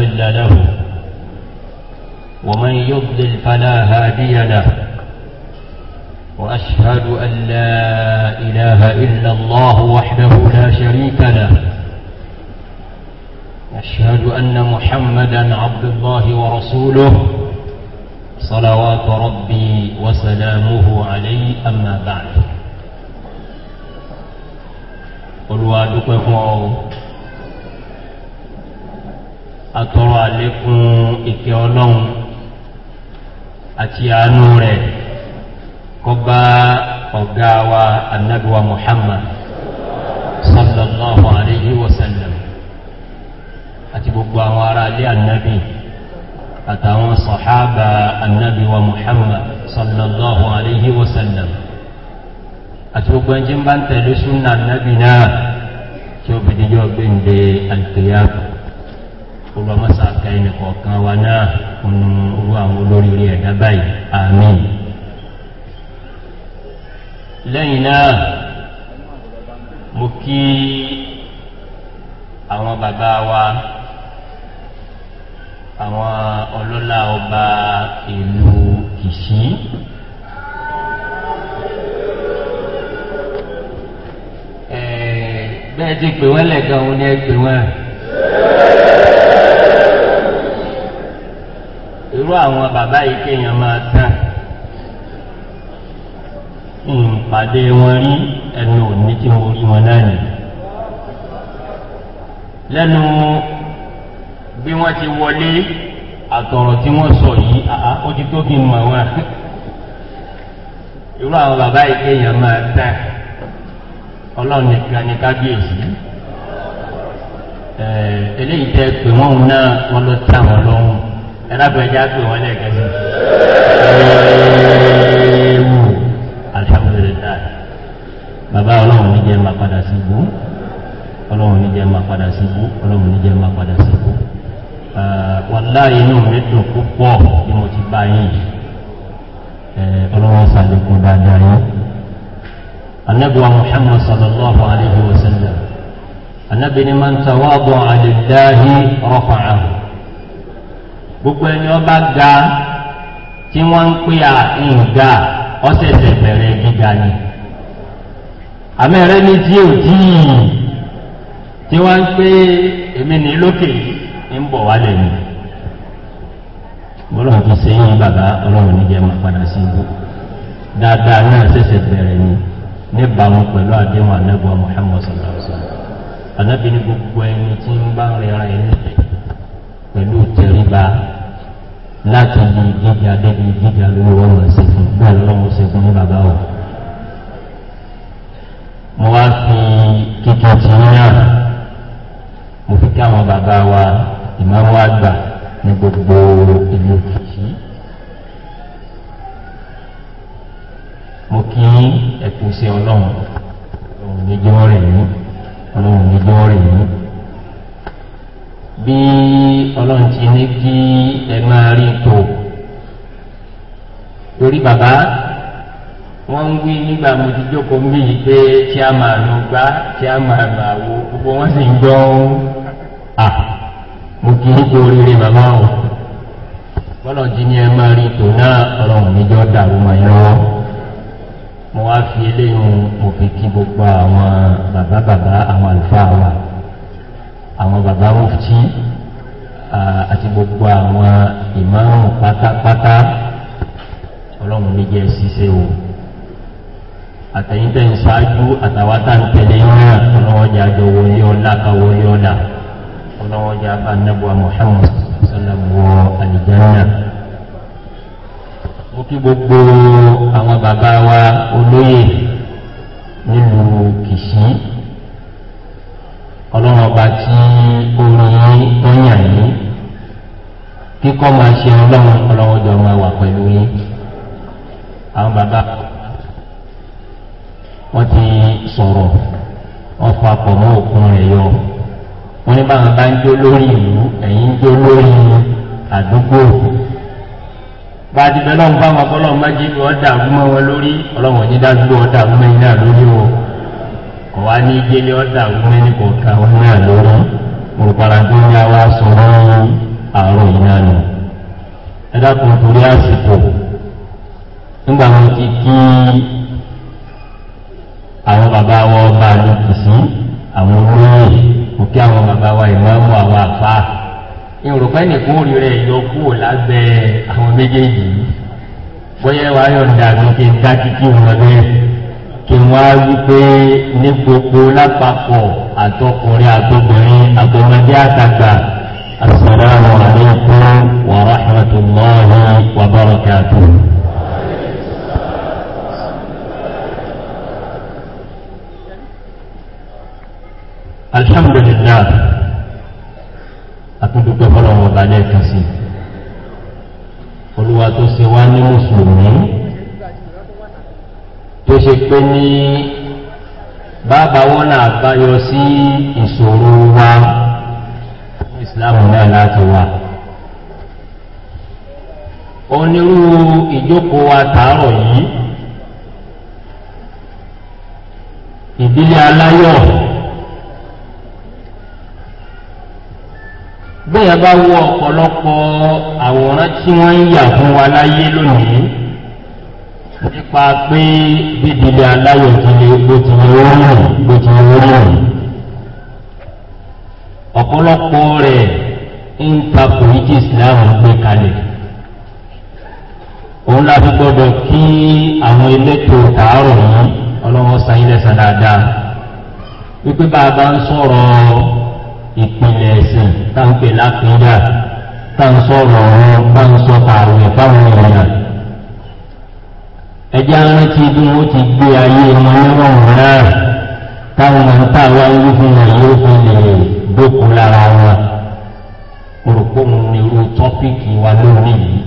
مضل له ومن يضلل فلا هادي له وأشهد أن لا إله إلا الله وحده لا شريك له أشهد أن محمدا عبد الله ورسوله صلوات ربي وسلامه عليه أما بعد قل وادقه atọrọ àlékún ìkẹ́ ọlọ́run àti àánú rẹ̀ kọba ọ̀gá wa annabuwa muhammad sallallahu alayhi wa sallam àti gbogbo àwọn ará ilé annabi àtàwọn sọ̀hábà annabuwa muhammad sallallahu alayhi wa sallam àti gbogbo ẹnjẹ́ bá ń tẹ̀lé súnà annabi náà tí ó fi díjọ́ gbé ń de alkiyama olùwàmọ́sá kan ẹnìkọ̀ kan wa náà kùnú orú àwọn olórí rí ẹ̀dá báyìí àmì lẹ́yìn náà mo kí àwọn bàbá wa àwọn ọlọ́lá ọba ìlú kìsí bẹ́ẹ̀ ti pè ni ẹ irú àwọn bàbá yìí kéèyàn máa tàn ìpàdé wọn rí ẹnu òní tí mo rí wọn náà nì lẹ́nu bí wọ́n ti wọlé àtọ̀rọ̀ tí wọ́n sọ yìí ó ti tó kí n mọ̀ wọn irú àwọn bàbá yìí kéèyàn máa tàn ọlọ́run nìkan ní kábíyèsí eléyìí tẹ́ pé wọ́n náà wọ́n lọ tà wọ́n lọ́rùn ẹlábẹ̀ ẹjá pé wọ́n lẹ́ẹ̀kẹ́ alhamdulillah bàbá ọlọ́run ní jẹ́ máa padà sí ibú ọlọ́run ní jẹ́ máa padà sí ibú ọlọ́run ní jẹ́ máa padà sí ibú wọ́n láàyè inú mi dùn púpọ̀ bí mo ti bá yín ọlọ́run sàlékún dáadáa yín anabiwa muhammad sallallahu alaihi wa sallam anabi ni man tawadu alillahi rafa'ahu gbogbo ẹni ọba ga tí wọ́n ń pè à ìga gíga ni ní tí tí tí wọ́n ń pè èmi ní lókè ń bọ̀ wálẹ̀ ni bọ́lá tó bàbá ọlọ́run níjẹ́ máa padà sí ibú dáadáa náà ṣẹ̀ṣẹ̀ bẹ̀rẹ̀ ni níbàámu pẹ̀lú àdéhùn anábọ̀ muhammed sallallahu alayhi wa gbogbo ẹni tí ń bá pẹ̀lú ìtẹríba láti di gíga débi gíga lórí ọ̀rọ̀ ẹ̀sìn fún bẹ́ẹ̀ lọ́wọ́ ṣe fún ní bàbá o. mo wá fi kíkẹ́ tí ń yàn mo fi ká àwọn bàbá wa ìmáwó àgbà ní gbogbo ìlú kìkì. mo kí ẹ̀kú sí ọlọ́run ọlọ́run ní jọ́ọ̀rẹ̀ yìí ọlọ́run ní jọ́ọ̀rẹ̀ yìí bí ọlọ́run ti ní kí ẹ máa rí tó torí bàbá wọ́n ń wí nígbà mo ti jókòó mí yìí pé kí a máa lọ gbá kí a máa lọ àwo gbogbo wọ́n sì ń gbọ́ à mo kì í kó oríire bàbá wọn bọ́lọ̀ ti ní ẹ máa rí tó náà ọlọ́run níjọ́ dàrú mọ́ ẹ lọ́wọ́ mo wá fi eléyìí mo fi kí gbogbo àwọn bàbá bàbá àwọn àlùfáà wa àwọn bàbá òfìtì àti gbogbo àwọn ìmáàmù pátápátá ọlọ́run ní jẹ́ ṣíṣe o àtẹ̀yìntẹ̀ ń ṣáájú àtàwátà ń tẹ̀lé náà ọlọ́wọ́n jẹ́ àjọ wọlé ọ̀la ká wọlé ọ̀la ọlọ́wọ́n jẹ́ abá nẹ́bùa muhammed sọ́lọ́wọ́ àlìjáná. mo kí gbogbo àwọn bàbá wa olóyè nílùú kìsìn ọlọ́run ọba tí orin tó yàn yín kíkọ́ máa ṣe ọlọ́run ọlọ́run jọ máa wà pẹ̀lú yín àwọn bàbá wọ́n ti sọ̀rọ̀ wọ́n fa pọ̀ mọ́ òkun rẹ̀ yọ wọ́n ní báwọn bá ń jó lórí ìlú ẹ̀yìn ń jó lórí àdúgbò bá a ti bẹ́ lọ́run báwọn ọlọ́run má jẹ́ kí wọ́n mọ́ wọn lórí ọlọ́run ò ní dájú ọ̀dàrú mẹ́yìn náà lórí wọn wà ní jẹ́lẹ̀ ọ̀dà ńgbẹ́ ní kò ká wọn náà lórí olùpàdà tó ní àwa sọ̀rọ̀ àrùn ìyanu ẹ dákun torí àsìkò nígbà wọn ti kí àwọn bàbá wọn bá a lọ kù sí àwọn olóyè òkè àwọn bàbá wa ìmọ̀ọ́mù àwọn àfa ìrùpẹ́ nìkú orí rẹ̀ yọ kúrò lábẹ́ àwọn méjèèjì bóyá wàá yọ̀ǹda àgbọ̀nkè dá kíkí wọn bẹ́ẹ̀ kí wọ́n á wí pé ní gbogbo lápapọ̀ àtọkùnrin àtọkùnrin àtọmọdé àtàgbà asalaamu alaykum wa rahmatulahi wa barakatuh. alhamdulilah akundukpe fọlọ wọn balẹ̀ kasi olùwàtò ṣe ní mùsùlùmí tó ṣe pé ní bàbá wọn náà báyọ sí ìṣòro wa fún ìsìláàmù náà láti wà onírúurú ìjókòó wa tààrọ̀ yìí ìdílé aláyọ̀ bẹ́ẹ̀ bá wọ ọ̀pọ̀lọpọ̀ àwòrán tí wọ́n ń yà fún wa láyé lónìí nípa pé bíbélì aláyọ̀ ti lè bó ti lè rọrùn bó ti lè rọrùn ọ̀pọ̀lọpọ̀ rẹ̀ ń takò ìdí ìsìláàmù gbé kalẹ̀ òun láti gbọ́dọ̀ kí àwọn elétò tààrọ̀ yìí ọlọ́wọ́ sayílẹ̀sán dáadáa wípé bá a bá ń sọ̀rọ̀ ìpìlẹ̀ ẹ̀sìn táwọn pè lápẹ́jà táwọn sọ̀rọ̀ ọ̀rọ̀ táwọn sọ tààrọ̀ ìfáwọn èèyàn ẹjẹ́ arántí bí wọ́n ti gbé ayé wọn níwọ̀n náà táwọn máa ń tà wá wí fún wọn yóò fi lè dókun lára wọn òròpóhùn ni irú tọ́pìkì wa lórí yìí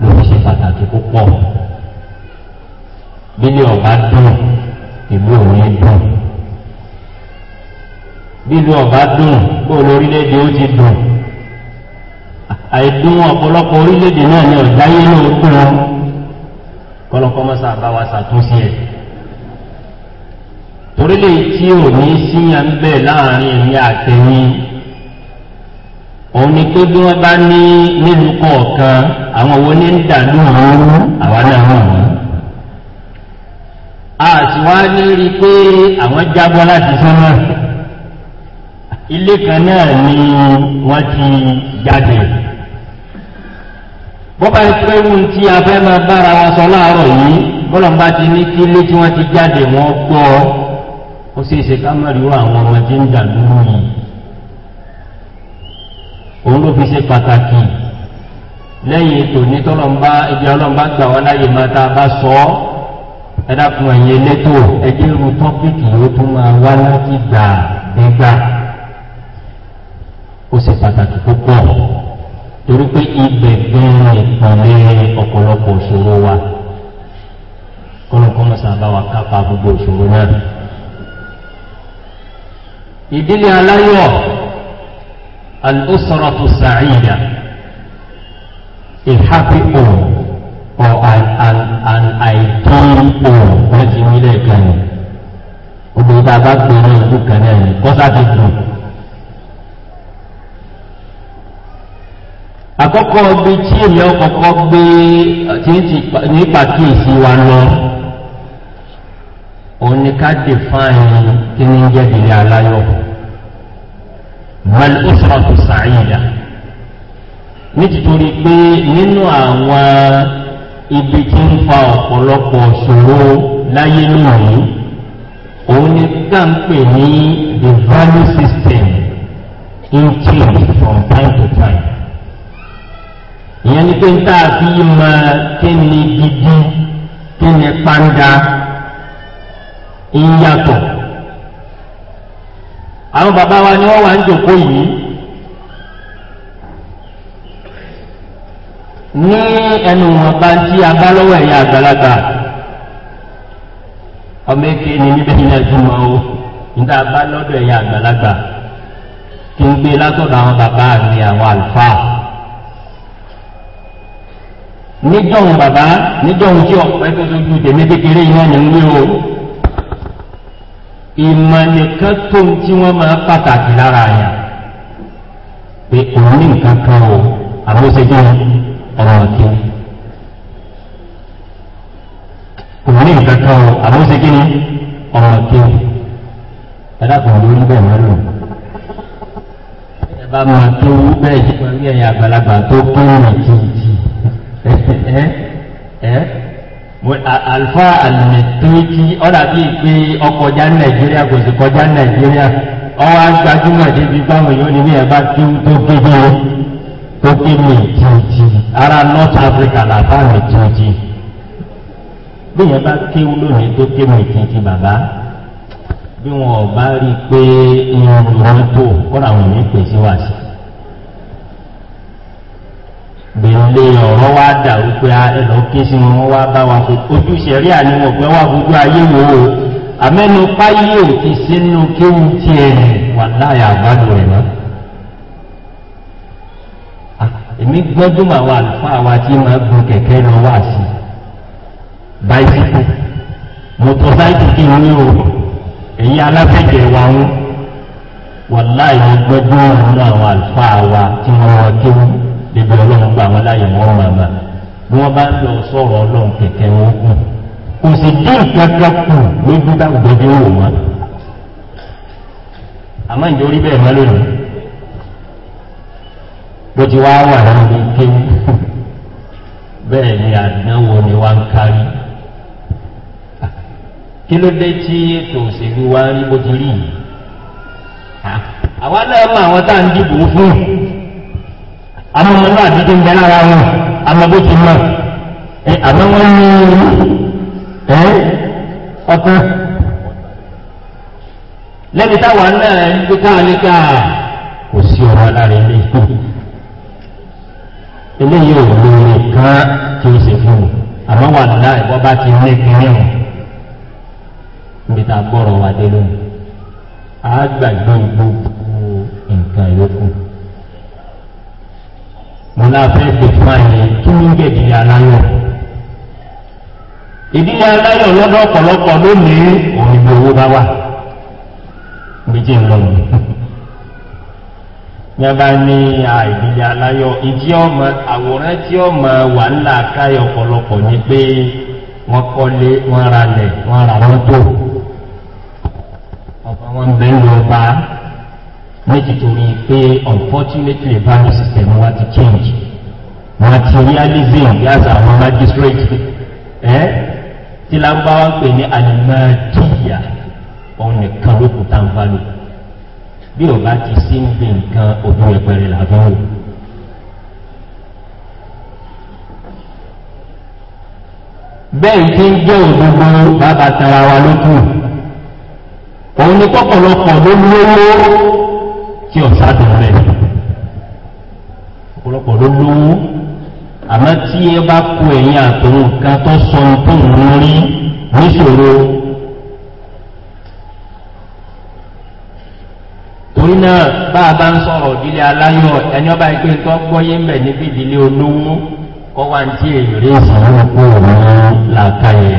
ló fi ṣe pàtàkì púpọ̀ bílẹ̀ ọ̀bá dùn ìlú òun dùn bílẹ̀ ọ̀bá dùn bó lórílẹ̀ ó ti dùn àìdùn ọ̀pọ̀lọpọ̀ orílẹ̀ náà ni ọ̀dáyé náà dùn ọ́ kọ́lọ́kọ́ mọ́sá àbáwá ṣàtúnṣe ẹ̀ torí lè tí ò ní síyàn bẹ́ẹ̀ láàrin èmi àtẹ̀yìn òun ni pé bí wọ́n bá ní nílùú kọ̀ọ̀kan àwọn owó ní ń dà lóòrùn àwa náà wọ̀n wọ́n àtiwá ní rí pé àwọn jábọ́ láti sọ́nà ilé kan náà ni wọ́n ti jáde bọ́bá ní pé wù tí a fẹ́ máa bára wa sọ láàárọ̀ yìí bọ́lọ̀mbá ti ní kí ilé tí wọ́n ti jáde wọ́n gbọ́ ó sì ṣe kámẹ́rì wọ àwọn ọmọ tí ń dà lóru yìí òun ló fi ṣe pàtàkì lẹ́yìn ètò ní tọ́lọ̀mbá ibi ọlọ́mbá gbà wọ́n láyè máa ta bá sọ ọ́ ẹ̀dàkùn ẹ̀yìn elétò ẹgbẹ́ irú tọ́pìkì ó tún máa wá láti gbà gbígbà ó ṣe pàtàkì púpọ̀ torí pé ibẹ̀ gan-an ìpàdé ọ̀pọ̀lọpọ̀ òṣòro wa kọ́lọ́kọ́ mọ̀sá bá wa kápá gbogbo òṣòro náà. ìdílé aláyọ̀ alósọ̀rọ̀ tó sàáyà a happy home or an an an ideal home wọ́n ti wí ìlú kan náà ni kọ́sá ti dùn. àkọ́kọ́ bí tí èmi ọkọ̀kọ́ gbé eh, tí ń ti ní pàkíyèsí wa lọ òun ni ká dè fáìn kí ní jẹ́ bìrì aláyọ̀ mal usra tu sa'ida nítorí pé nínú àwọn ibi tí ń fa ọ̀pọ̀lọpọ̀ ṣòro láyé nìyí òun ni ká ń pè ní the value system in change from time to time. ìyẹn ni pé ń tá a fi mọ kíni gidi kíni panda ń yàtọ̀ àwọn bàbá wa ni wọ́n wà ń jòkó yìí ní ẹnu wọn bá ń tí agbálọ́wọ́ ẹ̀yà àgbàlagbà ọmọ èké ni níbẹ̀ ní ẹ̀dùnmọ́ o níta bá lọ́dọ̀ ẹ̀yà àgbàlagbà kí n gbé látọ̀dọ̀ àwọn níjọ́hun bàbá níjọ́hun tí ọ̀pẹ́ tó lójú tèmi kékeré iná ni ń wé o ìmọ̀ tó ń tí wọ́n máa pàtàkì lára àyà pé òun ní nǹkan kan o àwọn ṣẹjọ́ ọ̀rọ̀ ọ̀kẹ́ òun ní nǹkan kan o àwọn ṣẹjọ́ ọ̀rọ̀ ọ̀kẹ́ ẹ̀dá ló ń bẹ̀ mọ́lò ẹ bá máa tó wú bẹ́ẹ̀ jẹ́ pẹ̀lú ẹ̀yà àgbàlagbà tó kọ́ ọ̀nà tìǹtì. Eh? Eh? alfa alimẹtọọti ọdàbí pé ọkọjá nàìjíríà kò sí kọjá nàìjíríà ọwọ agbájúmọ débi báwọn yóò ní bí ẹ bá kí ó tó kéde tó kéde ìtìtì ara north africa làbáwọn ìtìtì bí ẹ bá kí ó lónìí tó kéde ìtìtì bàbá bí wọn ò bá rí i pé irun ìrántó kọ́ra àwọn ènìyàn pèsè wá sí i. gbèlè ọ̀rọ̀ wá dàrú pé ẹlọ kí sí wọn wá bá wa kò ojú ṣẹ̀rí àníwọ̀n pé wá gbogbo ayé wo o àmẹ́nu páyé ò ti sínú kéwù tí ẹni wà láyà àgbàdo ẹ̀ mọ́. èmi gbọ́dún àwọn àlùfáà tí ma gun kẹ̀kẹ́ lọ wá sí ní o èyí wa ń wà láyà tí wọ́n kéwù. bíbí ọlọ́run gba àwọn láyé wọn màmá bí wọ́n bá ń lọ sọ̀rọ̀ ọlọ́run kẹ̀kẹ́ wọn kù kò sì dín kankan kù lójú táwọn gbẹdẹ wò wọn. àmọ́ ìjọ orí bẹ́ẹ̀ mọ́ lónìí bó ti wá wà lórí kéwú bẹ́ẹ̀ ni àdánwò ni wá ń kárí. kí ló dé tí ètò òṣèlú wa rí bó ti rí yìí? àwa náà mọ àwọn tá à ń dìbò fún un àwọn ọmọ náà dídí ń bẹ lára wọn amagbe ti mọ ẹ àmọ́ wọn ní ẹ ọkàn lẹbi táwa náà ń gbé káà ní káà kò sí ọ̀rọ̀ alára ilé eléyìí ò lóore kan tí ó ṣe fún mi àmọ́ wà ní láì bá ti rí kiri hàn níbi tá a gbọ́rọ̀ wà dé lónìí àá gbàgbé gbogbo nǹkan ìyókù mo náà fẹ́ ṣe fún àyè kí ló ń jẹ́ ìdílé aláyọ̀ ìdílé aláyọ̀ lọ́dọ̀ ọ̀pọ̀lọpọ̀ lónìí òun ibi owó bá wà méjì ń lọ mi ní a bá ní ìdílé aláyọ̀ ìdí ọmọ àwòrán tí ọmọ wà ńlá káyọ̀ ọ̀pọ̀lọpọ̀ ni pé wọ́n kọ́lé wọ́n ra lẹ̀ wọ́n ra mọ́tò ọ̀pọ̀ wọn bẹ́ẹ̀ lọ bá a ní títorí pé unfortunately value system wa ti change materialism yàtọ̀ àwọn magistrate ẹ́ eh, tí lágbára ń pè ní alimadiya òun nìkan ló kú tá n value bí o bá ti sí níbi nǹkan ojú ẹgbẹ̀rẹ̀ làbọ̀ o. bẹ́ẹ̀ tí ń jẹ́ òdodo bàbá tara wa lókù òun ni kọ́kọ̀lọpọ̀ ló lówó tí ọ̀sá dùn bẹ̀. ọ̀pọ̀lọpọ̀ ló lówó àmọ́ tí ẹ bá kó ẹ̀yìn àtòun kan tó sọ tó ń rí níṣòro. torí náà bá a bá ń sọ̀rọ̀ ìdílé aláyọ̀ ẹni ọba ẹgbẹ́ tó gbọ́yé ń bẹ̀ níbi ìdílé olówó kọ́ wá ní tí èrè ìsìn ọ̀rọ̀ kó òun làákàyè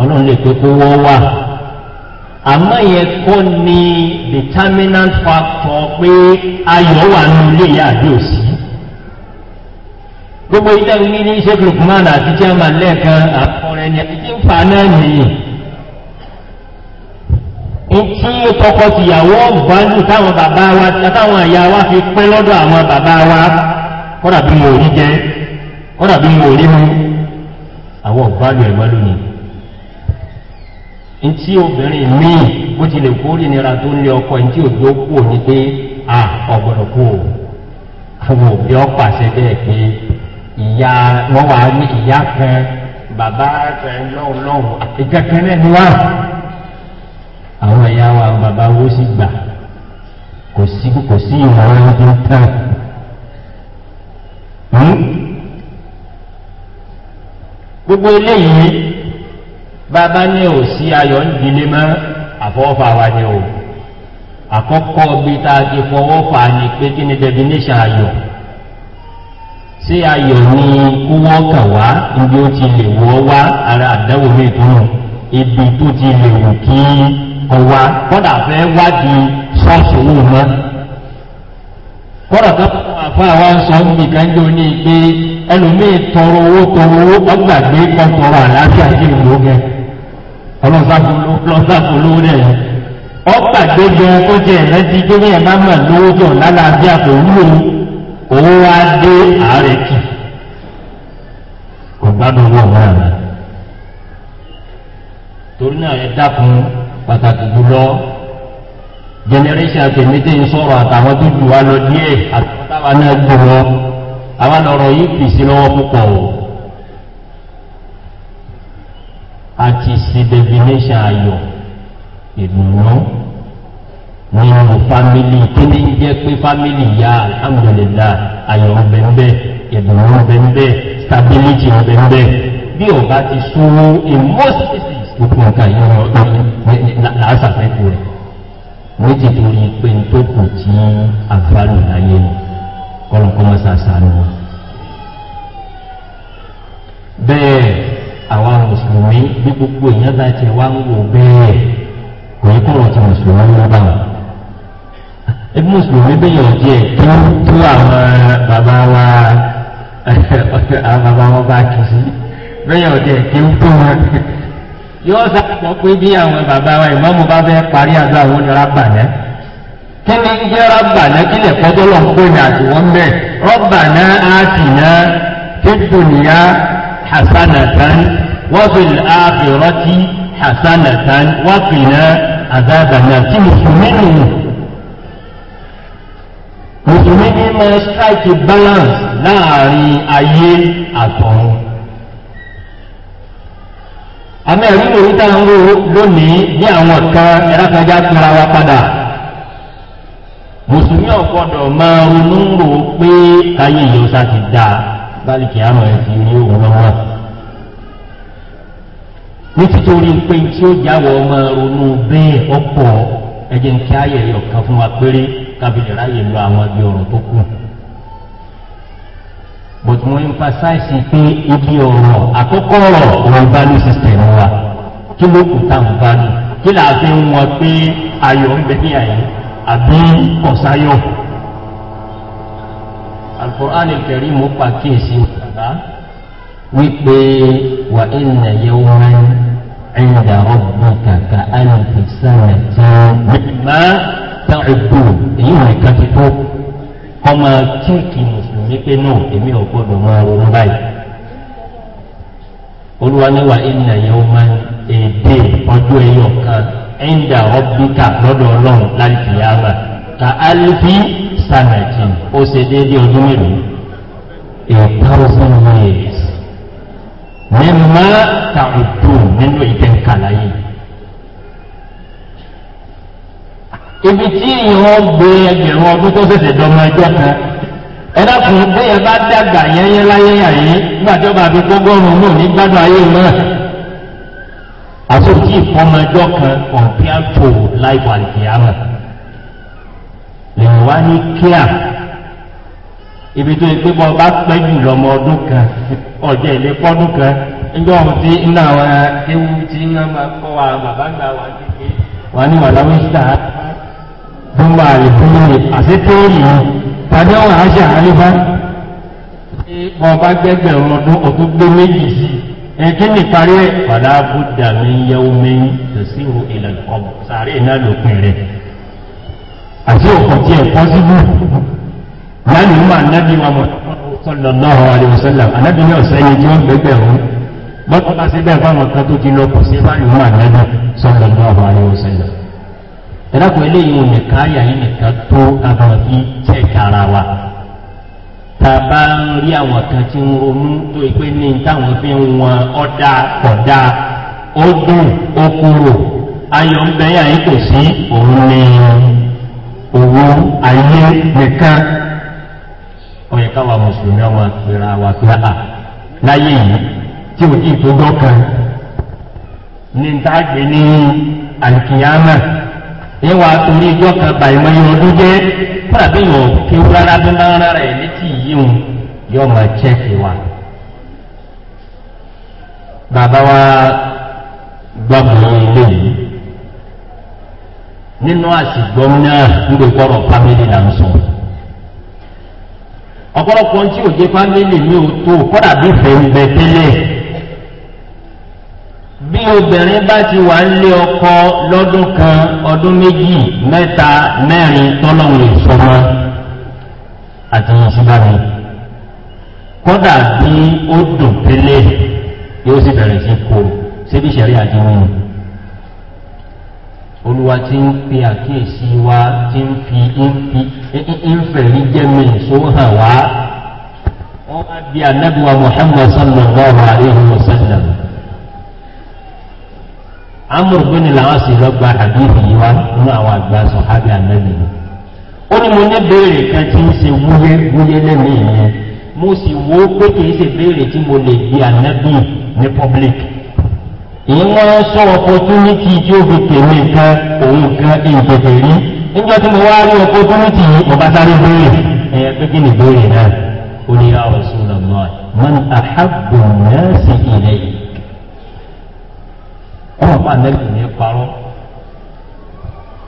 ọlọ́run lè pé kó wọ́ wà. àmọ́ yẹn kọ́ ni determinant factor pé ayọ̀ wà nínú ilé ìyá gbogbo ilé ìwé ní sheikh lukman àti chairman lẹ́ẹ̀kan àkọrin ni àti tí náà ntí kọ́kọ́ tìyàwó táwọn bàbá wa táwọn àyà wa fi pẹ́ lọ́dọ̀ àwọn wa kọ́dà bí mo rí jẹ́ kọ́dà bí mo rí mu ntí obìnrin míì bó ti lè kórè nira tó ń lé ọkọ ntí òjò kú ni pé a ọgbọdọ kú o àwọn òbí ọpàṣẹ bẹẹ pé ìyá wọn wà ní ìyá kan bàbá kan lọhùn lọhùn ìkẹkẹ náà ni wá àwọn ìyá wa bàbá wo sì gbà kò sí kò sí ìmọ̀ràn tó tán hmm? gbogbo eléyìí bàbá ní ò sí ayọ̀ ń dilé mọ́ àfọwọ́fà wa ni o àkọ́kọ́ bí tá a ti fọwọ́fà ni pé kí ni definition ayọ̀ sí ayọ̀ ní kúwọ́ kàn wá ibi ó ti lè wọ́ wá ara àdáwò mi tó nù ibi tó ti lè wù kí ọwa kọ́dà fẹ́ wádìí ṣọ́ọ̀ṣì wù mọ́ kọ́dà tó kọ́ àfa wa ń sọ níbi kan jẹ́ oní pé ẹlòmíì tọrọ owó tọrọ owó ọgbàgbé kan tọrọ àlàáfíà kí ni mo ọlọ́sàkùn lówó dẹ̀ yẹn ọgbà gbẹgbẹ kọjá ẹ̀rẹ́dì gbẹgbẹ yẹn máa mọ̀ lówó tọ̀ lálàáfíà kò wúlò owó wa dé àárẹ̀ kì kò gbádùn owó ọ̀gá rẹ̀ torí náà ẹ dákun pàtàkì jùlọ generation tèmítè ń sọ̀rọ̀ àtàwọn tó jù wá lọ díẹ̀ àtàwọn náà gbọ̀ lọ àwọn lọ́rọ̀ yìí fèsì lọ́wọ́ púpọ̀ o. àti ṣèdèbìnẹ́ṣà ayọ̀ ìdùnnú nínú fámìlì tó ní jẹ́ pé fámìlì ya alhamdulilá ayọ̀ ọ̀bẹ̀ńbẹ̀ ìdùnnú ọ̀bẹ̀ńbẹ̀ stability ọ̀bẹ̀ńbẹ̀ bí ọ̀gá ti súnmọ́ in most cases gbogbo nǹkan yìí wọ́n lásàfẹ́kù rẹ̀ méjì tó rí pé n tó kù tí àfàlù láyé ni kọ́lọ̀kọ́ mọ́sàsà ni wọ́n bẹ́ẹ̀ àwa mùsùlùmí bí gbogbo èèyàn bá tiẹ̀ wá ń wò bẹ́ẹ̀ kò yẹ kọ́rọ̀ ti mùsùlùmí ló bá wọn. ebi mùsùlùmí bẹ́ẹ̀ yàn díẹ̀ tó tó àwọn bàbá wa àwọn bàbá wọn bá kì í sí bẹ́ẹ̀ yàn díẹ̀ tó tó wọn. yóò sábà pé bí àwọn bàbá wa ìmọ̀mù bá fẹ́ parí àdó àwọn onírà bàjẹ́ kí ni jẹ́ rọ́bà náà kí lè kọ́jọ́ lọ́n pè ní àtiwọ́n bẹ́ẹ̀ rọ́bà náà á hasanatan wàbíl àfẹrọtì hasanatan wàkìnà àdàbànà tí mùsùlùmí nù. mùsùlùmí ní máa strike balance láàrin ayé àtọ̀run. àmì ẹ̀rí lórí tá à ń wò lónìí ní àwọn kan ẹ̀rọ kan já pinra wa padà mùsùlùmí ọ̀gbọ́dọ̀ máa ronú rò pé káyé ìyóòsá ti dáa báyìí kì í àmọ̀ ẹ̀ ti ní òun lọ́wọ́. ní títorí pé tí ó jáwọ́ ọmọ ronú bẹ́ẹ̀ ọ̀pọ̀ ẹ̀jẹ̀ ń kí ayẹyẹ ọ̀kan fún wa péré kábílẹ̀ ráyè lọ àwọn ibi ọ̀rọ̀ tó kù. but mo emphasize pé ibi ọ̀rọ̀ àkọ́kọ́ ọ̀rọ̀ òun value system wa kí ló kù táwọn value kí làá fi ń wọn pé ayọ̀ ń bẹ ní àyè àbí ọ̀sáyọ̀ alkùránì kẹrí mú pàkíyèsí bàbá wípé wà ìnà yẹwò ẹ̀yìndà ọ̀gbọ̀n kàkà àlùkù sára tí má tá ìbò èyí wọn ìka ti tó ọmọ kíkì mùsùlùmí pé náà èmi ò gbọdọ̀ máa ronú báyìí olúwa ní wà ìnà yẹwò máa èdè ọjọ́ ẹ̀yọ̀ kan ẹ̀yìndà ọ̀gbọ̀n kà lọ́dọ̀ ọlọ́run láti yára ka sanatin, sanadin ó ṣe ọdún mélòó a thousand years mímá ta òdò nínú ìdẹ́nkàlá yìí. ibi tí ìwọ́n gbé ẹgbẹ̀rún ọdún tó ṣẹ̀ṣẹ̀ dọ́mọ ẹjọ́ kan ẹ̀dá fún bẹ́ẹ̀ bá dàgbà yẹ́yẹ́ láyé àyè nígbàjọba àbí gbọ́gọ́rùn-ún náà ní gbádùn ayé náà àtúntì ìfọmọ ẹjọ́ kan ọ̀bí àpò láìpọ̀ àlìkìyàmọ̀. lèyìn wá ní kíá ibi tó yẹ bọ́ bá pẹ́ jù lọ́mọ ọdún kan ọ̀jẹ̀ ilé pọ́dún kan ń náà wọn ewu ń náà máa kọ́ wa bàbá gbà kéke wà ní tó ń a lè fún mi yìí tàbí bá ọdún ọdún gbé méjì sí ní parí padà yẹ omi àti òkàn tí ẹ̀ pọ́síbù lánàá mú ànábì wa sallallahu alaihi wasallam ànábì ní ọ̀sẹ̀ yìí tí wọ́n gbẹ́gbẹ̀ ọ̀hún bọ́tọ́ bá sí bẹ́ẹ̀ fáwọn kan tó ti lọ kò sí báyìí mú ànábì sallallahu alaihi wasallam ẹ̀dàkùn eléyìí ò nìkan ayà yìí nìkan tó abàmọ̀ fi tẹ̀ka ara wa ayọ̀ ń bẹ́yà yìí sí òun ní owó ayé nìkan ọ̀yẹ̀ káwa mùsùlùmí ọmọ ìpèrà wà pé à ah, ah, láyé yìí tí ò tí ì tó dọ́kan ní n táà gbé ní alikiyama ìwà torí ijọ́ kan bàyìmọ́ yìí ọdún jẹ́ fúnra bí yòó kí wúrà rábí máa rárá ẹ̀ létí yìí ń yọ ọmọ chẹ́ẹ̀kì wa. bàbá wa gbàgbọ́ ilé yìí nínú àsìgbọ́n náà nígbè kọ́rọ̀ fámìlì là ń sọ. ọ̀pọ̀lọpọ̀ tí ò jẹ́ fámìlì mi ò tó kọ́dà bí fẹ̀ǹbẹ̀ tẹ́lẹ̀. bí obìnrin bá ti wà ń lé ọkọ lọ́dún kan ọdún méjì mẹ́ta mẹ́rin tọ́lọ́run ìfọmọ́ àti ìṣúbámi. kọ́dà bí ó dùn tẹ́lẹ̀ yóò sì bẹ̀rẹ̀ sí kó síbi ìṣẹ̀rí àti wọn olúwa ti ń pe àkíyèsí wa ti ń fi ìfẹ̀rí jẹ́mi sóhàn wá wọ́n bá di anábìwá muhammad sallallahu alayhi wa sallam amúrúgbóni làwọn sì lọ gba àdúgbò yìí wá nínú àwọn àgbà sọ̀hábì anábì ó ní mo ní béèrè kan tí ń ṣe wúyẹ́ wúyẹ́ lẹ́mìí yẹn mo sì wo pé kì í ṣe béèrè tí mo lè di anábì ní public èyí wọ́n sọ opportunity tí ó fi tèmi nǹkan òun nǹkan ìjẹ̀fẹ̀ rí níjọ́ tí mo wá rí opportunity yìí mo bá sáré béèrè ẹ̀yà pé kí ni béèrè náà ó ní àwọn sùn lọ́mọ man ahabbu nasi ilayk ọ̀rọ̀ fún anabi ní parọ́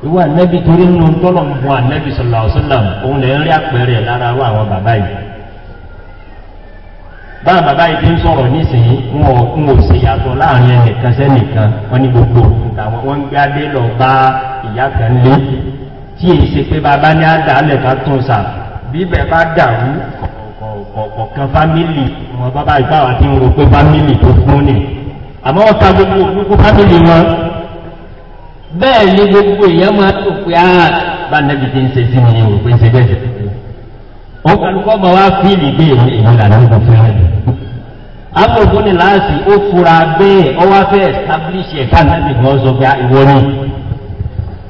ìwọ anabi torí nínú tọ́lọ̀ ń bọ anabi sallallahu alaihi òun lè ń rí àpẹẹrẹ lára àwọn bàbá yìí báwọn bàbá yìí ti ń sọ̀rọ̀ nísìnyí wọn ò ń ṣe yàtọ̀ láàrin ẹnìkan sẹ́nìkan wọn ní gbogbo òkúta wọn ń gbé adé lọ bá ìyá kan lé tí èyí ṣe pé bàbá ní àdá alẹ̀ ká tún sà bíbẹ̀ bá dàrú ọ̀kọ̀ọ̀kan fámìlì wọn bàbá ìbáwá ti ń ro pé fámìlì tó fún ni àmọ́ wọn ta gbogbo gbogbo fámìlì wọn bẹ́ẹ̀ ni gbogbo èèyàn máa tó pé á ah, bá nẹ́bi ti ń ṣe sí mi ò pé ń ṣe bẹ́ẹ̀ wọn kàlùkọ́ ma wá fíìlì gbé ìwé ìlànà ìgbà fẹ́ràn jù amòfin ni láàsì ó fura bẹ́ẹ̀ ọwọ́ fẹ́ establish ẹ̀ káàkiri kan sọ pé ìwọ ni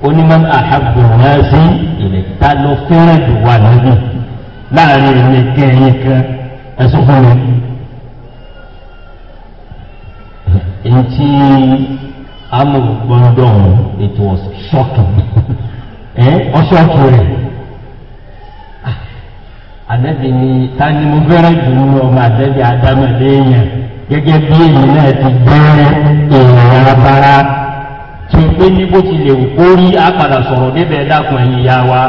onímọ̀ àhàbò náà sí ilẹ̀ ta ló fẹ́ràn jù wà lọ́dún láàrin ẹ̀mí kẹ́yìn kan ẹ̀sùn fún mi. èyí tí amòfin gbọ́dọ̀ it was shocking ẹ̀ ọ́ ṣọ́ọ̀kì rẹ̀ ànábì ni ta ni mo fẹ́ràn jù lọ ọmọ ànábì adámọ̀dé yẹn gẹ́gẹ́ bí èmi náà ti gbẹ́rẹ́ èèyàn abara tí o pé ní bó ti lè wò ó rí apàdà sọ̀rọ̀ débẹ̀ dákun ẹ̀yìn ya wa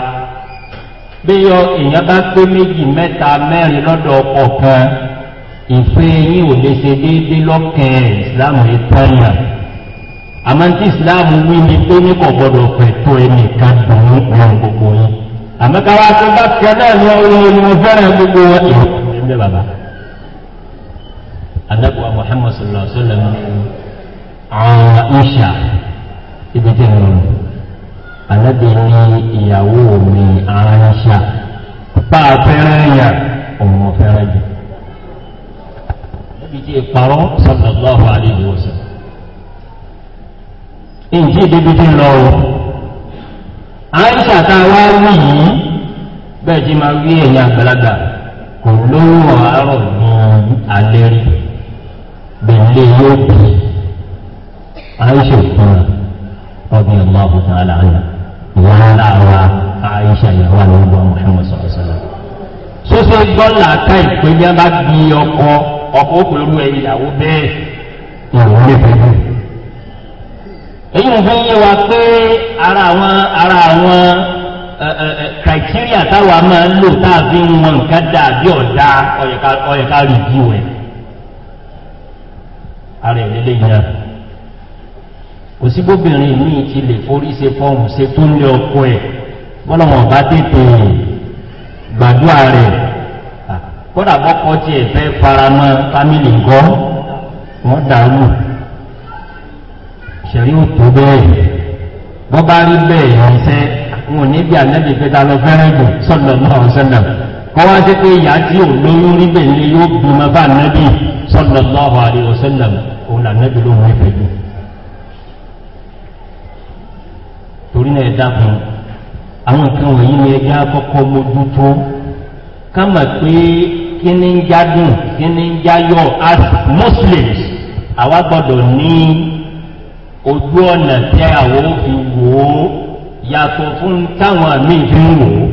bẹ́yọ èèyàn bá pé méjì mẹ́ta mẹ́rin lọ́dọ̀ ọkọ̀ kan ìfẹ́ yín ò lè ṣe déédéé lọ́kàn ìsìláàmù ìtọ́nà àmọ́ tí ìsìláàmù wí ni pé ní kò gbọ́dọ̀ pẹ̀tọ́ ẹnìkan dùn ún gbogbo yín àmọ́ ká wá tó bá kẹ́ náà ní ọ̀rọ̀ ni mo fẹ́ràn gbogbo wọn ẹ̀ ẹ̀ ń bẹ́ bàbá. Adébọ̀wá Mùhàmmad sọ̀rọ̀ sọ̀rọ̀ ní àwọn ìṣà ibi tí mo lò. Àlẹ́bí ní ìyàwó mi àwọn ìṣà. Bá yà, òun ò fẹ́ràn jù. Níbi tí ìparọ́ sọ̀rọ̀ lọ́wọ́ àlejò ọ̀sẹ̀. Ìjì ìdíbi tí ń lọ àìsà tá a wá wí yìí bẹ́ẹ̀ ti máa wí ẹ̀yìn àgbàlagbà kò lówó àárọ̀ ní alẹ́ rí bẹ̀lẹ́ yóò bì í àìsà òkun ọdún ẹ̀mọ́ àbùtà àlàáyà wàhálà wa àìsà ìyàwó àlọ́gbọ̀n mọ̀ṣẹ́mọ̀ sọ̀rọ̀ sọ́sẹ́ gbọ́là ká ìpínlẹ̀ bá gbin ọkọ̀ ọkọ̀ òkú ìyàwó bẹ́ẹ̀ ìyàwó lè bẹ́ẹ̀ èyí ń fi ń yé wa pé ara àwọn ara àwọn criteria táwa máa ń lò tá a fi ń wọn nǹkan dà bí ọ̀dà ọ̀yẹ̀ká rí bí rẹ̀ ara ẹ̀ lélẹ́yìn náà kò sí gbóbìnrin míì ti lè forí ṣe fọ́ọ̀mù ṣe tó ń lé ọkọ ẹ̀ bọ́lọ̀mọ̀ bá tètè gbàdúrà rẹ̀ kódà bọ́kọ tiẹ̀ fẹ́ faramọ́ fámìlì ńkọ́ wọ́n dàrú ṣẹ̀rí ò tó bẹ́ẹ̀ bọ́ bá rí bẹ́ẹ̀ ọ̀sẹ́ wọn ò ní bí ànábì fẹ́ta lọ fẹ́rẹ́ jù sọ̀dọ̀ náà sọ̀dọ̀ kọ́ wá sí pé ìyá tí ò lóyún rí bẹ́ẹ̀ ni yóò bímọ bá ànábì sọ̀dọ̀ náà àríwọ̀ sọ̀dọ̀ òun ànábì ló wọ́n ìfẹ́ jù torí náà ẹ dákun àwọn nǹkan wọ̀nyí ni ẹgbẹ́ akọ́kọ́ mójútó ká mọ̀ pé kí ń jádùn kí ń jáyọ̀ as muslims àwa gbọ́dọ̀ ní ojú ọ̀nà tí àwọn fi wò ó yàtọ̀ fún táwọn míì fi ń wò ó.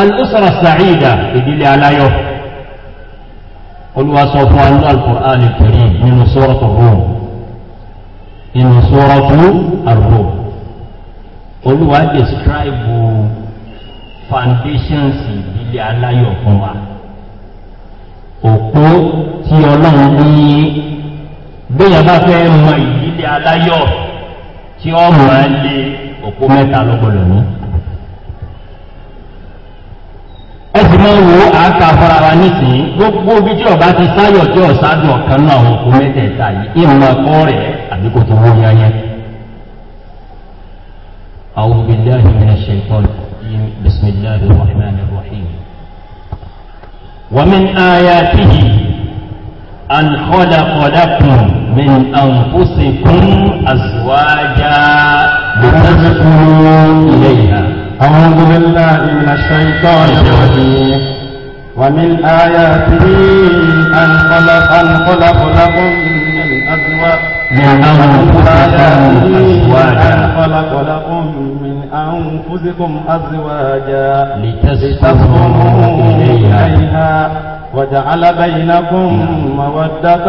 alùsọ̀rọ̀ sàáìdà ìdílé aláyọ̀ olúwa sọ fún alú alùkùrán ìkẹrì nínú sọ́rọ̀ tó rò nínú sọ́rọ̀ tó àrò olúwa describe foundations ìdílé aláyọ̀ fún wa. òpó tí ọlọ́run ní bóyá bá fẹ́ mọ ìdílé aláyọ̀ tí ó máa lé òpó mẹ́ta lọ́gbọ̀lọ̀ ní. ẹ sì máa wo àáka fara gbogbo bí tí ọba ti sáyọ̀ tí ọ̀sádùn ọ̀kan náà àwọn òpó mẹ́tẹ̀ẹ̀ta yìí rẹ̀ àbí kò tó أعوذ بالله من ومن آياته أن خلق لكم من أنفسكم أزواجا لتسكنوا إليها أعوذ بالله من الشيطان الرجيم ومن آياته أن خلق أن خلق لكم من أزواج من أنفسكم أزواجا أن خلق لكم أنفسكم أزواجا لتسكنوا إليها وجعل بينكم مودة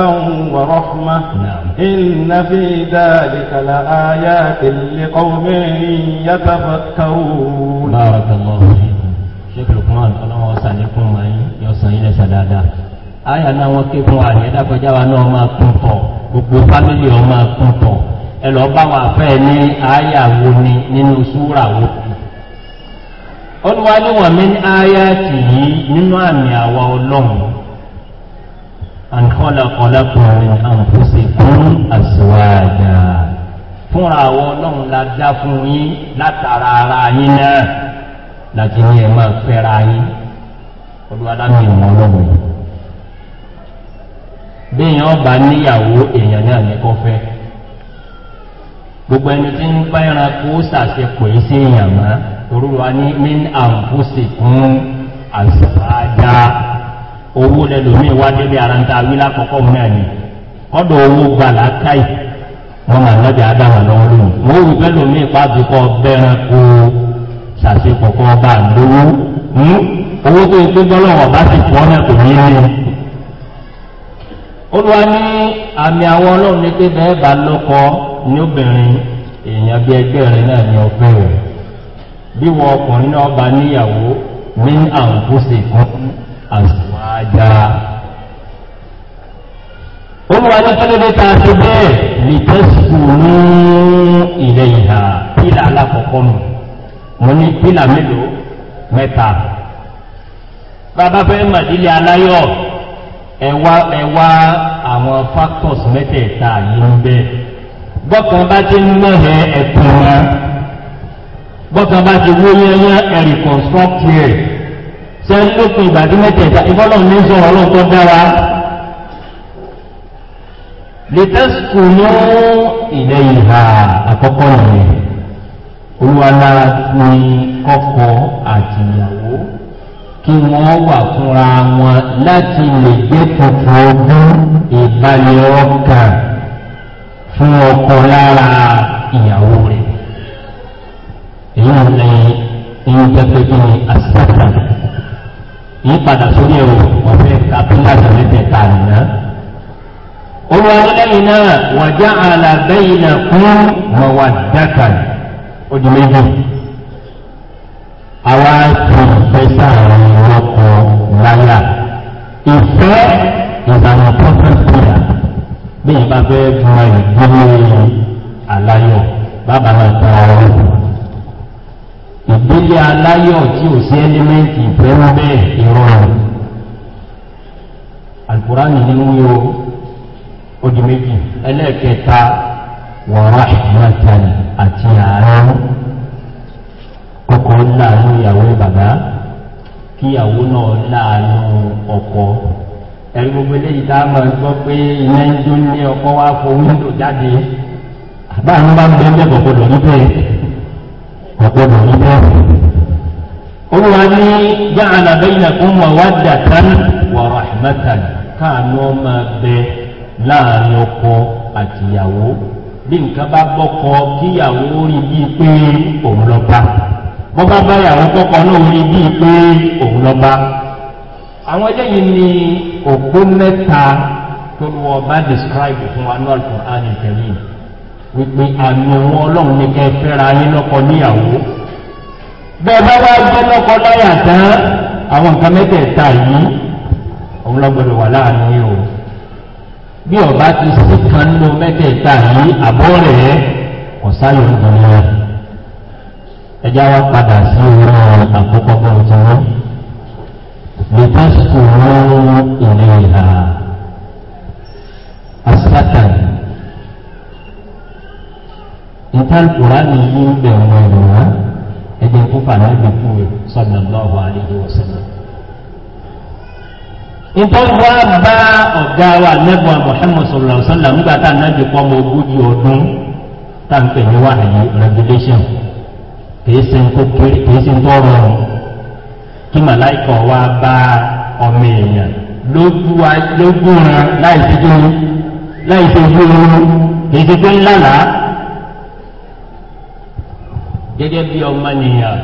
ورحمة نعم. إن في ذلك لآيات لقوم يتفكرون بارك الله فيكم شيخ لقمان الله وسعليكم وإن يوصينا سدادا آية أنا وكيف وعلي إذا فجأة أنا وما كنت gbogbo fámìlì ẹ lọ bá wọn àfẹ́ ní wo ni nínú súra wo olùwàlú wọn mi ní àyà tì yí nínú àmì àwa ọlọ́run àǹkọ́lọ́kọ́lá kùnrin àǹfọ̀sẹ̀ fún àṣewájà fúnra àwọn ọlọ́run la dá fún yín látara ara yín náà láti ní ẹ máa fẹ́ra yín olùwàlámi ìwọ̀n ọlọ́run bí èèyàn bá níyàwó èèyàn náà ní kọ́ gbogbo ẹni tí ń bá ẹranko ṣàṣepọ̀ yìí sí èèyàn mọ́ olúwa ní min àǹfóṣe fún owó lẹ́lòmíì wá ara ń ta wí lákọ̀ọ́kọ́ náà ni owó gba làákàyè wọn máa lọ́jà ádámà lọ́wọ́ lónìí kọ́ kọ́ bá lówó hmm? owó tó bá sì náà kò ní í rí olúwa ní àmì àwọn ọlọ́run ní obìnrin èèyàn bí ẹgbẹ́ rẹ̀ náà ní ọgbẹ́ rẹ̀ bí wọ ọkùnrin náà bá níyàwó ní àǹkóṣe fún àṣùwájá olùwà ní kọ́lẹ́dẹ́ ta ṣe bẹ́ẹ̀ lè tẹ́sùkù ní ilẹ̀ ìhà pílà alákọ̀ọ́kọ́ nù mo ní pílà mélòó mẹ́ta bàbá fẹ́ màdílé aláyọ̀ ẹ̀wá ẹ̀wá àwọn factors mẹ́tẹ̀ẹ̀ta yìí ń bẹ́ẹ̀ bọ́kàn bá ti ń mọ̀hẹ́ ẹ̀kùn wọn bọ́kàn bá ti wó yẹ́yẹ́ ẹ̀rìkọ̀nstrọ́tì rẹ̀ ṣe ń lópin ìgbà tí mẹ́tẹ̀ẹ̀ta ìfọ́lọ́ ní sọ ọlọ́run tó dára lẹ́tẹ̀sìkò ní ilẹ̀ ìhà àkọ́kọ́ rẹ̀ olúwalá ní ọkọ̀ àtìyàwó kí wọ́n wà fúnra wọn láti lè gbé tuntun ọdún ìbálẹ̀ ọkàn fún ọkọ lára ìyàwó rẹ̀ èyí ò ní inú pẹpẹ bí asítáàtà yìí padà sórí ẹ̀rọ ọ̀fẹ́ kápẹ́láṣà mẹ́tẹ̀ẹ̀ta nìyà olùwàlẹ́yìn náà wàjá àlàbẹ́yìn náà fún mọ̀wádàkà ojú méjì àwa ti fẹ́ sáàrin ọkọ̀ láyà ìfẹ́ ìlànà pọ́pẹ́ pìlà bí yẹn bá fẹ́ fún ayọ̀ gbọ́dọ̀ aláyọ̀ bàbá máa ta ọ̀rọ̀ ìgbélé aláyọ̀ tí ò sí ẹ́límẹ́ǹtì ìfẹ́ bẹ́ẹ̀ ìrọ̀rùn alukurani nínú yóò odi méjì ẹlẹ́ẹ̀kẹta wọ̀rọ̀ ìmọ̀tàlì àti ààrẹ ọkọ̀ ńlá àánú ìyàwó bàbá kíyàwó náà láàánú ọkọ̀ ẹ̀rù gbogbo eléyìí tá a máa gbọ́ pé iná ń jó ní ọkọ̀ wá fo wíńdò jáde báyìí wọ́n bá ń bẹ́ẹ̀ bẹ́ẹ̀ kò gbọdọ̀ níbẹ̀ kò gbọdọ̀ níbẹ̀. olùwà ní jáàlá bẹ́yìnà kó mọ̀ wá dàtán wọ̀rọ̀ àmẹ́tàn káàánú ọmọ bẹ láàrin ọkọ àtìyàwó bí nǹkan bá bọ́kọ kíyàwó rí bíi pé òun lọ bá bá báyàwó kọ́kọ́ náà rí bíi pé òun lọ àwọn eléyìí ni òpó mẹ́ta tó lọ bá describe fún wa ní alukur'an ìtẹ̀yìn wípé àmì òun ọlọ́run ní kẹ́ fẹ́ra yín lọ́kọ níyàwó bẹ́ẹ̀ bá wá gbé lọ́kọ lọ́yà tán àwọn nǹkan mẹ́tẹ̀ẹ̀ta yìí òun lọ́gbọ̀dọ̀ wà láàánú yìí o bí ọba ti sí kan nínú mẹ́tẹ̀ẹ̀ta yìí àbọ̀ rẹ̀ ọ̀sáyò ń dùn yẹn ẹjá wa padà sí orí àkókò bọ́ọ̀ tí wọ́n. لتسكنوا إليها السكن nta alukuraani yi bẹ̀rẹ̀ lọ́dọ̀ wa ẹ̀jẹ̀ tó fara ẹ̀jẹ̀ tó wẹ̀ sọ̀dọ̀ lọ́wọ́ àlejò ọ̀sẹ̀lẹ̀. ìtọ́wá bá ọ̀gá wa nẹ́bùn muhammed sọ̀rọ̀ sọ̀lá nígbà tá a nájú pọ́ ọmọ ogójì ọdún tá a ń pè ní wàhálì regulation kì í ṣe ń tí màláìkọ̀ wa bá ọmọ èèyàn lógún ran láìsí tó láìsí ojú oorun èdè tó ń lálàá gẹ́gẹ́ bí ọmọ nìyàn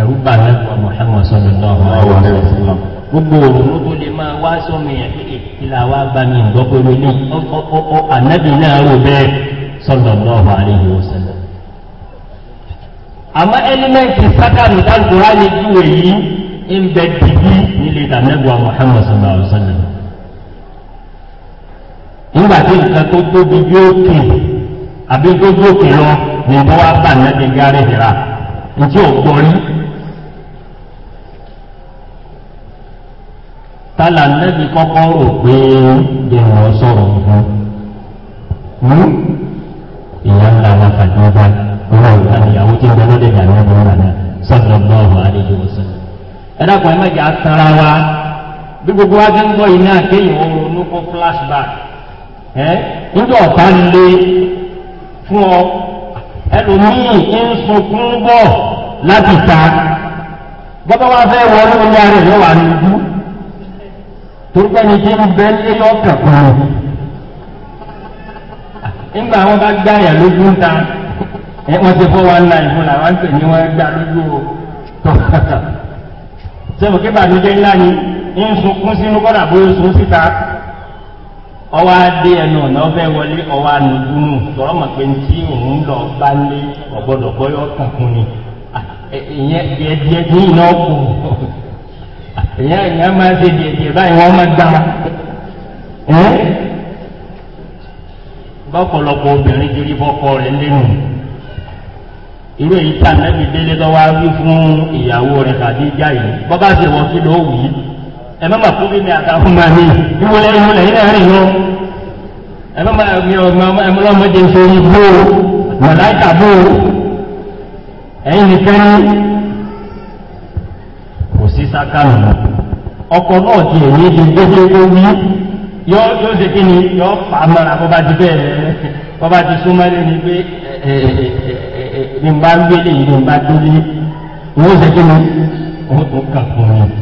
ẹ̀rú bà lẹ́kọ̀ọ́ mọ̀hẹ́mọ̀ sọ́dọ̀ náà wà wà gbogbo òun tó lè máa wá sọmọ yẹn pé ìlà eh, wa bá mi ń gbọ́ pé mi ní ọ̀pọ̀ ànábì náà rò bẹ́ẹ̀ sọ́dọ̀ náà wà ní ìwòsàn náà àmọ́ ẹlẹ́mẹ̀ntì sákàrù tàkùrá ní ju èyí ń bẹ dìbí nílé ìdánẹ́gbà muhammed sallallahu alayhi wa sallam nígbà tí nǹkan tó tóbi yóò kè àbí tó gòkè lọ nìbọn wá bà nẹ́ẹ̀dì gárí ìhìrà ntí ò gbọ́rí. tala nẹ́bi kọ́kọ́ rò pé ìwọ̀n sọ̀rọ̀ fún hmm? ìyá ńlá wa fàdúrà báyìí wọ́n wà níyàwó tí ń bẹ lọ́dẹ̀ dàrú ẹ̀ lọ́wọ́ náà sọ́dọ̀ lọ́wọ́ àdéjọ ọ̀sán. ẹ dákun ẹ mẹ́jọ atara wa bí gbogbo wa ti ń gbọ́ yìí náà kéèyàn ronú kó flashback ẹ nígbà ọ̀tá lé fún ọ ẹlòmíì ń sunkún bọ̀ láti ta bọ́bá wa fẹ́ wọlé olúwa rẹ̀ ló wà níbú torí pé ní bẹ́ lé lọ́kàn kan nígbà wọn bá gbá yà lójú ń ta wọ́n ti fọ́ wọn láì fún làwọn pè ní wọ́n gbà lójú o tọ́ sẹ́wọ̀n kí bàdújẹ́ ńlá ni ń sunkún sínú kọ́dà bó ń sun síta ọwọ́ adé ẹnu ọ̀nà ọ̀fẹ́ wọlé ọwọ́ anudunu tọ́rọ mọ̀ pé ntí òun lọ bá lé ọ̀gbọ́dọ̀ bọ́yọ̀ kankan ni ìyẹn díẹ̀díẹ̀ ní iná kù ìyẹn ìyẹn máa ṣe díẹ̀díẹ̀ báyìí wọ́n máa gbà bọ́pọ̀lọpọ̀ obìnrin kiri bọ́kọ rẹ̀ lẹ́nu irú èyí tí anabi délé lọ́wọ́ wí fún ìyàwó rẹ̀ kàdíjà yìí bọ́bá ṣe wọ́n kí ló wù í ẹ má má fún mi ní àtàkùn máa ní ìwọlé ìwọlé yìí náà rìn yọ ẹ má má mi ò mọ ẹ mọ lọ́mọdé sórí bó mọ̀láìkà bó ẹ̀yin nìkan ní kò sí sákàlù ọkọ̀ náà ti èyí ti gbégbé ó wí yóò yóò ṣe kí ni yóò fà á mọ́ra bọ́bá ti bẹ́ẹ̀ bọ́bá ti súnmọ́ lé ni pé ẹ̀ ẹ̀ ẹ̀ ní bá ń gbélé yìí ní bá délé wọ́n ṣe kí ni wọ́n tó kà fún mi.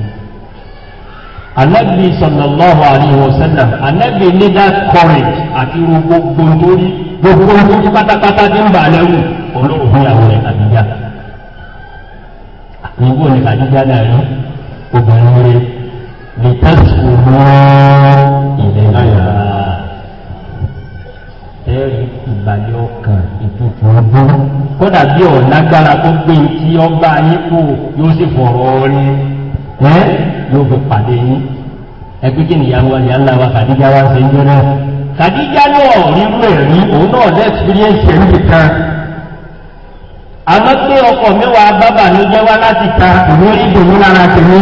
anabi sallallahu alayhi wa sallam anabi ní that courage àti gbogbo nítorí gbogbo nítorí pátápátá ti ń bà lẹ́rù olóògùn ìyàwó rẹ̀ kàdíjà. àgbègbè òní kàdíjà náà yọ obìnrin rẹ̀ lè tẹ̀sùn mọ́ ilẹ̀ yàrá. ẹ̀rí ìbàlẹ̀ ọkàn kódà bí ọ̀ lágbára tó gbé e tí ọba yín kú yóò sì fọ̀rọ̀ ni ẹ́ yóò fi pàdé yín ẹgbẹ́ kí ni ìyàwó ìyá ńlá wa kàdíjà wa ṣe ń jẹ́ náà kàdíjà náà rírú ẹ̀ rí òun náà lẹ́ẹ̀sìpíríẹ̀sì ẹ̀ ń kan àmọ́ pé ọkọ̀ mẹ́wàá bábà ló jẹ́ wá láti ta òun rí dùnú lára tèmi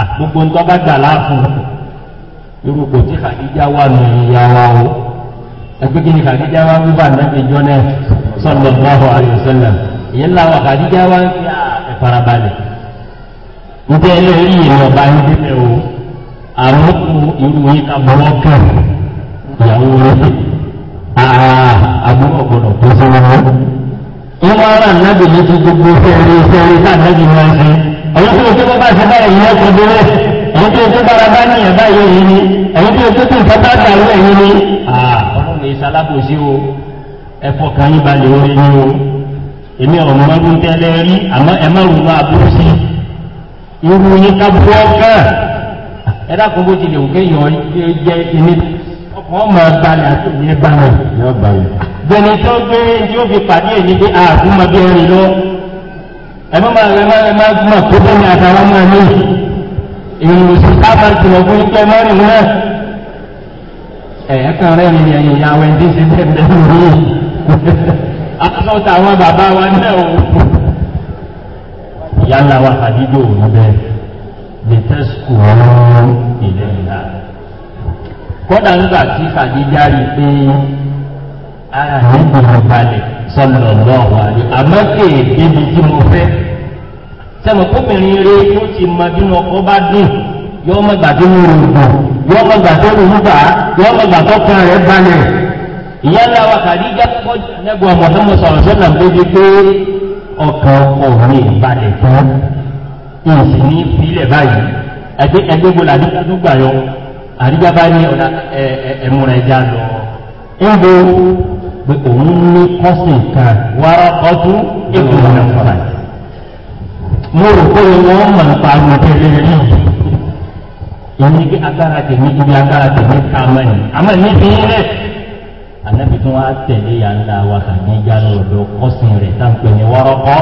àgbogbo ń tọ́ bá gbà láàfin irú kò tí kàdíjà wà nù ìyá wa o ẹgbẹ́gbẹ́ni kàdíjá wa wúbà nàbí jọ náà sọ̀rọ̀ lọ́wọ́ àyọ̀sẹ́lẹ̀ ìyẹn làwọn kàdíjá wa ń fi ẹ̀farabalẹ̀ ǹjẹ́ ilé orí ìlú ọba yín débẹ̀ o àwọn kú irú yín ká bọ́wọ́ kẹ́ ìyàwó rẹ̀ àbúrò gbọ́dọ̀ tó sí wọn. wọ́n wá rà nàbì ní ti gbogbo fẹ́ẹ́rẹ́ fẹ́ẹ́rẹ́ náà nàbì máa ń ṣe ọ̀yọ́ tó o tó bá ṣe báyìí ìyẹn kò dé bá ẹ̀yìn ni dákun èyí sálábòsí o ẹ̀fọ́ kan yín balẹ̀ orí ni o èmi ọ̀rọ̀ mọ́dún tẹ́lẹ̀ rí àmọ́ ẹ má wùwà àbúrúsí irú yín kábúrú ọ̀kan ẹ dákun bó ti lè wùké yàn jẹ́ ìní wọ́n mọ̀ balẹ̀ àti ìyẹn balẹ̀ bẹ̀rẹ̀ tó gbé yóò fi pàdé ẹ̀ ní pé ààfin ah, máa bí ẹ̀rín lọ ẹ má má ẹ má ẹ má gbọ́n tó bẹ́ẹ̀ ni àtàwọn ọmọ mi èrò sì sábà jùlọ fún ikẹ́ mọ́rin náà ẹ̀yà kan rẹ̀ ní ẹ̀yìn ìyá wẹ̀ ní ṣe bẹ́ẹ̀ bẹ́ẹ̀ lórí aṣọ táwọn bàbá wa náà o. ìyá ńlá wa àdídò òun bẹ́ẹ̀ lè tẹ́sùkù ọ̀rọ̀ ilẹ̀ ìlà. kódà nígbà tí kàdíjà rí i pé ara rẹ̀ gbọ́dọ̀ balẹ̀ sọ́nà lọ́wọ́ àdé àmọ́ kéèké bíi tí mo fẹ́. sẹ́nu kóbìnrin rẹ̀ tó ti mọ bí wọn kọ́ bá dùn yọọ mọ gbàtó ní orúkọ yọọ mọ gbàtó orúkọ yọọ mọ gbàtó kan rẹ balẹ̀ ìyáàlá wa kàdíjà kọ nẹgbọn mọtòmọ sọ̀rọ̀ sọnà débi pé ọkàn ọ̀rẹ́ balẹ̀ tán yóò sì ní ìfilẹ báyìí ẹgbẹ ẹgbẹgbọ làdí tó gbà yọ àdíjà bá ní ọ̀nà ẹ ẹmúra ẹja lọ. ebo pé òun ní kọ́sìn kan wàrà ọdún èkó ọ̀nà fọlá mo rò pé wọn mọ̀ nípa àwọn ọ̀tẹ̀lẹ̀ náà èmi bí agbára tèmi ibi agbára tèmi kàmá ni àmọ́ èmi fi yín rẹ̀ anabi tó wá tẹ̀lé yà ńlá wa Khadija lọ́dọ̀ kọ́sìn rẹ̀ táǹpẹ̀ ní Waraqa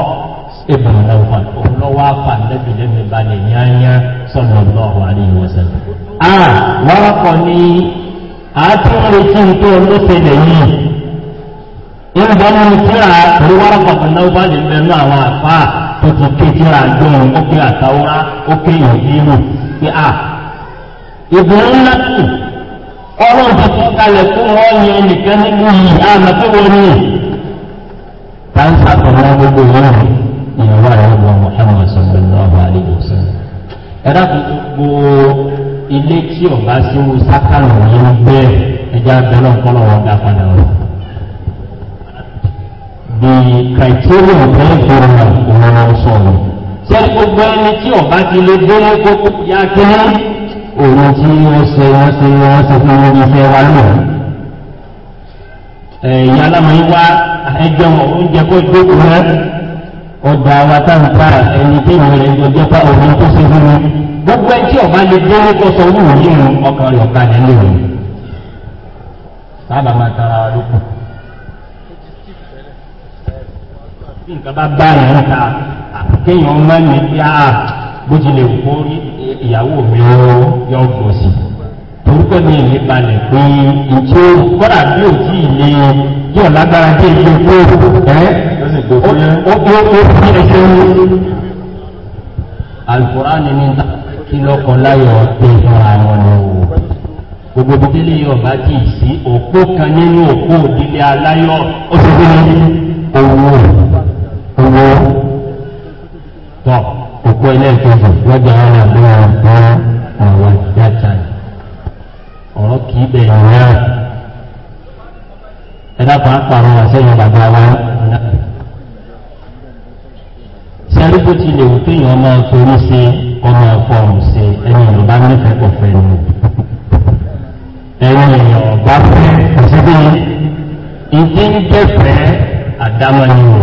ibn Nawfal òun lọ́wọ́ afa anabi lẹ́mi balẹ̀ yányá sallallahu alaihi wasallam. a ah, Waraqa ni àti retí tó ló tẹ̀lé yìí ìbọnú tíra ní Waraqa ibn Nawfal lẹ́nu àwọn àfa tó ti ké tíra dùn ó ké àtàwọn ó ké ìdílù ìbùn ńlá tù ọlọ́run ti fi kalẹ̀ fún wọn ní ẹnìkan nínú yìí àmọ́ tó wọ́n ní. táǹsà tọ̀lá gbogbo yìí ìyàwó àyà bọ̀ mọ̀hámà sọ̀rọ̀ lọ́wọ́ àlejò sọ̀rọ̀. ẹ̀rọ gbogbo ilé tí ọba sí wo sákàlù yìí ń gbé ẹja abẹ́rẹ́ ọ̀pọ̀lọ̀ wọn dá padà rọ̀. the criterion ten for ọ̀rọ̀ sọ̀rọ̀. sẹ́ni gbogbo ẹni tí ọba ti lè dé ní yá kí wọ́n òun tí ó ṣe wọ́n ṣe wọ́n ṣe fún wọn ní iṣẹ́ wa lò. ẹ̀yìn alámọ̀yí wá ẹjọ́ oúnjẹ kó dókòó rẹ̀ ọ̀dà wa táǹpà ẹni tí ìwé rẹ̀ jọjọ́ pa òun tó ṣe fún mi. gbogbo ẹtí ọba lè dé ó sọ owó òun nínú ọkàn rẹ̀ ọ̀ka nílé rẹ̀. sábà máa tara wa lókù. bí nǹkan bá bá yẹn ta kéèyàn máa ń ní bí a bó tilẹ̀ wù kó rí ìyàwó mi ó yọ gbọ̀ sí torúkọ mi ìlú balẹ̀ pé ìjọ kọ́dà bí òjì ìlé yóò lágbára dé ìlú pé ẹ́ ó fi ẹsẹ̀ wọn. alukóra ni ní ta kí lọ́kọ̀ láyọ̀ ọ̀tẹ̀ ìjọra wọn lọ gbogbo délé yọba tí ì sí òpó kan nínú òpó òdílé aláyọ ó ti dé owó owó tọ òpó ẹlẹ́ẹ̀kejì lọ́jà ara àbúrò àbá àwọn ìdájà ọ̀rọ̀ kìí bẹ̀rẹ̀ náà ẹ̀dá pàápàá àwọn àṣẹyìn bàbá wa sẹ́ríkó ti lè wù kéèyàn máa torí ṣe ọmọ ọ̀fọ̀rùn ṣe ẹni ìrọ̀bá nífẹ̀ẹ́ kò fẹ́ ni ẹni ìrọ̀bá fẹ́ kò sí bí ìdí ń dẹ́fẹ̀ẹ́ àdámọ́ ni o.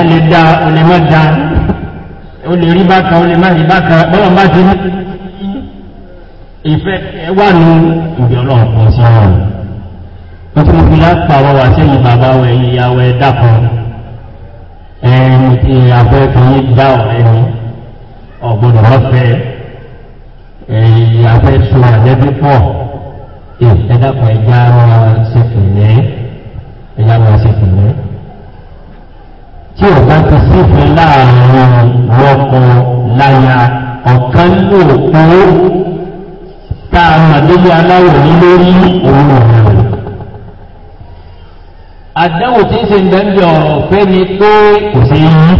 èèyàn lè da o lè má da o lè rí bákan o lè má rí bákan bọ́lá bá ti rí ìfẹ́ ẹ wà ní ìgbẹ́ ọlọ́run kan sára wọ́n fi fi lápàwọ́ wá sẹ́yìn bàbá wa ẹ̀yìn ìyàwó ẹ̀ dàpọ̀ ẹ̀ẹ́n ti àfẹ́ kan yín dá ọ̀rẹ́ mi ọ̀gbọ́dọ̀ lọ́fẹ́ ẹ̀yìn àfẹ́ so àdẹ́bí pọ̀ ẹ̀ ẹ̀ dàpọ̀ ẹ̀já máa ṣe pẹ̀lẹ́ ẹ̀já máa ṣe pẹ̀lẹ́ tí o bá ti sífẹ́ láàrin lọ́kọ láya ọ̀kan ní òpó tá a mà délé aláwọ̀ ní lórí òun òun. àdáwò tí ń ṣe gbẹ̀ǹdẹ̀ ọ̀rọ̀ fẹ́ ni pé kò sí yí.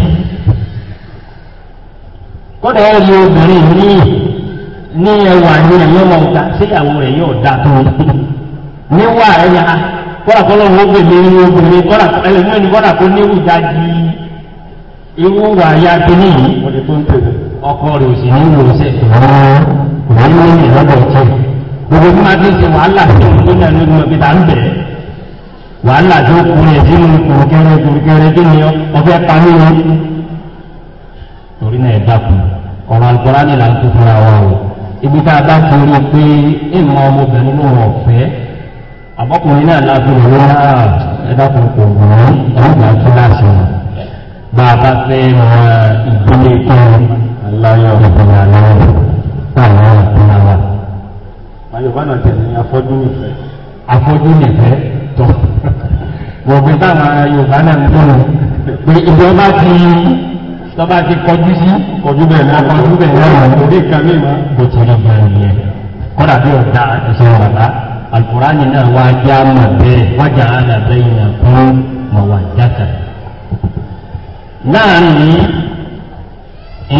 kódà ẹ lè obìnrin ní ní ẹwà ní ẹ̀yọ́ mọ̀ọ́ta síyàwó rẹ̀ yóò dá tó níwà ẹ̀yà kọ́ra kọ́ lọ́wọ́ gbèlè ní obìnrin kọ́ra ẹlẹ́mú ẹni kọ́ra kó níwù jáde ewu wà ya tó níyì òde tó ń tò ọkọ rẹ̀ ò sì ní wò ó sẹ́sẹ̀ kò ní wọ́n ní lọ́dọ̀ ọ̀tẹ̀ gbogbo bí wọ́n ti ń ṣe wàhálà sí òun tó náà lórí ọ̀gbìn tá ń bẹ̀ wàhálà tó kún ẹ̀ sínú kùrùkẹ́rẹ́ kùrùkẹ́rẹ́ tó ní ọbẹ̀ pa mí o torí náà ẹ̀ dàkú ọ̀rọ̀ àgbọ̀rá ni là ń tó fúnra wa o ibi tá a bá torí pé ìmọ̀ ọmọbìnrin ló wọ̀ fẹ́ àbọ́kùnrin náà láti rò wọ́n ẹ̀dàkùn kò gbọ́n ẹ̀dà kíláàsì wọn bá a bá fẹ́ ran ìdílé kan aláyọ̀ ìdílé aláwọ̀ táwọn àpínlẹ̀ wa. àyọ̀bá náà tẹ̀lé afọ́jú nìfẹ́. afọ́jú nìfẹ́ tọ̀ gbogbo táwọn Yorùbá náà ń tọrọ pé ìjọba ti tọ́ba ti kọjú sí kọjú bẹ́ẹ̀ náà kọjú bẹ́ẹ̀ náà lórí ìkàmì ìmọ̀ bó ti rí bẹ́ẹ̀ yẹn kọ́dà bí ọ̀dà ìṣòro bàbá alukurani náà wá já mà bẹ́ẹ̀ wájà alábẹ́ yìí nà kún mà wà jáka. láàrin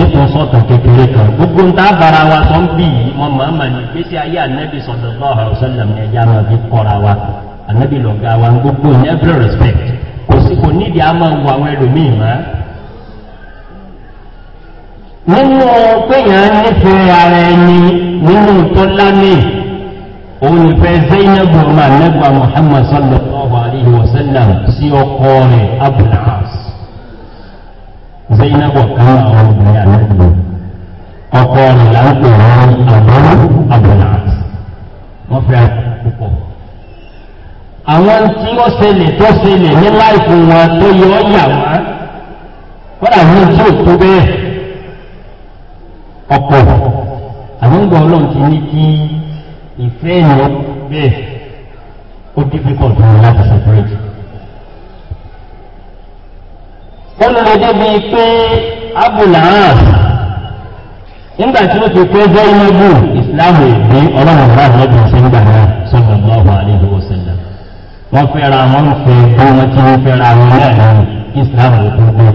ètò sọ̀tọ̀ kékeré kan gbogbo ntá bara wa tó ń bì yìí mọ màmá ní gbèsè ayé anabi sọ̀tọ̀ lọ́wọ́ àrùsọ̀lẹ̀ ní ẹja máa fi kọ́ra wa anabi lọ́gà wa gbogbo in every respect kò sí kò nídìí a wo àwọn ẹlòmíì mọ́ nínú péyàn nífẹ̀ẹ́ ara ẹni nínú tó lámì òun nífẹ́ zainabu ma nẹ́gbà muhammad sallallahu alaihi wasallam sí ọkọ rẹ̀ abdullahi zainabu kan àwọn obìnrin àlẹ́gbẹ̀ ọkọ rẹ̀ là ń pè wọ́n àbúrò abdullahi wọ́n fẹ́ púpọ̀ àwọn tí ó ṣẹlẹ̀ tó ṣẹlẹ̀ ní láìpù wọn tó yọ ọ́ yà wá wọ́n àwọn tí ò tó bẹ́ẹ̀ ọ̀pọ̀ àwọn ìgbà ọlọ́run ti ní kí ìfẹ́ ìwọ bẹ́ẹ̀ ó dípẹ́ kọ̀ọ̀tún wọn láti sẹ̀pẹ̀rẹ̀tì. wọ́n lọ débi pé abúláhàn nígbà tí ó ti pé zẹ́yìnbù ìsìláàmù ìdí ọlọ́run bá àwọn ọdún sí nígbà náà sọ́dọ̀ ọmọ ọba àlejò ọ̀sẹ̀dá wọ́n fẹ́ra wọn fẹ́ bó wọn tí wọ́n fẹ́ra wọn náà ní ìsìláàmù tó gbé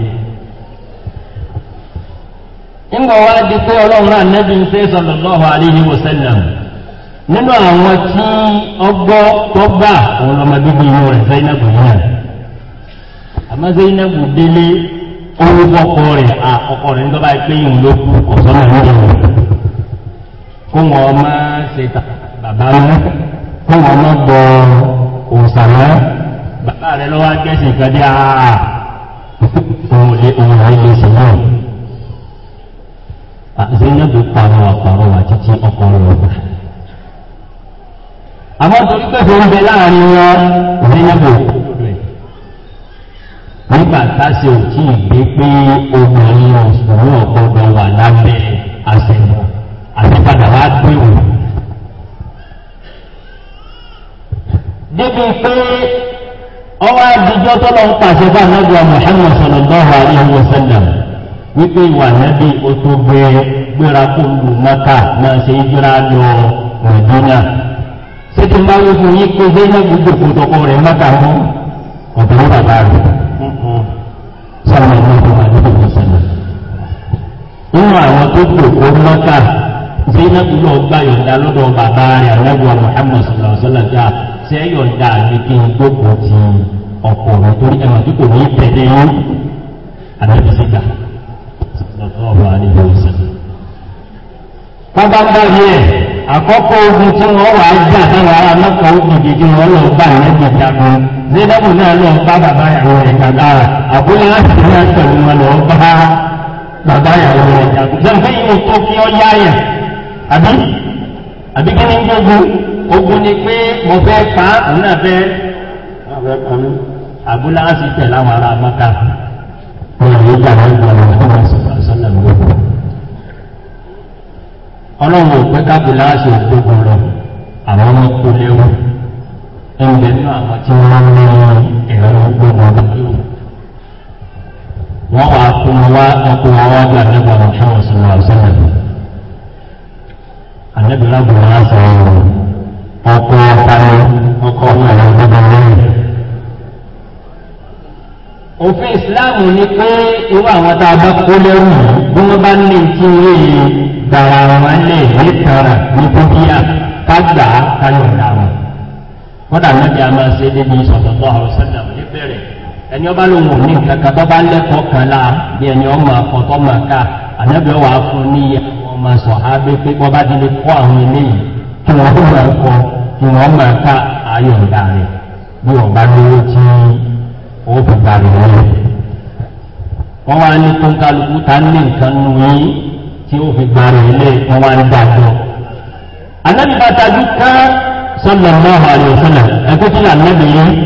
nígbà wá di pé ọlọ́run náà nẹ́bí ń fẹ́ sọ́dọ̀ ọmọ ọba àlejò ọ̀sẹ̀dá nínú àwọn tí ọgbọ́ tọ́gbà òun lọ́mọ bíbí inú rẹ̀ zainabu náà àmọ́ zainabu délé orúkọ ọkọ rẹ̀ àkọ́kọ́ rẹ̀ nígbà pé ìhùn ló kú ọ̀sọ́nà nílò rẹ̀ kó wọn má ṣe bàbá mọ́ kó wọn má gbọ́ òsàmọ́ bàbá rẹ̀ lọ́wọ́ akẹ́sìn kan dé àà òun lè òun rẹ̀ lè ṣe náà zainabu pàrọwà pàrọwà títí ọkọ rẹ̀ ọgbà àmọ́ torí pẹ̀fẹ́ ń bẹ láàrin wọn zainabu nígbà táṣe òkú ìgbé pé obìnrin òṣùwọ̀n ọ̀gbọ́dọ̀ wà lábẹ́ àṣẹ̀mọ̀ àtìpadà wá gbèrò. débi pé ọwọ́ àdìjọ́ tọ́lọ́ ń pàṣẹ bá nàgbà muhammed sallallahu alayhi wa sallam wípé ìwà nàbí o tó gbé gbéra kó lu maka máa ṣe ìgbéra lọ nàìjíríà pé tí n bá wí fún yín pé zainab gbogbo ìfòtọkọ rẹ mọta fún ọ̀dọ́ bàbá rẹ sáwọn ẹni tó wà níbi ìgbésẹ̀lẹ̀. nínú àwọn tó gbòkó mọ́ta zainab lọ gbà yọ̀ǹda lọ́dọ̀ bàbá rẹ àlẹ́bùwà muhammad sallallahu alayhi wa sallam dáa ṣé yọ̀ǹda mi kí n gbókò ti ọkọ̀ rẹ torí ẹ̀wọ̀n tí kò ní tẹ̀lé yín àbẹ̀bẹ̀ síta sallallahu alayhi bábá gbàgbé ẹ̀ àkọ́kọ́ ogun tí wọ́n wà á gbà táwọn ará mẹ́kọ̀ọ́ ogun gidi wọn lọ bá àwọn ẹgbẹ́ ìjagun zédàbù náà lọ bá bàbá ìyàwó rẹ̀ kàgbà àbúlé láti rí àtẹ̀wé wọn lọ bá bàbá ìyàwó rẹ̀ jagun. sẹ́ńfẹ́ yìí tó kí ọ yá yẹn àbí àbí kí ni gbogbo ogun ni pé mo fẹ́ pa òun náà fẹ́ àbúlé láti tẹ̀ láwọn ará mẹ́kà. ọ̀rọ̀ yìí gbàgbọ́ ìgbàlódé wọn sì sọ́nà lóko ọlọ́run ò pẹ́ káàkiri láàṣẹ ògbógun lọ àwọn ọmọ tó léwu ẹgbẹ́ nínú àwọn tí wọ́n ní ẹ̀rọ ògbógun lọ wọ́n wà fún wa ẹkùn wọn wá gbà nígbà wọn fún ọ̀sán náà sọ́nà àlẹ́bìlá bò wá sọ ọkọ̀ ọ̀páyọ ọkọ̀ ọ̀páyọ ọ̀gbọ́n lẹ́yìn. òfin ìsìláàmù ni pé irú àwọn tá a bá kó lẹ́rù bí wọ́n bá ní ìtúwé yìí tara wọn lè ní tara ní kókíyà kágbà káyọ̀dà wọn. kódà lọ́dẹ a máa ṣe é débi sọ̀tọ̀tọ̀ ọ̀rọ̀ sẹ́dà ní bẹ̀rẹ̀ ẹni ọba ló wọ̀ ní kankan tó bá lẹ́kọ̀ọ́ kan la bí ẹni ọmọ akọ̀tọ́ máa ká ànábẹ́ wà á fún ní iye àwọn ọmọ sọ̀ ábẹ́ pé wọ́n bá ti lè kọ́ àwọn eléyìí kí wọ́n tó máa kọ kí wọ́n máa ká ayọ̀dà rẹ̀ bí ọba lówó tí ó fi gbà lọ́wọ́ wọ́n wá ní kóńkálukú ta ní nǹkan nù yín tí ó fi gbàrú ilé wọn wá ń dájọ́. Ànábì bá tajú ká sọ́nà mọ́hà ní ìfúnà ẹgbẹ́ tí ànábì yìí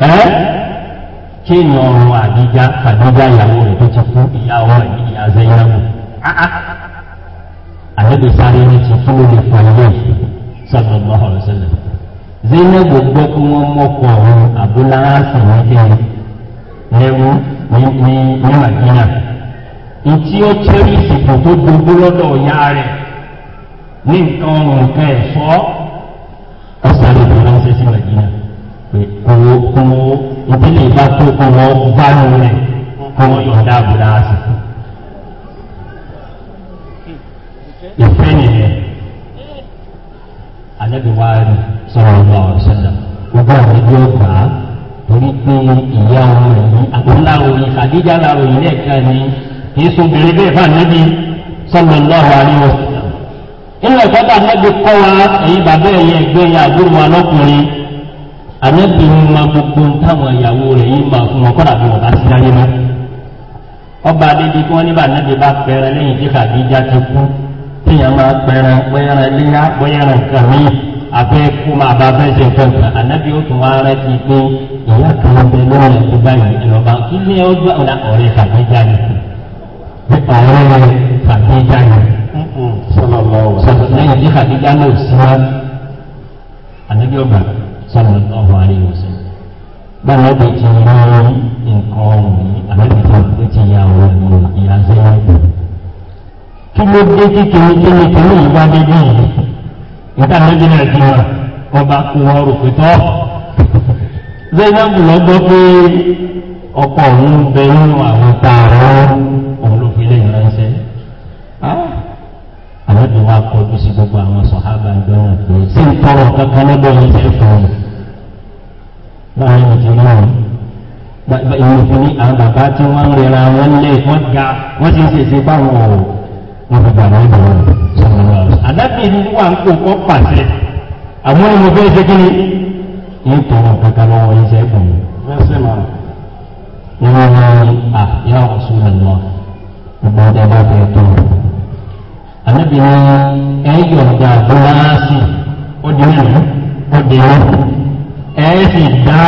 ẹ́ kí ni ọrùn àdíjá àdíjá ìyàwó rẹ̀ tó ti kú ìyàwó rẹ̀ ìyá zẹ́yàmù. Ànábì sáré ní ti fún mi fún sọ́nà mọ́hà ní ìfúnà. Zainabu gbọ́ kí wọ́n mọ̀kọ́ ọ̀run àbúlá àṣà ní ẹ̀rù ní Màdínà ìtí ó tẹ́rí ìsìnkú tó gbogbo lọ́dọ̀ ọ̀yá rẹ̀ ní nǹkan ọ̀rùn nǹkan ẹ̀fọ́ ọ̀sán ìbò ránṣẹ́ sí màdínà pé owó kówó ìdílé ìbá tó kówó gbánú rẹ̀ kówó yọ̀ǹda àbúrá àsìkò. ìfẹ́ nìyẹn anábìwá sọ̀rọ̀ ọ̀gá ọ̀sẹ̀dá gbogbo ẹgbẹ́ ọgbà torí pé ìyá ọmọ yìí àbúrò làwọn ìkàdéjà làwọn ìlẹ̀kẹ́ ni kìí sobìnrin bẹ́ẹ̀ fún ànábì sallallahu alaihi wasallam. inú ẹ̀kọ́ bá ànábì kọ́ wa ẹ̀yin bàbá ẹ̀yẹ ẹ̀gbẹ́ ẹ̀yà àbúrò wa lọ́kùnrin ànábì ń ma gbogbo táwọn ìyàwó rẹ̀ yìí máa fún wọn kọ́ dàbí wọn bá sí láyé mọ́. ọba adébí kí wọ́n ní bá ànábì bá pẹ̀rẹ̀ lẹ́yìn tí kàdíjà ti kú téèyàn máa pẹ̀rẹ̀ bọ́yẹ̀rẹ̀ léyà bọ́yẹ̀rẹ̀ nǹkan abẹ́ kú máa bá bẹ́ẹ̀ ṣe fẹ́ fẹ́ ànábì ó tún wá rántí pé ìyá kan bẹ lórí ẹ̀ tó kí ni ó gbà ọ̀rẹ́ tàbí jáde kù nípa ọ̀rọ̀ Khadija ni sọlọ́lọ́ sọ̀tọ̀ lẹ́yìn tí Khadija náà sí wá ànábì ọ̀gbà sọ̀rọ̀ ọ̀hún àríwọ̀ sí. báwo bẹ ti rí nǹkan ọ̀hún yìí àbẹ̀bẹ̀ tó bẹ ti yà ọ̀rọ̀ ìmọ̀ ìyá sẹ́yìn. kí ló dé tí kìíní tí mi kìíní yìí wá dédé yìí níta lẹ́yìn náà ti wà ọba kó wọn rò pé tọ́. zainabu lọ gbọ́ pé ọkọ òun bẹ nínú àwọn tààrà ránṣẹ́ ah, àwọn tó wá kọjú sí gbogbo àwọn sọ̀hábà ìgbọ́nà pé sí ń tọrọ kankan lọ́dọ̀ yìí tẹ́ fún un láàrin ìdílé wọn ìmọ̀fin ní àwọn bàbá tí wọ́n ń rira wọn lé wọ́n ga wọ́n sì ń ṣèṣe báwọn ò wọ́n fi gbà wọ́n bọ̀ sọ̀rọ̀ wọn. àdábì ní wà ń kó kọ́ pàṣẹ àwọn ọmọ bẹ́ẹ̀ ṣe kí ni ń tọrọ kankan lọ́wọ́ iṣẹ́ ìgbọ̀n. bẹ́ẹ̀ sẹ́ màá gbogbo ọjọ́ bá fẹ́ tó o. àlejò ni ẹ̀yọ̀ ọ̀gá àbúrásì ó di ìlú ó di ìlú ẹ̀ sì dá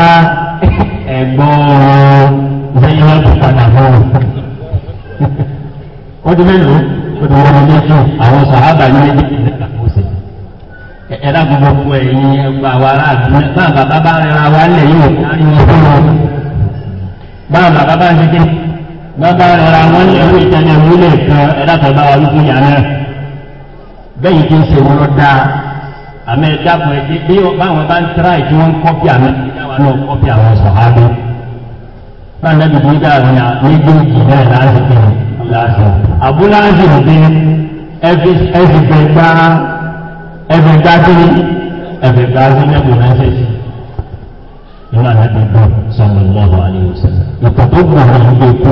ẹ̀gbọ́n zẹ́yìn láti padà mọ́ o. ó di mélòó ó di wọ́n ọdún tó àwọn sàhábà ní ẹgbẹ́ ìdẹ́ka kó ṣe. ẹ̀dá gbogbo fún ẹ̀yìn ẹgbà wa aráàlú náà bàbá bá rẹra wa lẹ̀ yóò kárí wọn fún wọn. báwọn bàbá bá ń ṣe kékeré bàbá rọra wọn ní ẹwọ ìtẹnẹ wúlé kan ẹdàtọ bá wà lókun yàrá bẹyì tó ṣe wọn dá àmì ẹdàkùn ẹdí bí báwọn bá ń tíráì tí wọn ń kọfí àmì ìdáwọn náà kọfí àwọn sọhábí báwọn ẹbí tó dá àwọn méjèèjì náà láti fi láti àbúlá ń fi bí ẹfi ẹfi sí ẹfi sí ẹbùn sí nínú ànábì dùn sọmọ lọ́wọ́ àlẹ́wòsàn. ìkòtò gbòòrò ìgbè kú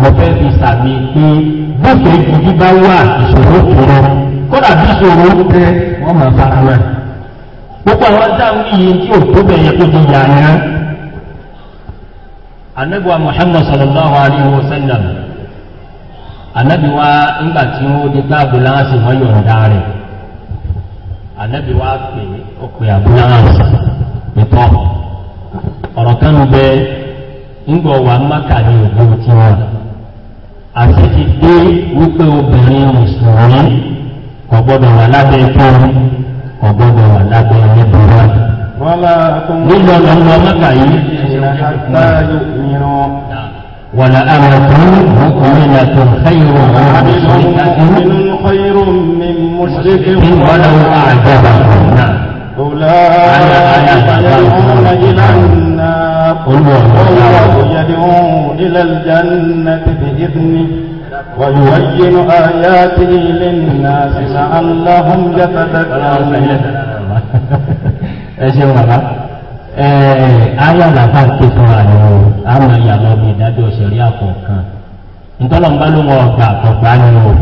mo fẹ́ fi sàmì pé bófẹ́ gidi bá wà ìṣòro kúrò kódà bí ìṣòro tẹ wọ́n máa fara náà. gbogbo àwọn dáhùn yìí tí ò tó bẹ̀yẹ kó di yàrá. ànábì wa muhammad sallallahu alayhi wa sallam ànábì wa ńgbà tí wọ́n di táàbù láǹsì wọ́n yọ̀ǹda rẹ̀ ànábì wa pè é ó pè àbúláǹsì nìkan ọ̀rọ̀ kan bẹ ńgbọ̀ wà mọ́kà ní ìlú tiwọn àti ti dé wípé obìnrin mùsùlùmí kò gbọ́dọ̀ wà lábẹ́ fún kò gbọ́dọ̀ wà lábẹ́ ẹlẹ́bùrọ́ nílò lọ́wọ́ mọ́kà yìí wàlà àmọ̀tún ọkùnrin àti ọ̀kẹ́yìn ọ̀hún àdìsọ́nìkàtún ìwọ́lọ́wọ́ àjọba ọ̀hún náà. أولئك يدعون إلى النار والله يدعو إلى الجنة بإذنه ويبين آياته للناس لعلهم يتذكرون ẹṣẹ́ wọn bá ayọ̀ làbá ké fún wa ni o àmọ́ ìyàlọ́ mi ìdájọ́ òṣèré àkọ́kàn ntọ́lọ́mbá ló wọ ọgbà àkọ́gbá ni o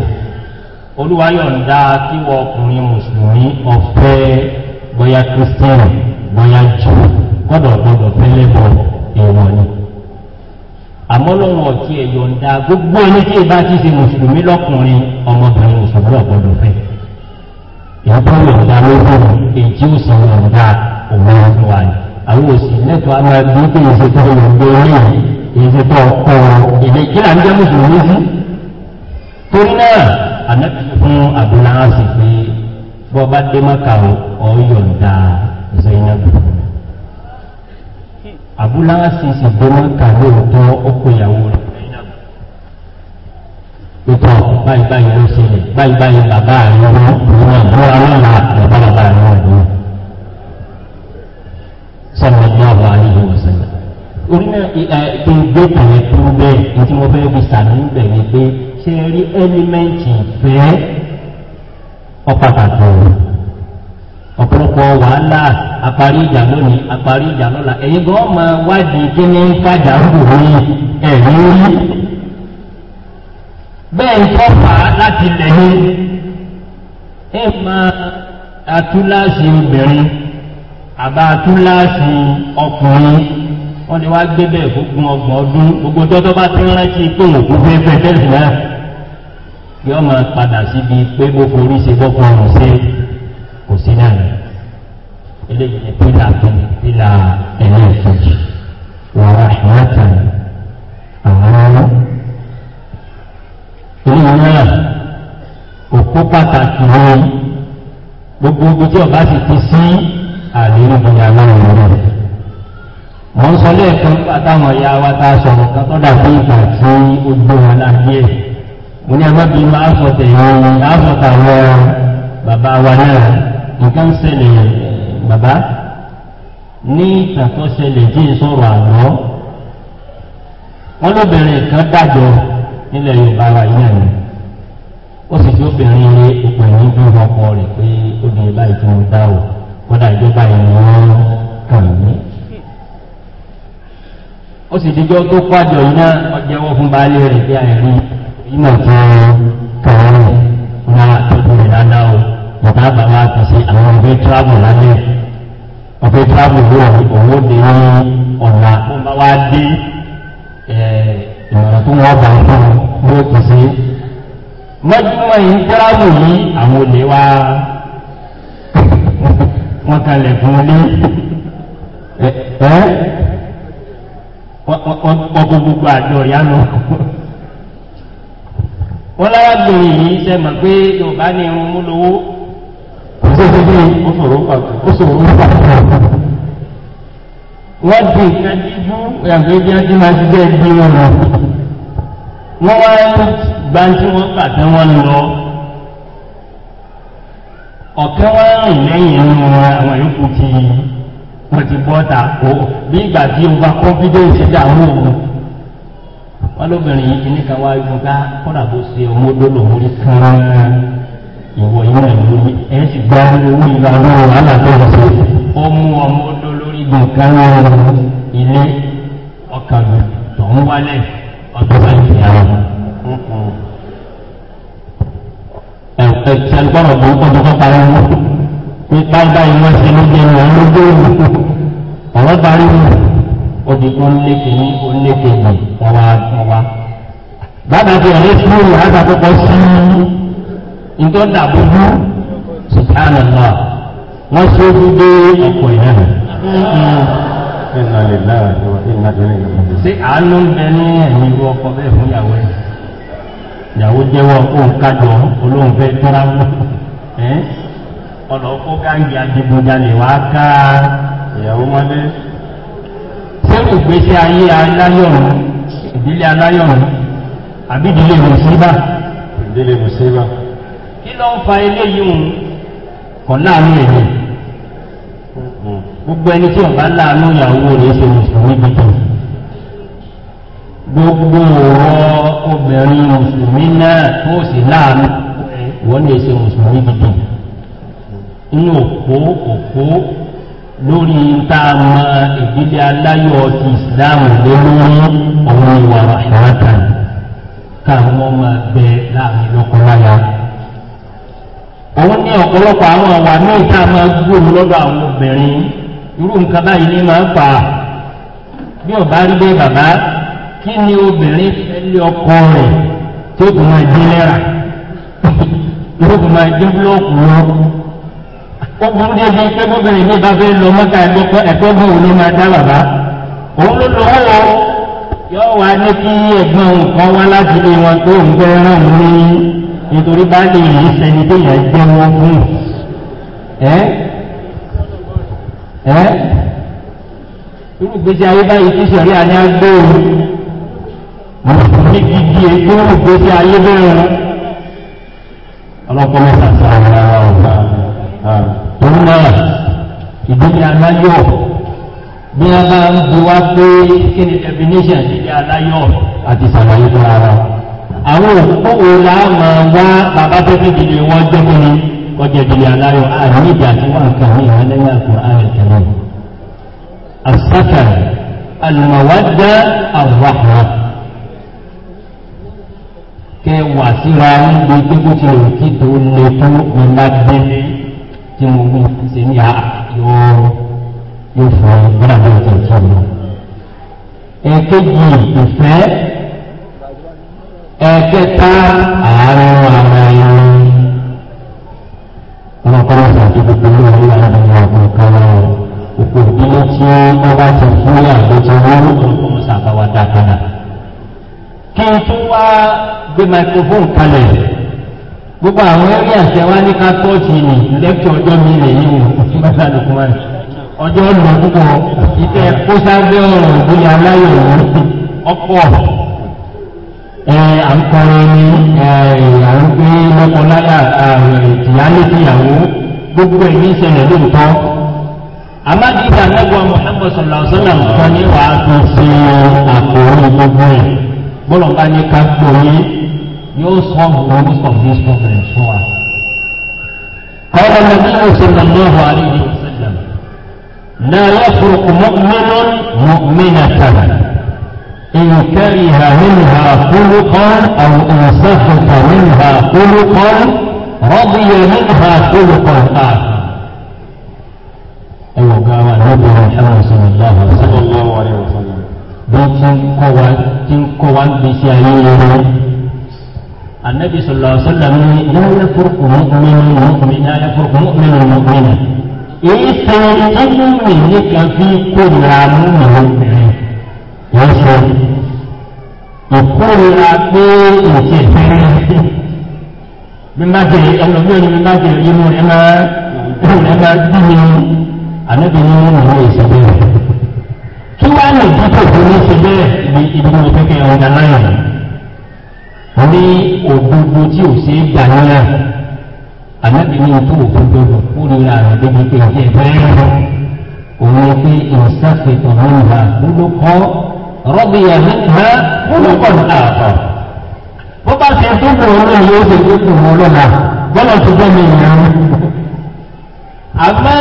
olúwayọ̀ǹda tí wọ́n ọkùnrin mùsùlùmí ọ̀fẹ́ bóyá kristian bóyá jù kọ́dọ̀ gbọ́dọ̀ pẹ́lẹ́ bọ̀ ẹ̀wọ̀n ni. àmọ́ lọ́wọ́ ọtí ẹ̀yọ̀ ń da gbogbo ẹni tí ẹ bá ti ṣe mùsùlùmí lọ́kùnrin ọmọbìnrin mùsùlùmí ọ̀gbọ́dọ̀ fẹ́. ìyàbọ̀ yọ̀ǹda lóbìnrin èjì ò sì yọ̀ǹda òun ọdún wa ni. àwọn òsì lẹ́tọ̀ amáyédé ìṣètò yọ̀ǹda orí ìṣètò ọkọ̀ èdè kí là ń jẹ́ mùsùlùmí sí. torí náà àná fún àbúlá àbúláwà sì sì gbọ́n kà lóòótọ́ ọkọ̀ ìyàwó rẹ̀ pípọ̀ báyìí báyìí ló ṣe lè báyìí báyìí bàbá rẹ̀ wọ́n wọ́n àbúrò aláàlá bàbá bàbá rẹ̀ wọ́n lò sọ́nà ọ̀gbọ́n àríwá ọ̀sẹ̀lẹ̀ orí náà kí gbé kàwé kúrú bẹ́ẹ̀ ní tí mo fẹ́ fi sàmì bẹ̀ ni pé ṣe rí ẹ́límẹ́ǹtì ìfẹ́ ọ ọ̀pọ̀lọpọ̀ wàhálà àparí ìjà lónìí àparí ìjà lọ́la ẹ̀yin gan ọmọ wádìí kí ní fàjà ń wò ní ẹ̀rí orí bẹ́ẹ̀ ń kọ́fà láti lẹ́yìn ẹ̀ máa atúláàsì obìnrin àbá atúláàsì ọkùnrin wọ́n ni wá gbé bẹ́ẹ̀ fún ọgbọ̀n ọdún gbogbo tọ́tọ́ bá ti rántí pé òkú fẹ́ẹ́ fẹ́ẹ́ fẹ́ẹ́ fẹ́ẹ́ yọ máa padà síbi pé mo forí ṣe bọ́kùnrin ṣe kò sí náà ni eléyìí ni pílà kìíní pílà ẹlẹ́ẹ̀kejì wàrà ìwádà àwọn eléyìí náà òkú pàtàkì wọn gbogbo ogun tí ọba sì ti sí àlérò bóyá lọ́wọ́ rẹ̀ mo ń sọ lẹ́ẹ̀kan nígbà táwọn ìyá wa ta sọ̀rọ̀ kan tó dàbí ìgbà tí ó gbé wọn láyé ẹ̀ mo ní ẹgbẹ́ máa sọ tẹ̀yìn máa sọ bàbá wa náà nǹkan ṣẹlẹ̀ bàbá ní ìtàkùn ṣẹlẹ̀ jí ìṣòro àlọ́ wọn lóbìnrin kan dàjọ nílẹ̀ yorùbá wa yíyá ni ó sì tí obìnrin rẹ ìpè ní dúró ọkọ rẹ pé obìnrin báyìí tó ń dá o kódà ìjọba yìí ni wọ́n kàn mí ó sì dijọ́ tó pàjọ iná ọjọ́wọ́ fún baálé rẹ̀ bí àìrí iná tó kàn án náà tó bẹ̀rẹ̀ dáadáa o bàtà bàbá àtàṣe àwọn ọ̀gbẹ́ tíráàbù lálẹ́ ọ̀gbẹ́ tíráàbù ló òun ní ọ̀nà tó bá wá dé ìmọ̀ràn tó wọ́n bá fún un ló kù sí. mọ́júmọ́ yìí tíráàbù yìí àwọn olè wá wọ́n kalẹ̀ fún un ní ẹ́ wọ́n kó gbogbo àjọ ìyá lọ lára gbèrè yìí sẹ́mọ̀ pé yorùbá ní irun mú lówó ọ̀sẹ̀ tó bí ọ̀sọ̀rọ̀ ń pàtó ó sọ̀rọ̀ ń pàtó. wọ́n di ìkájíjú ìyàgbé bí wọ́n ti máa ti bẹ́ẹ̀ bí wọn lọ. wọ́n wá gba tí wọ́n pàtó wọn lọ. ọ̀kẹ́ wá rìn lẹ́yìn inú wọn àwọn yòókù ti wọ́n ti bọ́ ta kó bí ìgbà tí o bá confidence dàrú òun wọ́n lóbìnrin yìí kìnnìkan wá gbọ́n ká bó ṣe ọmọdé lòún rí kán. ìwọ iná ìlú ẹ gba owó ìlànà wàhálà tó ń ṣe ọmọ olórí gbọ̀ngàn lọ́rùn ilé ọkàn tó ń wálẹ̀ ọdún bá ń àwọn ẹ̀sìn tó ń kọ́ tó kọ́ parí wọn ṣe jẹun àwọn olóògùn ọ̀rọ̀ parí wọn ntọ́ dàbò bú sùtánàlá wọ́n ṣe é dé ọ̀pọ̀ ìhàn. ṣé àánú ń bẹ ní ẹ̀mí ìlú ọkọ bẹ́ẹ̀ fún ìyàwó ẹ̀ ìyàwó jẹ́wọ́ òun kájọ olóhùn fẹ́ tọ́ra mọ́ ọ̀nà ọkọ̀ gáàgì adigunjalè wá ká ìyàwó mọ́lé. ṣé ìgbésí ayé aláyọ̀rùn ìdílé aláyọ̀rùn àbí ìdílé mùsíbà. ìdílé mùsíbà kí ló ń fa eléyìí òun kọ̀ láàánú èmi gbogbo ẹni tí ọ̀gá láàánú ìyàwó rẹ̀ ṣe mùsùlùmí gbẹ̀tọ̀ gbogbo ọ̀rọ̀ obìnrin mùsùlùmí náà tó sì láàánú wọ́n lè ṣe mùsùlùmí gbẹ̀tọ̀ inú òpó òpó lórí ta mọ ìdílé aláyọ̀ ti ìsìláàmù lórí ọ̀rọ̀ ìwà àṣà káwọn ọmọ bẹ láàrin lọ́kọ̀ọ́láyà. òun ní ọ̀pọ̀lọpọ̀ àwọn ọ̀wà ní ìta máa gbóòmù lọ́dọ̀ àwọn obìnrin irú nǹkan báyìí ní máa fà á bí ọ̀bá rí bẹ́ẹ̀ bàbá kí ni obìnrin fẹ́lẹ́ ọkọ rẹ̀ tó kù máa dín lẹ́ra tó kù máa dín búlọ́ọ̀kù lọ. ó burú déédéé pé bóbìnrin ní ìbáfẹ́ lọ mọ́ta ẹ̀dọ́kọ́ ẹ̀kọ́ bí ló máa dá bàbá òun ló lọ wọ́ nítorí bá lè yìí sẹni tó yẹ jẹ́wọ́ fún ẹ́ ẹ́ irú gbèsè ayé báyìí tí sẹ̀rí àní agbó o ní gidi ètò irú gbèsè ayé bẹ́ẹ̀ ọlọ́pọ̀ mẹ́ta sí àwọn ará ọ̀gá tó ń náà ìdílé aláyọ̀ bí wọ́n bá ń bu pé kí ni definition ìdílé aláyọ̀ àti sàlàyé fún ara wọn àwọn òkú wo la máa wá bàbá tẹ́tí ìdílé wọn jẹ́ fún mi kọjá ìdílé aláyọ̀ àní ìjà tí wọ́n kà ní ìhàlẹ́yà àkùrọ̀ àrẹ̀ tẹ̀lé. àṣàkàrẹ̀ àlùmọ̀wádà àwòrán kẹ wà síra ń gbé gbogbo tí o ti tó lè tó ní bá dé tí mo gbé ṣe ní yà yóò yóò fọ ìgbàlódé tó lọ. èkejì ìfẹ́ ẹ̀kẹta àárín ara ẹni wọn kọ́ wọn sàdé gbogbo ní orí ara ẹni ọ̀gbìn kan wọn òkú ìdílé tí wọn bá ti fún ní àgbẹjọ wọn ó kọ́ wọn sàbáwá dáadáa. kí n tún wá gbé microphone kalẹ̀ gbogbo àwọn ẹgbẹ́ àti ẹwà ní ká tọ́ọ̀tì ní lẹ́kítọ̀ ọjọ́ mi lè yí wọn kò sí bàtà lókun wá ọjọ́ ọ̀nà púpọ̀ ìtẹ́ kó sábẹ́ ọ̀rọ̀ ìgbéyàwó aláyọ̀ ọ̀pọ̀ à ń kọrin ní à ń gbé lọ́kọláyà ìyálé fìyàwó gbogbo ẹ̀mí ìṣẹ̀lẹ̀ lóòótọ́ amadiga anagba muhammed sallallahu alaihi wa sallam kan ní wàá tó ṣe àkórí gbogbo ẹ̀ bọ́lọ̀ bá ní ká kórè yóò sọ ọ̀rọ̀ most of these problems fún wa. قال النبي صلى الله عليه وسلم لا يفرق إن كره منها خلقا أو إن سخط منها خلقا رضي منها خلقا آخر ẹwọ ga wa lọ́bọ̀ ọ̀hún sallallahu alaihi wasallam bí tí ń kọ́ wa tí ń kọ́ wa ń bí sí ayé yẹrẹ annabi sallallahu alaihi wasallam ní láyé fúrukù mọ́kùnrin mọ́kùnrin láyé fúrukù mọ́kùnrin mọ́kùnrin èyí tẹ́ ẹgbẹ́ mi ní kan fi kó ra mú mi wọ́n ṣe ìkórira pé òkè fẹ́rẹ́ mímájẹ ẹlòmíràn mímájẹ inú ẹ máa ẹ máa bí mi ànábi ní ìwé ìṣẹ̀lẹ̀ rẹ̀ kí wàá lè dípò fún mi ṣe bẹ́ẹ̀ ibi ibi mo fẹ́ kẹ́ ọ̀gá náà wọ́n ní òdodo tí ò ṣe é gbà náà ànábi ní ètò òdodo rẹ̀ kórira rẹ̀ débi pé ìjẹ́ fẹ́rẹ́ òun ni pé ìṣàfihàn náà ló kọ́ rọ́bì ẹ̀hẹ́ olùkọ́n ààtọ̀. bó bá ṣe dúkùú ọlọ́run yóò ṣe dúkùú ọlọ́run bọ́lá ti gbọ́ mi ìyá mi. àmọ́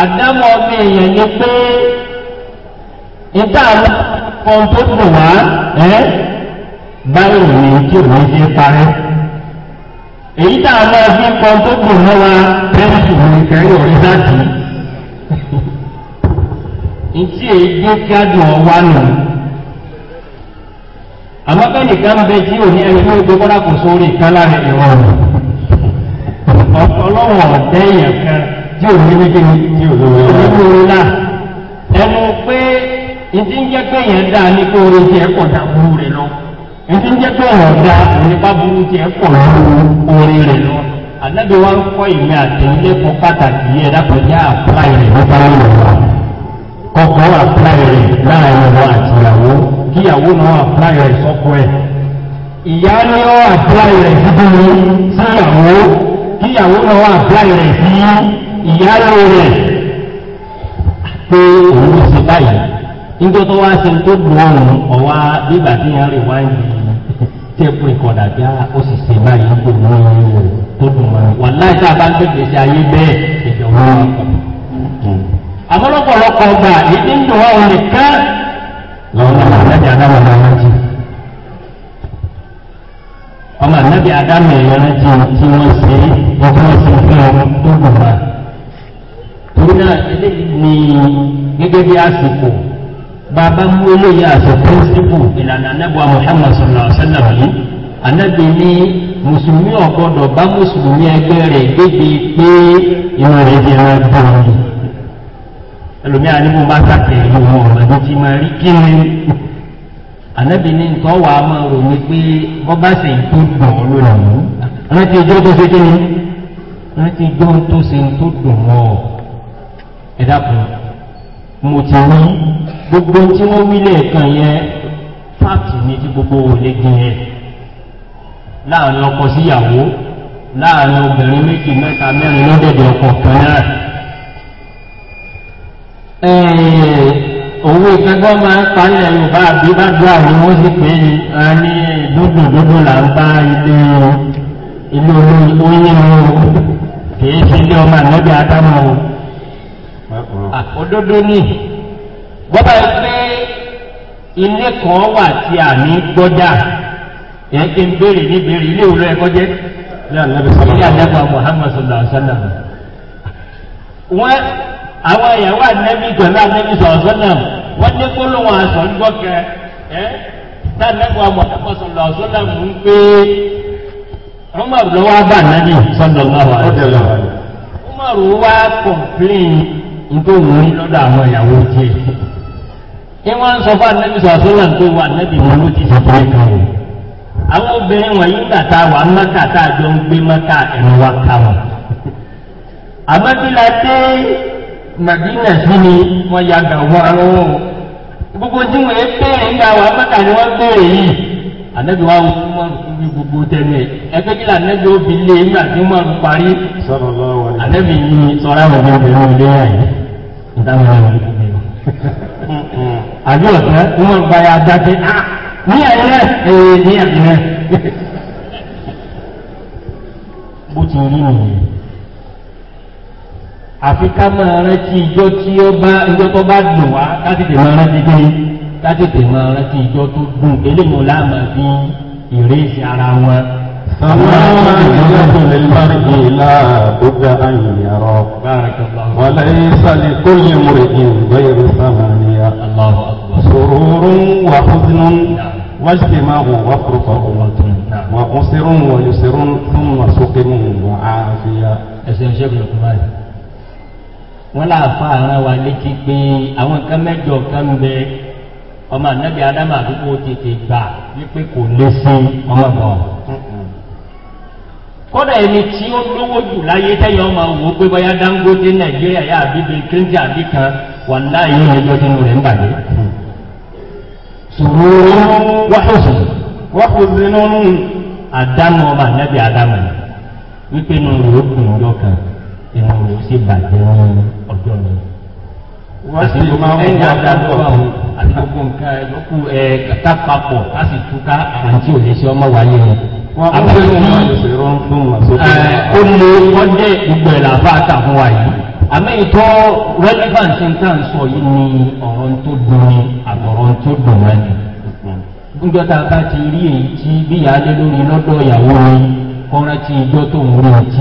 àdámọ́ mi èèyàn ni pé ìta àwọn kan tó kù wá ẹ́ báyìí ni tí òun ṣe parẹ́. èyí tá a máa fi kan tó kù náà wá pẹ́ẹ́sì mi kẹ́rì ọ̀rẹ́ láti ntí èdè e kíádùn ọ̀wá nù. àmọ́ bẹ́ẹ̀ nìkan bẹ tí òní ẹni tó gbé bọ́lá kò sórí ìkan láàrin ìrọ̀rùn. ọlọ́wọ̀n ọ̀dẹ́ èèyàn kan tí òní méjì ní ti òní náà ẹnu pé ntí ń jẹ́ pé èèyàn dáa ní kó orí tiẹ̀ pọ̀ dà burú rẹ̀ lọ. ntí ń jẹ́ pé ọ̀rọ̀ dáa òní bá burú tiẹ̀ pọ̀ lọ́wọ́ orí rẹ̀ lọ àdábì wa ń kọ́ ìwé àtẹ̀yìnlẹ́kọ̀ọ́ pàtàkì yẹn dákọ̀ọ́jà àpáyé rẹ̀ lọ́pàá lọ́wọ́ kọ́kọ́ àpláì rẹ̀ láàrin ọwọ́ àti ìyàwó kí ìyàwó náà àpláì rẹ̀ sọ́kọ́ ẹ̀ ìyá ní ọ́ àpláì rẹ̀ síbúrú síyàwó kí ìyàwó náà àpláì rẹ̀ sí ìyálò rẹ̀ pé òun ló ṣe báyìí níjọ́ tó wá ṣe tó dùn ọ̀run ọ̀wá bíbà tí yẹn rè wáyé tẹ́pù ìkọ̀dà bí ó sì ṣe báyìí kò ní ọ̀run tó dùn ọ̀run wà láì tá a bá ń gbèsè ayé bẹ́ẹ̀ ìjọba àmọ́ lọ́pọ̀lọpọ̀ ọgbà èdè ń dùn wá òun nìkan lọ́wọ́ àlàjà náà wà máa rántí. ọmọ ànábì adámù ẹ̀yọ́ rántí tí wọ́n ṣe ọkọ̀ ṣe fún ọ tó gùn wá. torí náà eléyìí ni gẹ́gẹ́ bí àsìkò bàbá mú eléyìí àṣọ pírísìpù ìlànà anábọ̀ Muhammad sọ̀rọ̀ ọ̀sẹ́lẹ̀ yìí anábì ní mùsùlùmí ọ̀gbọ́dọ̀ bá mùsùlùmí ẹgbẹ́ rẹ̀ débi pé ìmọ̀ rẹ̀ di ẹran dáhùn ẹlòmíà ni mo bá sàtẹ̀lé wọn ọ̀rọ̀ ẹni tí máa rí kí ni ànábì ní nǹkan wà á máa rò ní pé wọ́n bá ṣe tó dùn ọ́ ló lànà rántí ọjọ́ tó ṣe kí ni rántí ọjọ́ tó ṣe tó dùn ọ́ ẹ dákun mo ti rí gbogbo tí wọ́n wí lẹ́ẹ̀kan yẹn fáàtì ní ti gbogbo òde gbìn yẹn láàrin ọkọ síyàwó láàrin obìnrin méjì mẹ́ta mẹ́rin lọ́dẹ̀dẹ̀ ọkọ̀ kan náà owó kankan máa ń parí ẹ̀rù bá àbí bá gbọ́ àwọn owó sì pé a ní gbogbo gbogbo là ń bá ilé o ilé olóyún oyin o kìí ṣe ilé ọmọ ànábì ádámù o ah, òdodo ni bọ́bá yìí pé ilé kan wà tí a ní gbọ́dá ẹ̀ ẹ́ ń béèrè ní béèrè ilé òwúrọ̀ ẹ̀kọ́ jẹ́ ilé ànábì sọ̀rọ̀ Muhammad sallallahu alaihi wa sallam àwọn ìyàwó ànẹ́bí pẹ̀lú ànẹ́bí sọ̀rọ̀sọ́nà wọ́n ní gbólóhùn àṣọ ń gbọ́kẹ́ ẹ́ tánẹ́gbọ́ ọmọdékọ́ sọ̀rọ̀sọ́nà mú ń pé umar ló wá bá ànẹ́bí sọ̀rọ̀sọ́nà umar wá kọ̀m̀plín nítorí lọ́dọ̀ àwọn ìyàwó tiẹ̀ kí wọ́n ń sọ fún ànẹ́bí sọ̀rọ̀sọ́nà tó wà ànẹ́bí wọn ló ti sọ àwọn obìnrin wọ̀nyí gbàtà wà mẹ́kà tá a jọ ń gbé mẹ́kà ẹ̀rọ wa ká wọn. àmọ́ la dé Màdínà sí ni wọ́n ya gàwọ́ àwọn ohun gbogbo tí wọ́n béèrè ní àwọn amẹ́ta ni wọ́n béèrè yìí ànábi wa wọ́n fún wọn fún bí gbogbo tẹ̀lé ẹgbẹ́ kí lànàbi ó fi lé nígbà tí wọ́n rú parí ànábi yìí sọ̀rọ̀ àwọn ọmọ obìnrin ilé rẹ̀ ìdáhùn àwọn obìnrin àbí ọ̀sẹ̀ wọ́n gba ya dáké ah, ní àyẹ̀rẹ̀ ẹ̀yẹ eh, ní àyẹ̀rẹ̀ bó ti rí nìyẹn àfi ká máa rántí ijó tí ó bá ijó tó bá dùn wá ká tètè máa rántí dé ká tètè máa rántí ijó tó dùn eléyìí la máa fi ìrèsì ara wọn. سلام عليكم للمرء لا بد أن يرى وليس لكل امرئ غير ثمانية الله أكبر سرور وحزن واجتماع وفرقة وقصر ويسر ثم سقم وعافية wọn láàfa ara wa létí pé àwọn kan mẹjọ kan bẹ ọmọ anabi adamu àdúgbò tètè gbà wípé kò lé sí ọmọ kọ́dà ẹni tí ó lówó jù láyé tẹ́yìn ọmọ òwò pé bọ́yá dangote nàìjíríà yá àbíbi kéńtì àbí kan wà láàyè ìrìnàjò tí mo rẹ̀ ń bàjẹ́. sòrò wáhùsù wáhùsù nínú àdámọ́ ọmọ ànábì àdámọ́ wípé nù rẹ̀ ó kùn ọjọ́ kan inú rẹ̀ sì bàjẹ́ ní ọjọ́ mi. wọ́n sì máa ń wá dáadọ́ àwọn àti gbogbo nǹkan ẹ̀yọ́kù ẹ̀ kàtà papọ̀ ká sì túká àwọn tí ò lè ṣe ọmọ wa nínú. wọ́n á fẹ́ wọn ìṣòro ń fún wọn sókè. ó lè wọ́n jẹ́ gbogbo ẹ̀ làbá àtàkùn wa yìí. àmọ́ ìtọ́ relevance ń tà ń sọ yìí ni ọ̀rọ̀ tó dùn ni àbọ̀rọ̀ tó dùn wọn ni. gbọ́dọ̀ tá a bá ti rí èyí tí bíyà á lé lórí lọ́dọ̀ ìyàwó mi kọ́ńtà tí ìjọ tó ń rí ti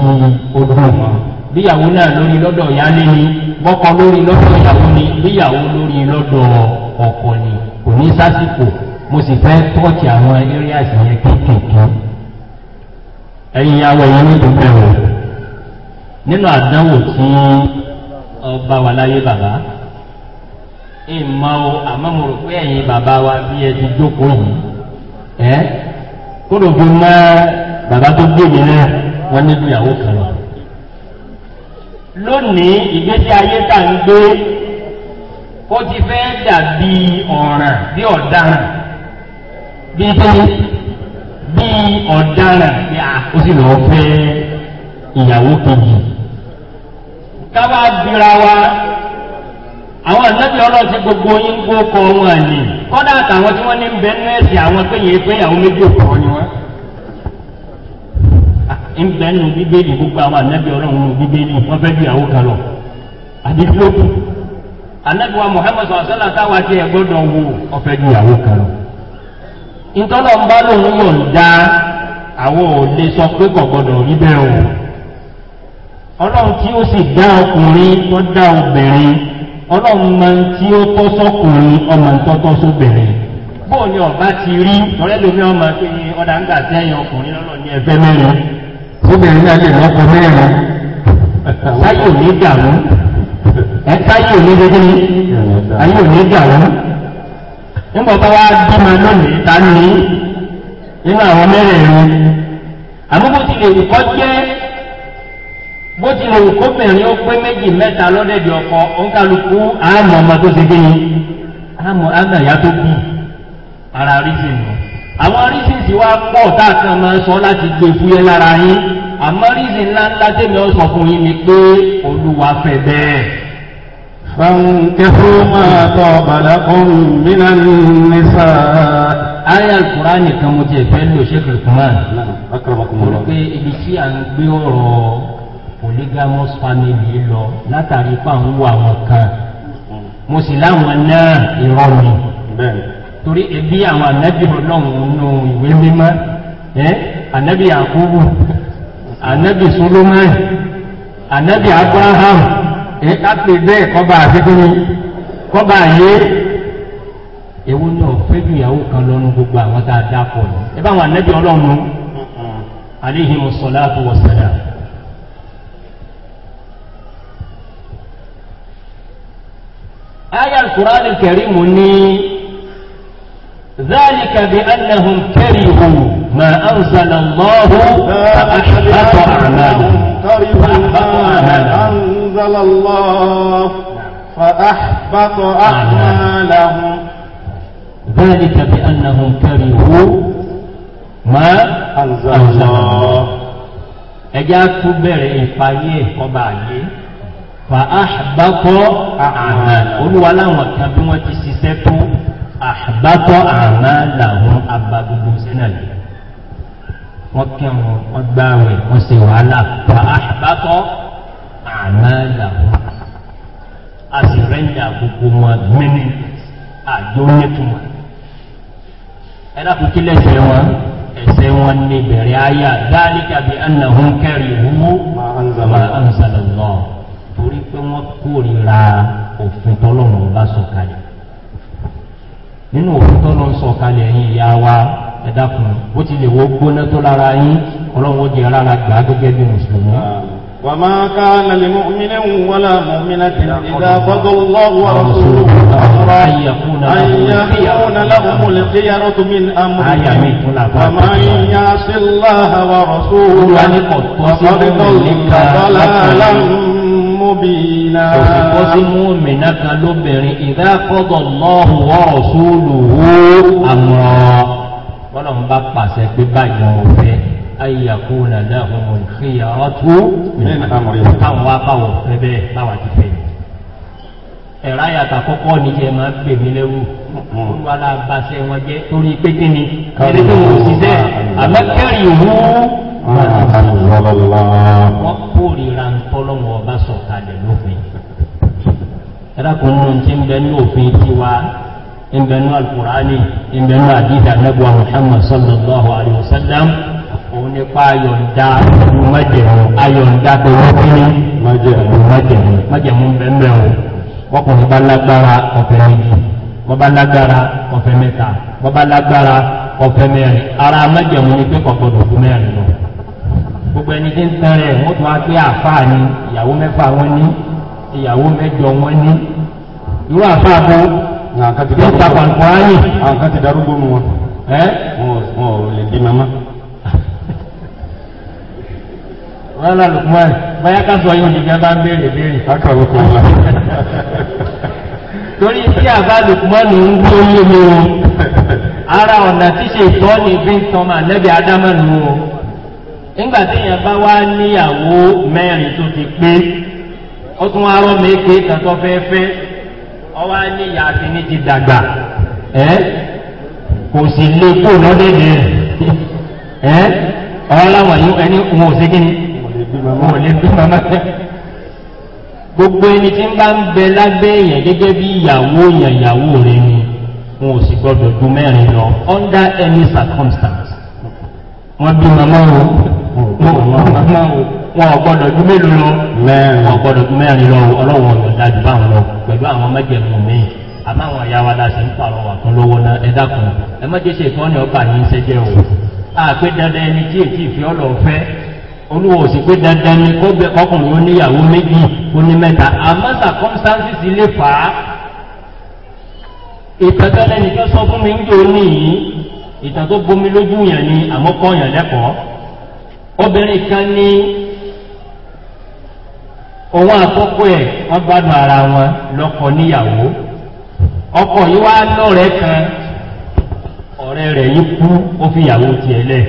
bíyàwó náà lórí lọ́dọ̀ ìyáálé ni bọ́kọ lórí lọ́dọ̀ ìyàwó ni bíyàwó lórí lọ́dọ̀ ọ̀kọ̀ ni kò ní sásìkò mo sì fẹ́ tọ́ọ̀tì àwọn areas yẹn kéékèèké ẹ̀yin ìyàwó ẹ̀yin níbi bẹ̀rù nínú àdánwò tí ọba wà láyé bàbá ìmọ̀ o àmọ́ mo rò pé ẹ̀yin bàbá wa bí ẹ ti jókòó yìí ẹ́ kó ló fi mọ́ bàbá tó gbé mi náà wọ́n níbi ìyàwó kan lọ. lónìí ìgbésí ayé tá ń gbé ó ti fẹ́ dàbí ọ̀ràn bí ọ̀daràn bí bẹ́ẹ̀ bí ọ̀daràn bí ó sì lọ́ọ́ fẹ́ ìyàwó kejì. káwá wa àwọn ànábì ọlọ́ọ̀tì gbogbo yín ń wọn kọ́dà àtàwọn tí wọ́n ní bẹ́ẹ̀ nẹ́ẹ̀sì àwọn péye ń bẹ nínú bíbélì gbogbo àwọn ànábì ọlọ́run nínú bíbélì wọ́n fẹ́ ju kan lọ wa muhammed sọ̀rọ̀ sọ́lá táwa ti kan lọ. ìtọ́lọ̀ ń bá o ọlọ́run tí ó sì dá ọkùnrin tó dá obìnrin ọlọ́run máa ń tí ó tọ́ sọkùnrin ọmọ ń tọ́tọ́ ọba ti rí ọmọ pé ọ̀dà ń gbà sẹ́yìn obìnrin náà lè lọ́kọ mẹ́rin táyé ní dàrú ẹ táyé ní dédé ní ayé ní dàrú nígbà tó wá bímọ lónìí ta ní nínú àwọn mẹ́rẹ̀ẹ̀rin àmọ́ bó tilẹ̀ ìkọ́ jẹ́ bó tilẹ̀ ìkọ́bìnrin ó pé méjì mẹ́ta lọ́dẹ̀dẹ̀ òǹkàlùkù àmọ́ ọmọ tó ti àmọ́ tó kù ara rí sí nù. àwọn rísìsì wa pọ̀ dáàkan máa ń sọ láti gbé fúyẹ́ lára yín àmọ́ rísì ńláńlá tèmi ó sọ fún yín ni pé olúwa fẹ́ bẹ́ẹ̀. fankihu máa tọ́ balakun mina nisa. ayé alukura nìkan mo jẹ ìfẹ́ lò ṣé kìrìkùnrin náà pé ibi tí à ń gbé ọ̀rọ̀ polygamous family lọ látàrí pàǹwò àwọn kan mo sì láwọn náà ìrọ̀rùn. torí ebi àwọn anabi ọlọ́run nù ìwé mímọ́ ẹ anabi anabi anabi abraham ẹ bẹ́ẹ̀ àfikún ewu náà ìyàwó kan gbogbo àwọn tá a dá pọ ní ẹ bá àwọn anabi ọlọ́run aleyhi ذلك بأنهم كرهوا ما أنزل الله فأحبط أعمالهم كرهوا ما أنزل الله فأحبط أعمالهم ذلك بأنهم كرهوا ما أنزل الله أجاك بري bẹ̀rẹ̀ ìparí فأحبط أعمالهم fa àṣìbákọ́ àmàlà olúwa àbátọ́ àmà làwọn abagbogbo sínàlì wọ́n kírun wọ́n gbáwé wọ́n ṣe wàhálà pa àbátọ́ àmà làwọn a sì rẹ́ńdà gbogbo wọn mẹ́ni àjọ onítùmọ̀ ẹ dákun kí lẹ́sẹ̀ wọn ẹsẹ̀ wọn ní bẹ̀rẹ̀ ayá dáríkà bí anahun kẹrì wúwo máa ń sàlọ̀ lọ torí pé wọ́n kórìíra òfin tọ́lọ́run bá sọ̀kalẹ̀ nínú òfin tọ́nà ń sọ kalẹ̀ ẹ̀yìn ìyá wa ẹ̀dá kan ó ti lè wo gbóná tó lára yín ọlọ́run ó di rárá gbà gẹ́gẹ́ bí mùsùlùmí. wàmà nàlẹ́ mọ́mìnà ń wọlé mọ́mìnà tẹ̀ ìdá gbọ́dọ̀ lọ́wọ́ rọ̀ṣọ́rọ̀ مبينا وقسموا منك لبر إذا قضى الله ورسوله أمرا ولهم بقى سيكبا يوفي أن يكون لهم الخيارة من أمرهم كان وقعوا فبه طواتي فيه ẹ̀rá yàtà kọ́kọ́ ní jẹ́ máa pè mí lẹ́wù wà láàbàṣẹ wọn jẹ́ torí pé kí ni ẹni tó ń ṣiṣẹ́ àmọ́ kẹ́rì òun wọ́n kórìíra ń tọ́lọ́wọ́ ọba sọ̀kalẹ̀ lófin ẹ̀dàkùnrin tí ń bẹ ní òfin tiwa ń bẹ ní alukurani ń bẹ ní àdìdà nẹ́gbà muhammad sallallahu alayhi wa sallam òun nípa ayọ̀ǹda ìlú májẹ̀mú ayọ̀ǹda tó wọ́n fi ní májẹ̀mú májẹ̀mú májẹ̀mú bẹ́ẹ̀ o ọkùnrin bá lágbára ọ̀fẹ́ méjì bọ́bá lágbára ọ̀fẹ́ mẹ́ta bọ́bá lágbára ọ̀fẹ́ mẹ́rin ara májẹ̀mú ni pé kọ̀gbọ́dọ̀ fún mẹ́rin lọ gbogbo ẹni tí ń tan rẹ̀ wọ́n tún á pé àfáà ni ìyàwó mẹ́fà wọn ní ìyàwó mẹ́jọ wọn ní irú àfáà bó yóò ta pàǹkùránì. àwọn kan ti darúgbó nu wọn. ẹ wọn ò lè di mama. wọ́n lọ lùkùmọ́ẹ̀ báyà ká sọ yóò dìgbà bá ń béèrè béèrè. akọ̀wé kò wá. torí tí àbá lùkùmọ́ẹ̀ ń gbó yé mi o ara ọ̀nà tí ìtọ́ ni bí ń tọ́ mà lẹ́bi ádámà nù o. nígbà téèyàn bá wá níyàwó mẹ́rin tó ti pé ó tún wá rọ́ méje ọ wá níyà àfínní ti dàgbà ẹ́ kò sì lè kó lọ́dẹ̀dẹ̀ ẹ́ ọ̀rọ̀ láwọn yìí ẹni wọn ò sí kí ni wọn ò lè fẹ́ gbogbo ẹni tí ń bá ń bẹ gẹ́gẹ́ bí ìyàwó ìyàwó wọ́n bí màmá o wọn ò gbọ́dọ̀ ju mélòó lọ wọn ò ọlọ́wọ́ lọ pẹ̀lú àwọn mẹ́jẹ̀mú mi àmọ́ àwọn ìyá wa la ń pààrọ̀ wà lọ́wọ́ náà ẹ ẹ ṣe ọba yìí ń o àpé dandan ẹni tí èkì ọ̀lọ́ fẹ́ olúwo sì pé dandan ni kó bẹ ọkùnrin méjì mẹ́ta àmọ́ ìtàn tó gbomi lójú yàn ni àmọ́kọ́ kọ́ yàn lẹ́kọ̀ọ́ obìnrin kan ní òun àkọ́kọ́ ẹ̀ wọ́n gbádùn ara wọn lọ́kọ̀ níyàwó ọkọ̀ yìí wá lọ́rẹ̀ẹ́ kan ọ̀rẹ́ rẹ̀ yìí kú ó fi ìyàwó tiẹ̀ lẹ̀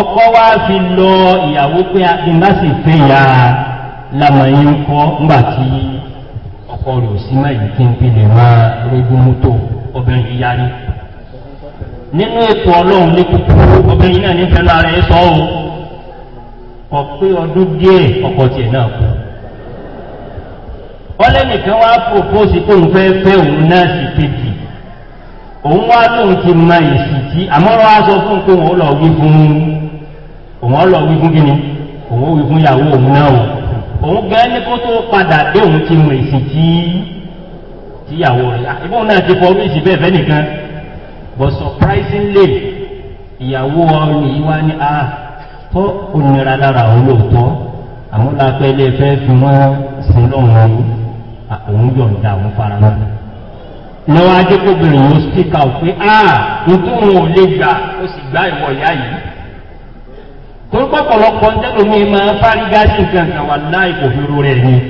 ọkọ̀ wá fi lọ ya lamọ̀yìn kọ́ ńgbà tí ọkọ̀ sí mẹ́yìí kí n fi nínú ètò ọlọ́run ní kúkú obìnrin náà nífẹ̀ẹ́ lára ẹ sọ ọ́ ọ̀pẹ ọdún díẹ̀ ọkọ̀ tiẹ̀ náà kú ọlẹ́nìkan wá propose kó n fẹ́ fẹ́ òun náà sì kejì òun wá lóun ti ma èsì tí àmọ́ wá sọ fún pé òun lọ wí fún òun lọ wí fún kíni òun wí fún ìyàwó òun náà o òun gẹ́ ní kó tó padà dé òun ti mọ èsì tí ìyàwó rẹ̀ ìbọn náà ti fọ orí ìsì bẹ́ẹ̀ fẹ́ nìkan. but surprisingly ìyàwó ọrùn yìí wá ní a ah, tó onira lára òun lóòótọ́ àwọn ilé fi wọ́n sin lọ́wọ́ òun yọ̀ǹda òun fara náà lọ́wọ́ adékòbìnrin yóò out a nítorí ò lè gbà ó sì gbá ìwọ̀ ìyá yìí torí pọ̀pọ̀lọpọ̀ ntẹ́lómi máa ń fárígá sí wà láì kò fi ru ni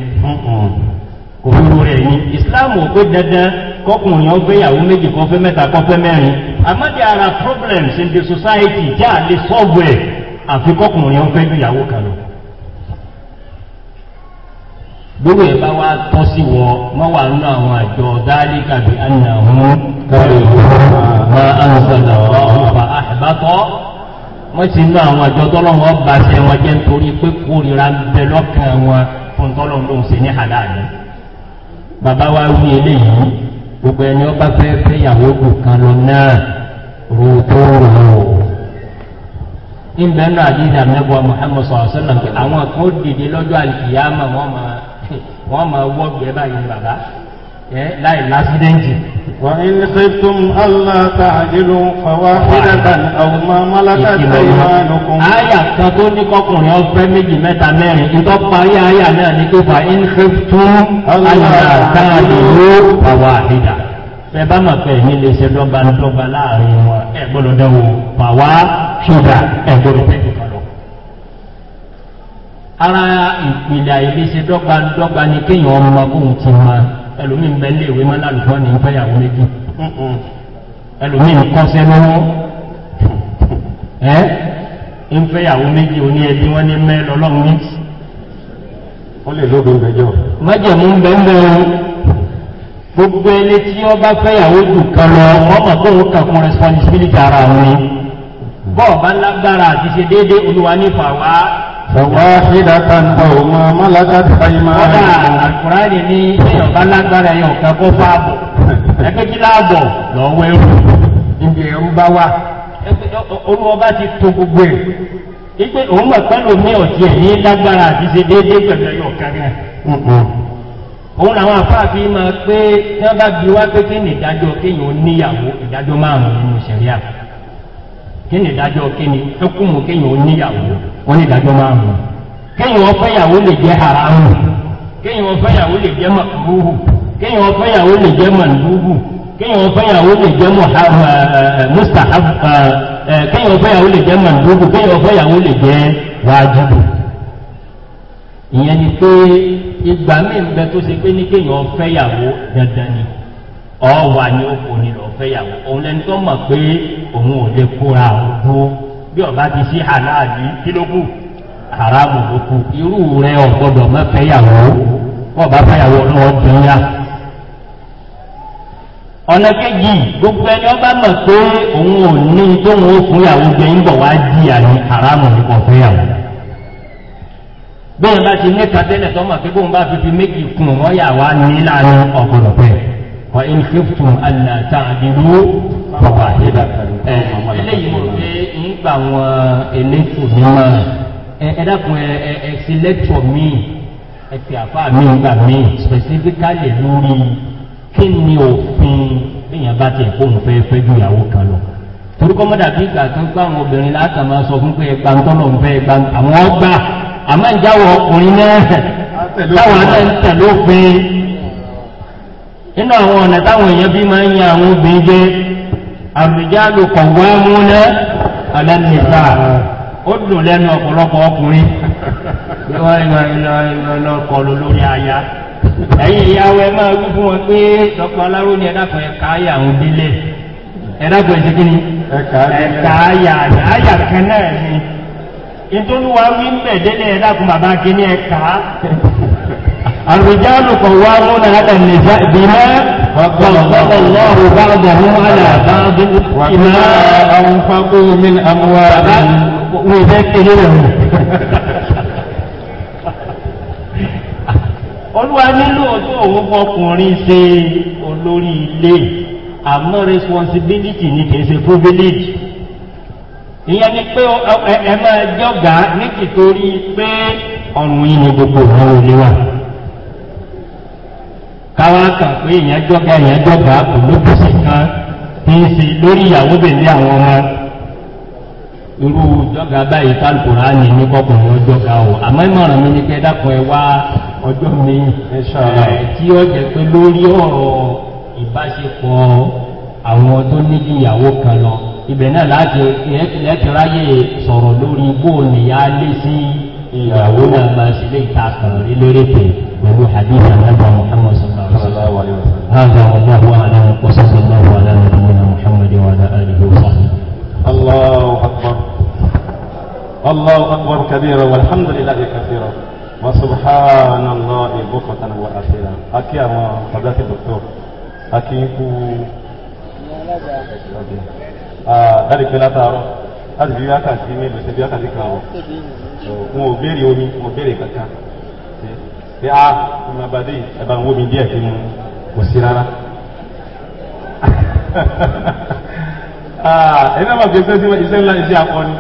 kọkùnrin yẹn ó gbéyàwó méjì kan fẹ́ mẹ́ta kan fẹ́ mẹ́rin àmọ́ there problems in the society tí a lè solve ẹ̀ àfi kọkùnrin yẹn ó fẹ́ gbéyàwó kan lọ. gbogbo ẹ̀ bá wá tọ́ sí wọ wọ́n wà nínú àwọn àjọ dáálí kàbí àná ọ̀hún kọ́lé ìwọ̀n àǹsọ̀nà ọ̀hún àbátọ́ wọ́n sì nínú àwọn àjọ tọ́lọ́wọ́ bá wọn jẹ́ nítorí pé kórìíra ń bẹ lọ́kàn wọn fún tọ́lọ́wọ́ ló ń ṣe ní àdáàlú bàbá wa wí eléyìí gbogbo ẹni ọba fẹ́ fẹ́ ìyàwó kù kan lọ náà ro tó rò náà àdìsí àmẹ́bọ̀ muhammed sọ̀rọ̀ sọ́nà pé àwọn kan dìde lọ́jọ́ àlìkìyàmọ̀ wọ́n máa wọ́gbẹ́ báyìí bàbá láì lásídẹ́ǹtì. wà ní kíkún aláta àdìlú fàwa fúdàtà àwùmá málátà tẹ ìmánukun. àyà kan tó ní kọkùnrin ọfẹ méjì mẹta mẹrin ìtọ́ parí àyà náà ní kíkún in kíkún Allah àdìlú fàwa fìdà. bẹ́ẹ̀ bá mọ̀ pé ẹ̀yin lè ṣe dọ́gba dọ́gba láàrin wọn ẹ̀ gbọ́dọ̀ dánwò fàwa fìdà ẹ̀ gbọ́dọ̀ tẹ̀ ara ìpìlẹ̀ àìlèṣe dọ́gba dọ́gba ni kéèyàn ọmọ kóhun ti máa ẹlòmí ń bẹ lé ìwé mọ́ lálùfọ́ ní ìfẹ́yàwó méjì ẹlòmí ń kọ́sẹ́ lọ́wọ́ ẹ́ ń fẹ́yàwó méjì oní ẹbí wọ́n ní mẹ́ lọ́lọ́run ní. wọ́n lè lóògùn ìgbẹ́jọ́. májèmú ń bẹ ń bẹ o gbogbo ẹni tí wọ́n bá fẹ́yàwó jù kan lọ ọmọ tó ń kàn fún responsibility ara wọn bọ́ọ̀ bá lágbára àti ṣe déédéé olúwa nífà wá Wàhídàtàn àwọn amálágàtà ìmọ̀ àwọn. Wọ́n dà àkùránì ní èèyàn bá lágbára èèyàn kan kó fáàbọ̀. Ẹgbẹ́ kí láàbọ̀ lọ wọ ẹrù. Ibi ẹ̀rú bá wà. Olú ọba ti to gbogbo ẹ̀. Ipe òun mọ̀ pẹ́lú mi ọ̀tí ẹ̀ ní lágbára àti ṣe déédéé pẹ̀lú ẹ̀yọ̀ kan náà. Òun làwọn afáàfin máa pé tí wọ́n bá bi wá pé kí ni kéèyàn ó níyàwó ìdájọ́ márùn-ún nínú ṣẹ̀ríà kí ni ìdájọ́ kíni tó kún mu kéèyàn ó níyàwó wọn ní ìdájọ́ máa hù kéèyàn ọfẹ́yàwó lè jẹ́ haramu kéèyàn ọfẹ́yàwó lè jẹ́ mọ̀kúrúhù kéèyàn ọfẹ́yàwó lè jẹ́ mọ̀lúhù kéèyàn ọfẹ́yàwó lè jẹ́ eh, eh, mustahab eh, kéèyàn ọfẹ́yàwó lè jẹ́ mọ̀lúhù kéèyàn ọfẹ́yàwó lè jẹ́ wájibu ìyẹn ni pé ìgbà mi ń bẹ tó ṣe pé ní kéèyàn ọfẹ́yàwó dandan ni ọ̀wà ni ó kò ní lọ fẹ́yàwó òun lẹni tó mọ̀ pé òun ò lè kóra òun tó bí ọba ti sí aláàbí kílógù haramu ló kù irú rẹ ọ̀gbọ́dọ̀ mọ́ fẹ́yàwó ọba fẹ́yàwó náà jẹun yá. ọ̀nà kejì gbogbo ẹni ọba mọ̀ pé òun ò ní tóun ó fún ìyàwó jẹ ń bọ̀ wá di àní haramu ní kò fẹ́yàwó bóun bá ti ní katẹ́lẹ̀ tó mọ̀ pé bóun bá fi fi méjì kùn wọ́n yà wá ní ọ̀gbọ̀dọ̀ pẹ́ẹ́ wà in kíftùm àlà tààdìrú bàbá àdébà ẹ eléyìí mo pé nígbà wọn elétò mímọ ẹ dákun ẹ ẹ ti lẹ́tọ̀ míì ẹ ti àfa míì gbà míì specifically lórí kí ni òfin èèyàn bá tiẹ̀ kó òun fẹ́ fẹ́ ju ìyàwó kan lọ torúkọ mọ́dà bí ìgbà tó gbá àwọn obìnrin látà máa sọ fún pé ẹgbà ń tọ́lọ̀ ń fẹ́ ẹgbà àwọn ọgbà àmọ́ ìjáwọ̀ ọkùnrin náà táwọn náà ń tẹ̀lé òfin nínú àwọn ọ̀nà táwọn èèyàn bí máa ń yan àwọn obìnrin jẹ́ àrùjálù kọ̀wọ́ múná alẹ́nìta ó dùn lẹ́nu ọ̀pọ̀lọpọ̀ ọkùnrin bí wọ́n ń lọ kọlu lórí aya ẹ̀yìn ìyàwó ẹ máa wí fún wọn pé dọ́pọ̀ aláró ni ẹ̀dàkọ̀ ẹ̀ka ayà àwọn délé ẹ̀dàkọ̀ ẹ̀sìn kí ni ẹ̀ka ayà ayà kan náà ni ìtòlúwa wí ń bẹ̀ délé ẹ̀dàkọ̀ bàbá kí ni ẹ̀ka الرجال قوامون على النساء بما فضل الله بعضهم على بعض بما أنفقوا من أموالهم وذكرهم olúwa nílò ọjọ́ òun fọkùnrin ṣe olórí ilé àmọ́ responsibility ni kìí ṣe privilege ìyẹn ni pé ẹ máa jọ́gà ní tìtorí pé ọ̀run yìí ni gbogbo ìnáwó ni wà káwọn kàn pé èèyàn jọba èèyàn jọba kò lókùsì kan tí ń ṣe lórí ìyàwó bèbí àwọn ọmọ irú jọga báyìí kálukúrá ni ní kọkùnrin ọjọga o àmọ́ ìmọ̀ràn mi ni kẹ́ dákun ẹ wá ọjọ́ mi tí ó jẹ pé lórí ọ̀rọ̀ ìbáṣepọ̀ àwọn tó níbi ìyàwó kan lọ ibẹ̀ náà láti ẹ̀ẹ́dẹ́gbẹ̀ráyè sọ̀rọ̀ lórí bóòlù yá lé sí i ìyàwó náà máa ṣe lè ta kàn rí lórí pé pẹ̀lú hadith anábà muhammad sallallahu alaihi wa sallam. hàdà wàlláhu àlá wàsá sallallahu alá nàbíyìnà muhammad wa alá alihi wa sallam. allahu akbar allahu akbar kabira walhamdulilayi kabira wa subhanallah ibukatan wa asira aki àwọn fadati doctor aki ku ah, dari pe látàárọ̀ láti fi wákàtí mélòó ṣe bí wọn ò béèrè omi wọn ò béèrè kankan pé a ọmọ abadé ẹ̀bá ń wómi díẹ̀ kí mu kò sí rárá. Ah, ẹni náà máa fi ṣe iṣẹ́ ńlá iṣẹ́ akọni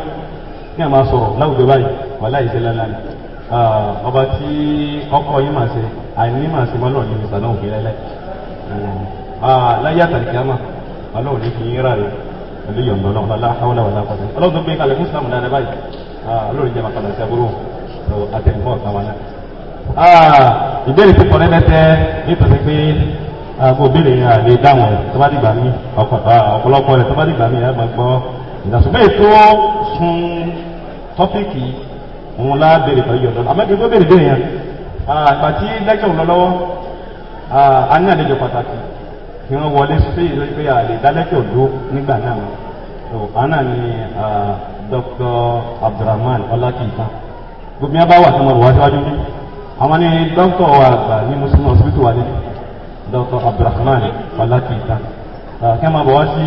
ní àmà sọ̀rọ̀ láwùjọ báyìí wàhálà iṣẹ́ ńlá ni ah, ọba tí ọkọ yín máa ṣe àìní máa ṣe mọ́lọ́ hmm. ah, ní ìsàlẹ̀ òkè lẹ́lẹ́ láyé àtàlìkíámà ọlọ́run ní kí yín rà rẹ̀ pẹ̀lú yọ̀ǹdọ̀ náà ọlá àwọn ọlọ́run tó gbé kalẹ̀ fún sàmùlá rẹ̀ báyìí olórí ah, jẹ́ màkàlà ìṣàbúrò àtẹnumọ́ àtàwọn náà. Ah, ìbéèrè pípọ̀ rẹ́pẹ́tẹ́ nítorí pé àwọn ah, òbéèrè yẹn àlè dáwọn ẹ̀ tó bá dìgbà mí ọ̀pọ̀lọpọ̀ rẹ̀ tó bá dìgbà mí ẹ̀ máa gbọ́ ìdásùnmọ́ ètò sun tọ́pìkì òun lá béèrè pẹ̀lú ọ̀dọ́ àmọ́tí tó béèrè béèrè yẹn ìgbà tí lẹ́jọ́ ń lọ lọ́wọ́ a ní àlejò pàtàkì kí wọ́n wọlé sí ìlú pé àlè dálẹ́jọ́ dúró nígbà náà Dr. Abdulrahman ọlákìíta gbogbo yẹn bá wà sọmọ wá síwájú bí àwọn ní dókítà wa àgbà ní muslim hospital wà ní Dr. Abdulrahman ọlákìíta kí a máa bọ̀ wá sí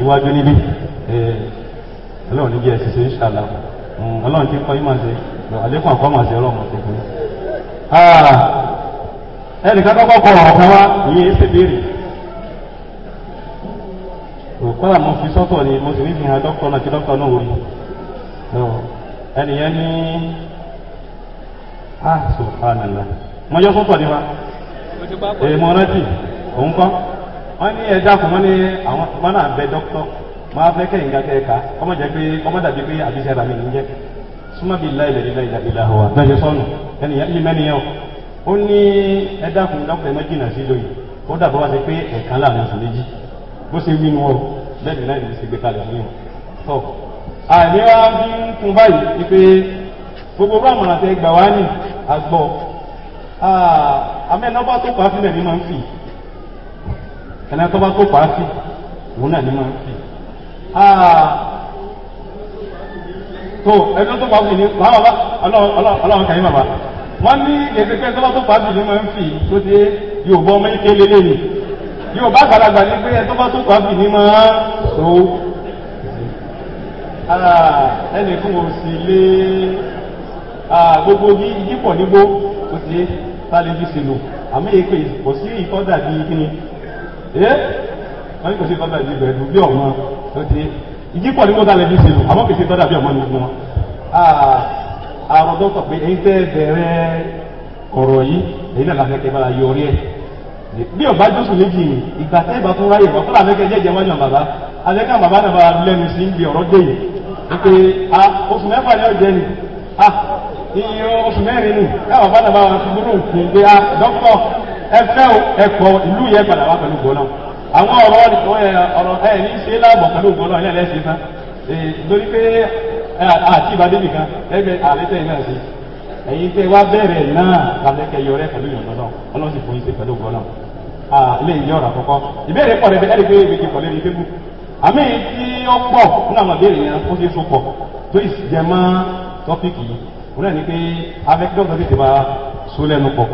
iwájú níbí ọlọ́run ní jẹ́ ṣiṣẹ́ ìṣàlá mm, ọlọ́run ti kọ́ ìmọ̀ ṣe àlékún àkọ́mọ̀ ṣe ọlọ́run ṣe fún ẹnìkan kọ́kọ́ kọ ọ̀rọ̀ kan wá ìyẹn ṣe béèrè kọ́lá mo fi sọ́tọ̀ ni mo sì ní fi hàn dókítà náà kí dókítà náà wò mí ẹnìyẹn ní ah subhanallah ah sọ́tọ̀ ni wa èèmọ̀ òun kọ́ wọ́n ní ẹja kò wọ́n ní àwọn wọn náà bẹ dókítọ̀ máa fẹ́ kẹ́yìn gàkẹ́ ẹ̀ka ọmọ jẹ́ pé ọmọ dàbí pé àbíṣẹ́ rà mí ní jẹ́ súnmọ́ bíi láìlẹ̀ wa sọ́nù ní o ó ní ẹja kò sí lóyè ó dàbọ̀ wá sí àní wá bí ń kun báyìí ni pé gbogbo bá àmọ̀ràn tẹ gbà wá ní àgbọ̀ àmẹ́ nọ́bà tó pa á sílẹ̀ ní máa ń fì ẹ̀nà tó bá tó pa á sí òun náà ní máa ń fì tó ẹjọ́ tó pa á sí ní bàbá bá ọlọ́run kàyí bàbá wọ́n ní ẹgbẹ́ tó bá tó pa á sí ní máa ń fì tó dé yóò bọ́ ọmọ yìí ké lélẹ́yìn yóò bá àgbàlagbà ní pé ẹ tó bá tó pa á sí ní máa ń so ẹnì fún wọn sì lé gbogbo yípọ̀ nígbó tó ti sálẹ́jú sí lò àmì èpè kò sí ìtọ́jà bí kíni ẹ́ wọ́n ní kò sí ìtọ́jà bí ìbẹ̀rù bí ọ̀wọ́n tó ti ìyípọ̀ nígbó sálẹ́jú sí lò àmọ́ kò sí ìtọ́jà bí ọ̀wọ́n ní wọn. àrùn tó sọ pé ẹ̀yin tẹ́ bẹ̀rẹ̀ ọ̀rọ̀ yìí èyí náà láti ẹ̀kẹ́ bára yọrí ẹ̀ bí ọba jósù méjì ìgbà tẹ́ ìbá tó ráyè wọ́n fúlàmẹ́kẹ́ jẹ́jẹ́ wájú àbàbá alẹ́ká bàbá náà bá lẹ́nu sí ibi ọ̀rọ̀ dé yìí wípé a ah, oṣù mẹ́fà ní ọ̀jẹ́ ni a ah, iye oṣù mẹ́rin nù káwọn bá nàbà wọn fúnbúrú nǹkan gbé a ah, dọ́kítọ̀ ẹfẹ́ ẹ̀kọ́ ìlú yẹn padà wá pẹ̀lú gbọ́nà àwọn ọ̀rọ̀ ọ̀rọ̀ ẹ̀ ní ṣe láàbọ̀ pẹ̀lú gbọ́nà ilé ẹlẹ́sìn tán lórí pé àti ìbàdí nìkan ẹgbẹ́ àlẹ́tẹ̀ náà sí ẹ̀yin tẹ́ wá bẹ̀rẹ̀ náà làbẹ́kẹ̀ yọrẹ pẹ̀lú ìyọ̀nà ọlọ́sìn fún yín ṣe pẹ̀lú gbọ́nà ilé ìyọ̀rọ̀ àkọ́kọ́ ìbéèrè pọ̀ rẹ̀ bẹ́ẹ̀ àmì tí ó pọ̀ nínú àwọn ìbéèrè yẹn ó ṣe é so pọ̀ tó ìsìjẹ mọ́ tọ́pìkì yìí òun náà ni pé abẹ́kídọ́gbọ́n tètè máa so lẹ́nu pọ̀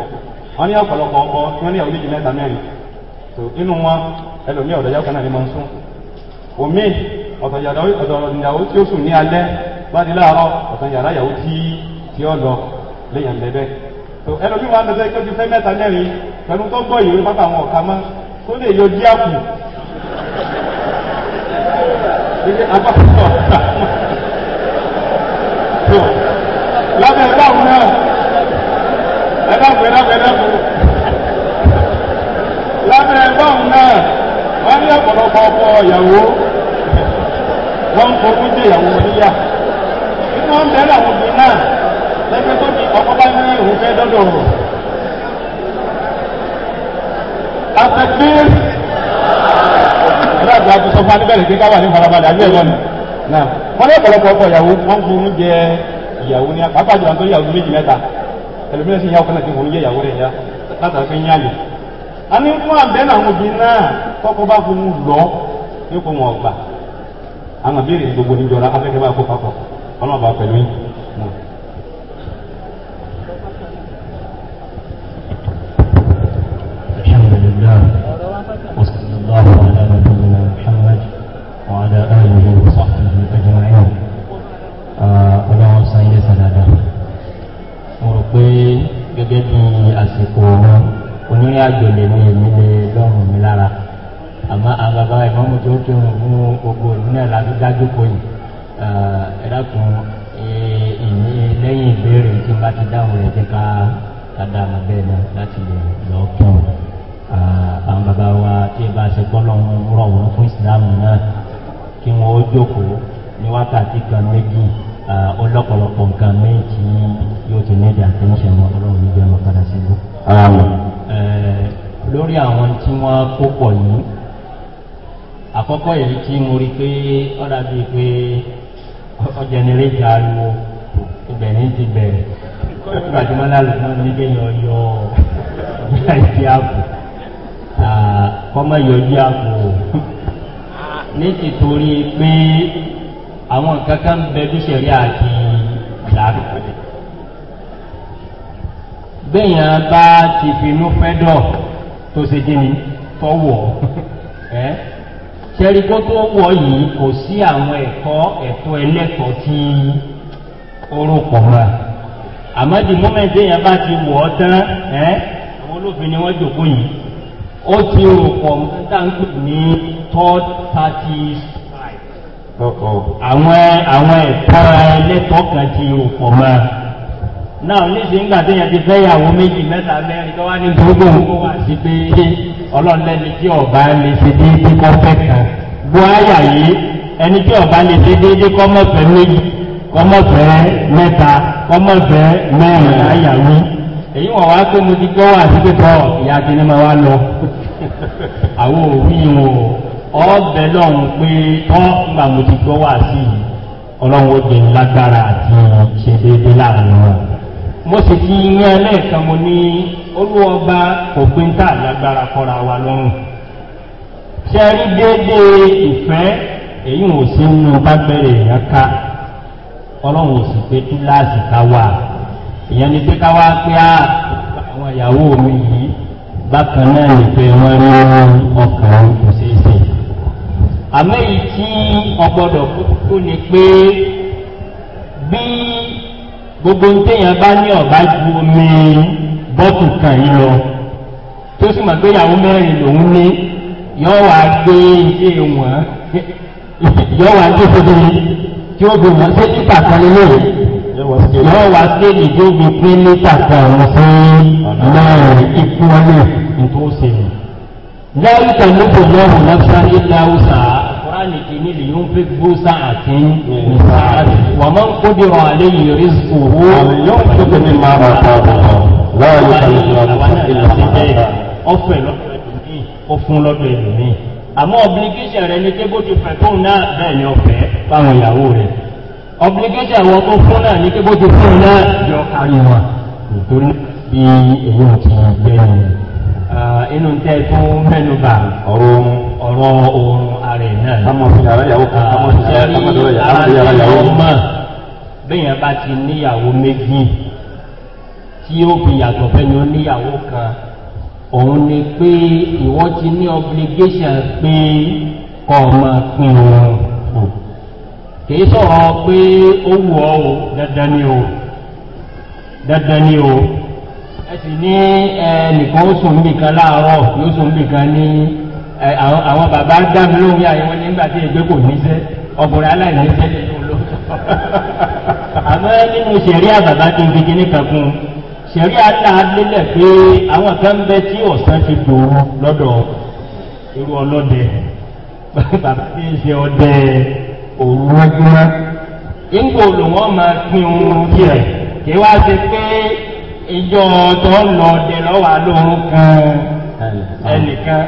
wọ́n ní ọ̀pọ̀lọpọ̀ ọkọ tí wọ́n ní ìyàwó méjì mẹ́ta mẹ́rin tó inú wọn ẹlòmíì ọ̀dọ̀yàwó kan náà ni máa ń sún omi ọ̀dọ̀yàwó tí ó sùn ní alẹ́ bá di láàárọ̀ ọ̀dọ̀yàrá ìyàwó tí ó lọ léyàn lẹ́bẹ̀ tó ẹlòmíì wọn á lọ sẹ́kẹ́ ju fẹ́ mẹ́ta mẹ́rin pẹ̀lú tó gbọ́ ìwé pápá àwọn ọ̀ka mọ́ tó lè yọ díàkù abáfọ́ tó lábẹ́ ẹ̀dáhùn náà ẹ̀dáhùn ẹ̀dáhùn ẹ̀dáhùn lábẹ́ ẹ̀dáhùn náà wọ́n ní ọ̀pọ̀lọpọ̀ ọkọ ìyàwó wọ́n ń fojú dé ìyàwó oníyà nínú ọ̀bẹ làwọn obìnrin náà lẹ́gbẹ́ tó ní ọkọ bá ní ìhùn fẹ́ dọ́dọ̀ rò. àtẹ̀gbẹ́ àgbà ti sọ fún anibẹ̀rẹ̀ pé káwà ní farabalẹ̀ àbí ẹ̀gbọ́n náà wọ́n ní ọ̀pọ̀lọpọ̀ ọkọ̀ ìyàwó wọ́n fún un jẹ ìyàwó ní apá àjọ àtọ́ ìyàwó méjì mẹ́ta ẹlòmíràn sì yàwó kan náà ti wọ́n jẹ ìyàwó rẹ̀ yá látàrí fi ń yàlè. a ní fún àbẹ́ náà wọn bí náà kọ́kọ́ bá fún un lọ ní kò wọ́n gbà àwọn àbẹ̀rẹ̀ gbogbo níjọra afẹ́kẹ́ bá kó papọ̀ ọlọ́ọ̀bà pẹ̀lú yìí àsìkò wọn onírìn àjò lè ní èmi lè lọ́rùn mi lára àmọ́ àwọn bàbá ìmọ̀mù tó kí wọn fún gbogbo ìlú náà láti dájú pé ẹ dákun ìní lẹ́yìn ìbéèrè tí n bá ti dáhùn rẹ̀ jẹ́ ká kádà àmọ́ bẹ́ẹ̀ náà láti lè lọ kí wọn. àwọn bàbá wa tí ẹ bá ṣe gbọ́dọ̀ wọn rọ̀ wọn fún ìsìlámù náà kí wọn ó jókòó ní wákàtí kan méjì ọlọ́pọ̀lọpọ̀ nǹkan méjì yóò ti ní ìdá tó ń ṣe àwọn ọlọ́run níbi ọmọ padà sí ìlú. lórí àwọn tí wọ́n kó pọ̀ yìí àkọ́kọ́ èyí tí mo rí pé ó dàbí pé ọjà nílé ìjà ariwo ibẹ̀ ní ti bẹ̀rẹ̀ nígbà tí wọ́n lálẹ́ náà ní kéèyàn yọ ọjà ìdí àpò kọ́mọ yọjú o ní ti torí pé àwọn kankan bẹ bí sẹ̀rí àti ìlànà. bẹ́yàn bá ti finú fẹ́dọ̀ tó ṣe gíní tọ́wọ̀ ẹ́ ṣẹ́ríkó tó wọ̀ yìí kò sí àwọn ẹ̀kọ́ ẹ̀kọ́ ẹlẹ́kọ̀ọ́ tí bá ti wọ̀ ọ́ tán ẹ́ àwọn olófin ni wọ́n jòkó yìí ó ti rò pọ̀ ní third party àwọn ẹ̀kọ́ ẹlẹ́kọ̀ọ́ kan náà níṣẹ́ ńgbà tó yẹn ti fẹ́ yàwó méjì mẹ́ta mẹ́rin tó wá ní gbogbo nǹkó wá sí pé ọlọ́ọ̀lẹ́ni tí ọba lè ṣe déédé kọ́ fẹ́ kan gbọ́ àyà yìí ẹni tí ọba lè ṣe déédé kọ́ mọ̀fẹ́ méjì kọ́ mọ̀fẹ́ mẹ́ta kọ́ mọ̀fẹ́ mẹ́rin àyàwó èyí wọ̀n wá pé mo ti gbọ́ wá sí pé bọ́ ìyá kí ni mo wá lọ àwọn òbí wọn ọbẹ̀ lọ́hùn pé tọ́ nígbà mo ti gbọ́ wá sí ọlọ́run ó gbé lágbára àti ṣe déédé láàrin wọn mo sì fi yín ẹlẹ́ẹ̀kan mo ní olúwọba òpin tá lágbára kọra wa lọ́rùn ṣe rí déédéé ìfẹ́ èyí ò sí nínú bá bẹ̀rẹ̀ èèyàn ká ọlọ́run ò sì pé kíláàsì ká wà ìyẹn ni pé ká wá pé àwọn ìyàwó mi yìí bákan náà nìfẹ́ wọn rí ọkàn kò ṣeé ṣe àmọ́ èyí tí ọgbọ́dọ̀ kúkú ni pé gbogbo ń téèyàn bá ní ọ̀bá ju omi bọ́tù kan yìí lọ tó sì mọ̀ pé ìyàwó mẹ́rin lòún ní yọ wá gbé ilé wọn yọ wá gbé fún mi tí ó fi wọn ṣé títà kan lé lóore yọ wá gbé ìdí omi pé lítà kan fún mẹ́rin ìfúnwọlé nítorí sèlè. lẹ́yìn tẹ̀lé kò lọ́rùn lọ́sàn-án ní dáhùn sáà ní liyunfiqu sa'atan min sa'atihi wa man qudira alayhi rizquhu yunfiq mimma ataahu lọ́wọ́ yóò kàlù fún ọdún ìlú ọ̀fẹ́ lọ́dọ̀ ẹ̀dùnmí ọ̀fun lọ́dọ̀ ẹ̀dùnmí àmọ́ obligation rẹ ní kébó ti fẹ́ tóun náà bẹ́ẹ̀ ni ọ̀fẹ́ fáwọn ìyàwó rẹ̀ obligation àwọn tó fún náà ní kébó ti fún náà yọ kárí wọn nítorí bí èyí ò ti gbẹ́yìn rẹ̀. Ah, inú tẹ́ tó mẹ́nuba ọ̀rọ̀ ọ̀rọ̀ oorun ààrẹ náà. kámọ̀ fi yàrá yàwó kan kámọ̀ fi yàrá kámọ̀ dọ̀rọ̀ yàrá kámọ̀ fi yàrá yàwó. ọmọ ah, bẹ́ẹ̀ bá ti níyàwó méjì tí ó fi yàtọ̀ fẹ́ níyàwó kan òun ni pé ìwọ ti ní obligation pé kọ́ ọ máa pín oorun kì í sọ̀rọ̀ pé ó wù ọ́ o dandan ni o dandan ni o. sì ní ẹnìkan ó sùn níbìkan láàárọ̀ yóò sùn níbìkan ní àwọn bàbá dá mi lóhùn yà wọ́n nígbà tí ẹgbẹ́ kò níṣẹ́ ọkùnrin aláìníṣẹ́ lè lò lọ. àmọ́ nínú sẹ̀rí àbàbá tó ń fi kíní kan fún un sẹ̀rí aláàlélẹ̀ pé àwọn kan bẹ tí ọ̀sán ti dòwó lọ́dọ̀ irú ọlọ́dẹ bàbá tí ń ṣe ọdẹ òru lòun ìjọ tó lọ dẹ̀ lọ́wà lóorun kan ẹnìkan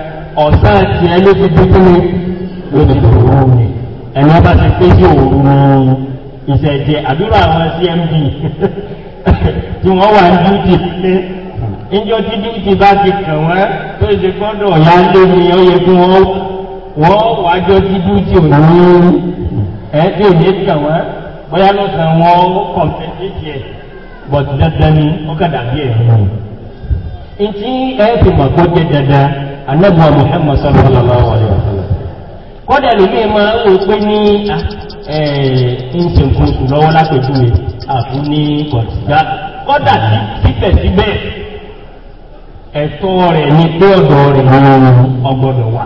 ọ̀sán tiẹ̀ ló ti dúdú lórí ìdòwò mi ẹ̀rọ bá ti pé sí òòrùn ìṣẹ̀jẹ̀ àdúrà àwọn cmd tí wọ́n wà ní dúdú pé ìjọ tí dúdú bá ti kàn wọ́n tó ṣe gbọ́dọ̀ yá lórí ó yẹ kí wọ́n wọ́n wájọ́ tí dúdú òòrùn ẹ̀ tí ò ní kàn wọ́n bóyá lọ́sàn-án wọ́n kọ̀m̀pẹ́tì tiẹ̀ but dandan ni ọ̀kadà bí ẹ̀hìn ni. ntí ẹ fi mọ̀ kó jẹ́ dandan anabuwa muhammad sallallahu alayhi wa sallam. kọ́dà lómi máa ń wò pé ní ǹṣẹ̀ nǹkan oṣù lọ́wọ́ lápẹ̀júwe àfún ní kọ̀dà kọ́dà síbẹ̀síbẹ̀ ẹ̀tọ́ rẹ̀ ní pé ọ̀dọ̀ rẹ̀ ọgbọ́dọ̀ wà.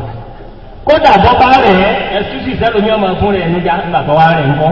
kódà bọ́ bá rẹ̀ ẹ̀sùn sì sẹ́lómi ọmọ fún rẹ̀ nígbà bàbá wa rẹ̀ ń kọ́.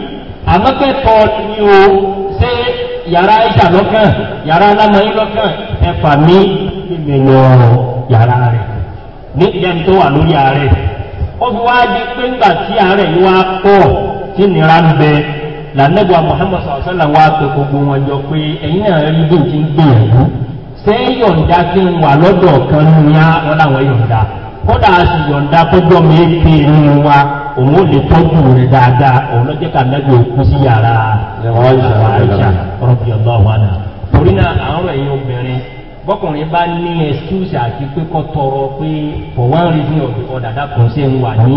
àmọ́kẹ́tọ̀ ni o ṣé yàrá ìjà lọ́kàn yàrá alámọ̀yé lọ́kàn ẹ̀fà mi ìmẹ̀yàn yàrá rẹ̀ ní ìyẹn tó wà lórí ààrẹ ó fi wá di pé ńgbà tí ààrẹ yìí wá pọ̀ tí nira ń bẹ lànàgbà muhammed sàlọ́sàlà wá pé gbogbo wọn jọ pé ẹ̀yin náà rí bí n ti ń gbìyànjú ṣé yọ̀ǹda kí n wà lọ́dọ̀ kan ní wọn láwọn yọ̀ǹda kódà a sì yọ̀ǹda kọjọ́ mi pè é nínú wa òun ò lè tọ́jú rẹ̀ dáadáa òun lọ́jọ́ ká lẹ́gbẹ̀ẹ́ òkú sí yàrá àìsà rọ̀bì ọ̀dọ́ wa náà. torí náà àwọn ẹ̀yin obìnrin bọ́kùnrin bá ní excuse àti pé kọ́ tọrọ pé for one reason or the other dákun ṣe ń wà ní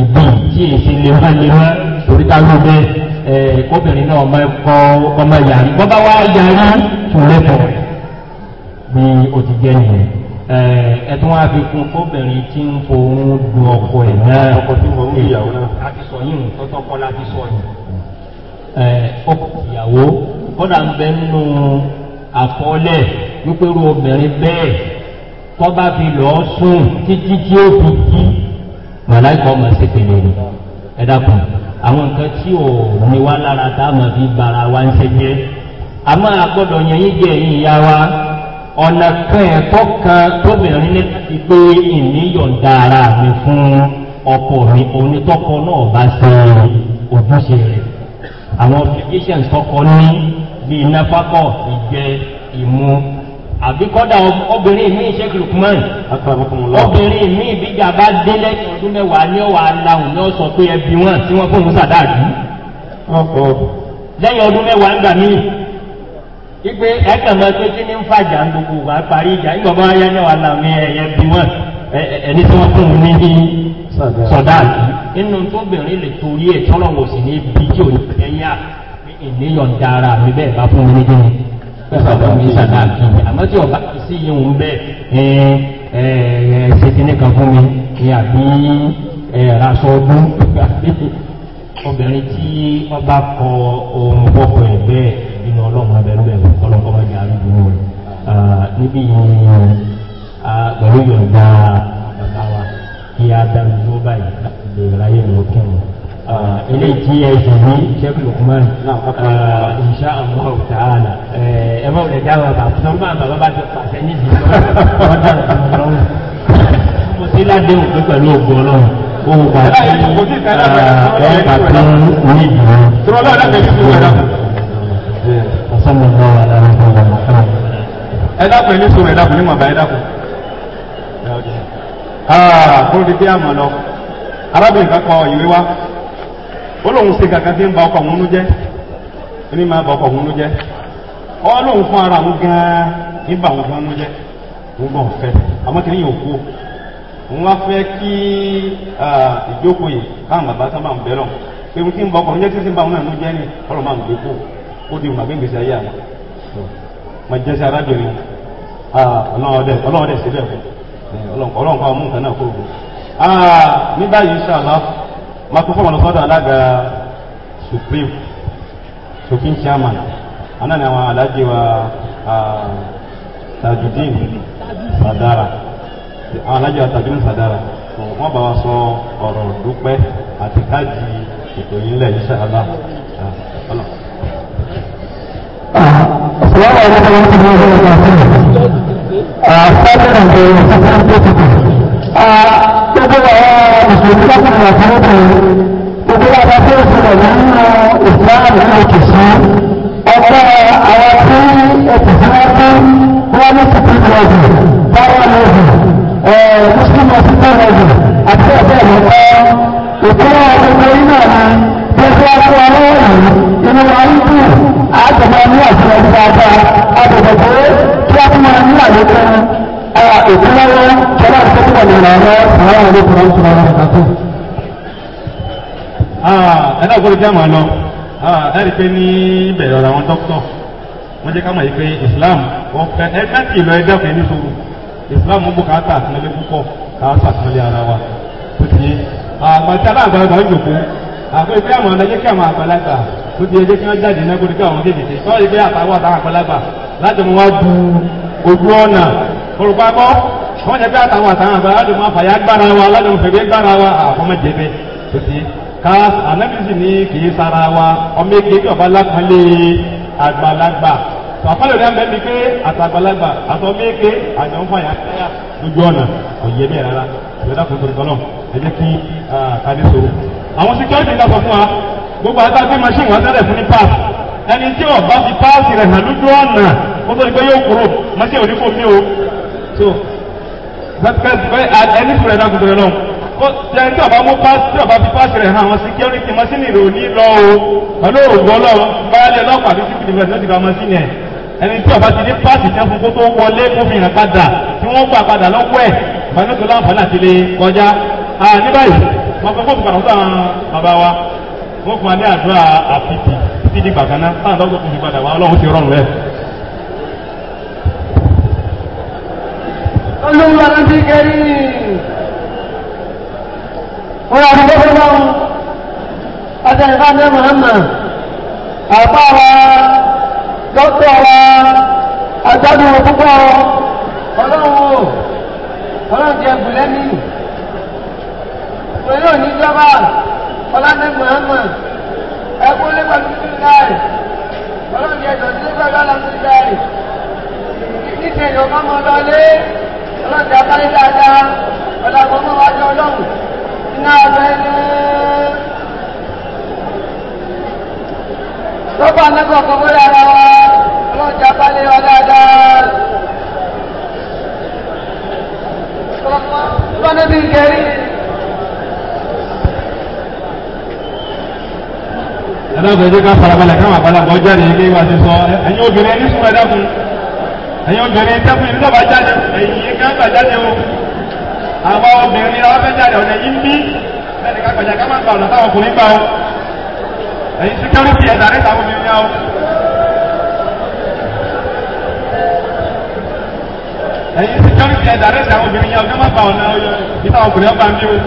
ìbí tí èsì lemọ́lemọ́ torí ká ló bẹ́ẹ̀ ẹ̀ kóbìnrin náà ọmọ ẹ̀kọ́ ọmọ yàrá bọ́ bá wá yàrá tún lẹ́fọ̀ọ́ bí o ti jẹ́ nìyẹn ẹ̀tún wá fi kún fóbìnrin tí ń fohun du ọkọ̀ ẹ̀ náà ọkọ̀ tí wọ́n ń ìyàwó náà láti sọ yìí nǹkan tọ́kọ́ láti sọ yìí ọkọ̀ ìyàwó kọ́dà ń bẹ nínú àkọọ́lẹ̀ wípérú obìnrin bẹ́ẹ̀ tọ́ba fi lọ́ sùn títí tí ó fi jí màláìkọ́ ọmọ sí pèlè ni ẹ dákun àwọn nǹkan tí ò ní wá lára tá a mọ̀ fi bara wa ń ṣe jẹ́ àmọ́ àgbọ̀dọ̀ yẹn yí jẹ́ ìyá wa ọ̀nà kan ẹ̀kọ́ kan tóbìnrin ní ti pé ìní yọ̀ǹda ara mi fún ọkọ mi onítọ́kọ náà bá ṣe ojúṣe rẹ̀ àwọn applications tọkọ ní bíi nafakọ ìjẹ ìmú àbí kọ́dà obìnrin mi ṣe kìlùkùmọ́n obìnrin mi ìbíjà bá délé ọdún mẹ́wàá ní ọ̀wà aláhùn ní ọ̀sán pé ẹbí wọn tí wọ́n fóun sàdáàdì lẹ́yìn ọdún mẹ́wàá ń gbà míì ipe ẹkàn máa tó kí ní ń fàjà ń gbogbo wà parí ìjà ń gbọ̀ngàn ayé ní wàhálà mi ẹ̀yẹ bí wọ́n ẹni tí wọ́n fún un ní ní sọ̀dáàkì inú tóbìnrin lè torí ẹ̀ tọ́lọ̀ wò sí ní ibi tí ò ní ẹ̀yà ìníyọ̀ǹda ara mi bẹ́ẹ̀ bá fún mi ní kíni sọ̀dọ̀ mi sọ̀dáàkì àmọ́ tí ọba sí ihun bẹ́ẹ̀ ẹ ẹ ṣe kíní kan fún mi ní àbí ẹ raṣọ ọdún obìnrin tí ọba kọ ohun gbọ́kọ̀ ẹ̀ bẹ́ẹ̀ nínú ọlọ́run abẹ́rẹ́ ọlọ́kọ́ bá jẹ́ arúgbó rẹ̀ níbi pẹ̀lú yọ̀ǹda bàbá wa kí a dánu tó báyìí láti lè ráyè lọ kẹ́wọ̀n. ilé tí ẹ ṣe ní sheikh lukman insha allah ta'ala ẹ bá wọlé dáwọ bá tó máa bàbá bá ti pàṣẹ ní ìdí ọ̀dà ọ̀dọ́rùn mo ti ládéhùn pé pẹ̀lú ògbó ọlọ́run ohun pàṣẹ ẹ pàṣẹ ní ìdí ọ̀dà ẹ dákun ẹni sọ̀rọ̀ ẹ dákun ní màbá ẹ dákun. kó di bí àmọ̀ lọ arábìnrin kan kọ ìwé wa ó lóun ṣe kankan tí ń ba ọkọ̀ òun jẹ́ ó ní máa ba ọkọ̀ òun jẹ́ ó lóun fún ara òun gan-an ní ba òun gan-an jẹ́ òun bọ̀ fẹ́ àmọ́ kìnìún yóò kú òun wá fẹ́ kí ah, ìjókòó yìí káwọn bàbá sábà ń bẹ́ lọ pé òun ti ń ba ọkọ̀ òun jẹ́ tí ń ba òun náà ń jẹ́ ni ọlọ́run ó ti mọ̀ gbẹ́gbèsè ayé àwọn mọ jẹ́sẹ̀ arábìnrin ah, ọlọ́ọ̀dẹ̀ síbẹ̀ fún eh, ọlọ́ọ̀kọ́ ọmú nǹkan náà kúrò ah, ní báyìí inshallah máa tó fọ́mọ̀ lọ́sọ́dọ̀ alága supreme supreme chairman aná ni àwọn alájẹ wa ah, tajudeen sadara àwọn alájẹ wa tajudeen sadara wọ́n bá wa sọ ọ̀rọ̀ dúpẹ́ àti káàdì ètò yìí lẹ̀ inshallah wọ́n wọ́n wọ́n ti ní ọdún ọdún ọdún àfẹ́fẹ́ ọ̀dọ́ ìfẹ́fẹ́ pẹ̀tẹ̀tẹ̀ gbogbo àwọn mùsùlùmí lọ́kùnrin àtàwọn gbogbo àwọn tó ń sọ̀rọ̀ nínú ìsìláàmù ní òkè sí ọgbẹ́ àwọn tí ètò tí wọ́n tó wọ́n ní sùpìlì ọ̀dù báwọn lọ́dù mùsùlùmí ọ̀sùn tó lọ́dù àti ọ̀dọ́ ìlú kọ́ tí wọ́n fún wa lọ́wọ́ yìí inú wa ń dùn àgbẹ̀mọ ní àṣẹ dáadáa àgbẹ̀mọ pé tí wọ́n fún wa ní àlékún ìpínlẹ̀ tọ́lá tó túbọ̀ ní ìlànà àwọn olókùnrin ń sọ̀rọ̀ nípa tó. ẹ̀dá ògbóló jẹ́ àmà lọ ẹ rí i pé ní ìbẹ̀rẹ̀ ọ̀rọ̀ àwọn dókítọ̀ wọ́n jẹ́ ká mọ̀ yìí pé Islam wọ́n fẹ́ ẹ káàkiri lọ ẹgbẹ́ ọ̀fẹ́ nítorí Islam mú bùkátà àtúnlẹ̀ púpọ̀ káàtà àtúnlẹ̀ ara wa tó ti yé àgbàtí aláàgbàlagbà ń jòkó àpò ìfẹ́ àwọn ọ̀nà jẹ́ kí àwọn àgbàlagbà tó ti ẹjẹ́ kí wọ́n jáde náà kódé kí àwọn kéèkéé sọ́ọ́ ìfẹ́ àtàwọn àtàwọn àgbàlagbà láti mú wá bu ojú ọ̀nà orúkọ abọ́ wọ́n jẹ́ pé àtàwọn àtàwọn àgbàlagbà láti mú àfàyà gbára wa láti mú fẹ̀gbẹ́ gbára wa àfọmọ jẹ́bẹ tó ti ká anábìsì ní kì í sara wa ọmọ èké kí ọba lápẹ́lẹ́ àgbàlagbà àpẹẹrẹ náà mẹ́mi pé àtàgbàlagbà àtọ́mọ èké àjọ ń fàyà lójú ọ̀nà kò yẹ bẹ́ẹ̀ rárá ìrẹ́dàkùn tó ń tọ́lọ̀ ẹ jẹ́ kí kádé sọ̀rọ̀ àwọn security la sọ fún wa gbogbo àti àti machine wọn tẹ́lẹ̀ fún ní pass ẹni tí ọba fi pass rẹ̀ hàn lójú ọ̀nà ó tó di pé yóò kúrò machine òní kò mí o so that's why ẹni fúnra náà gbogbo náà jẹ́ tí ọba mú pass tí ọba fi pass rẹ̀ hàn àwọn security machine rẹ̀ ò ní lọ o pẹ̀lú òògùn ọlọ́run báyálẹ̀ ọlọ́pàá àti civil defence ló ti gba machine ẹ̀ ẹni tí ọba ti dé pass ìtẹ́ fún kó tó wọlé mú fi hàn padà tí wọ́n gbà padà lọ́wọ́ ẹ̀ pẹ̀lú tó láǹfààní àti lè kọjá ní báyìí wọn kọ́kọ́ fún kàrọ̀ sáà bàbá wa wọn kún alẹ́ àdúrà àfipì títí di gbàgánná sáà dọ́gbọ́n kò fi padà wá ọlọ́run ti rọrùn rẹ̀. olùwà ló ti kẹ́rì wọn àti bọ́sẹ̀ náà ọjà ìfàdé Muhammad àbá wa dókítà wa àjọdún jẹ́ gbìlẹ́mìí pẹ̀lú oníjọba ọlọ́dẹ Muhammad ẹkún lé pẹ̀lú sílẹ̀ ọlọ́dẹ ẹ̀dọ̀ sílẹ̀ pẹ̀lú ọlọ́dẹ sílẹ̀ níṣẹ́ ìlú ọmọ ọlọ́lé ọlọ́dẹ abáyé dáadáa ọlọ́dẹ ọmọ wájú ọlọ́run iná ọbẹ̀ ní. lọ́pọ̀ anábọ̀ kọ́kọ́ dára wa bí kẹrin. ẹ̀dàgbọ́ ẹ̀jẹ̀ ká farabalẹ̀ káwọn àgbàlagbà ọjà ní ilé wa ti sọ ẹ̀yin obìnrin ẹni sùn ẹ̀dàkùn ẹ̀yin obìnrin tẹ́kùn ìlú ọba jáde ẹ̀yin kan gbà jáde o àwọn obìnrin ni wọ́n fẹ́ jáde ọ̀nà yìí ń bí ẹnì ká gbàjà ká má gba ọ̀nà táwọn ọkùnrin gbà o ẹ̀yin síkẹ́rìtì ẹ̀dà ní táwọn obìnrin yà o. ẹ̀yin síkẹ́rìtì ẹ̀dà ní táwọn obìnrin yà o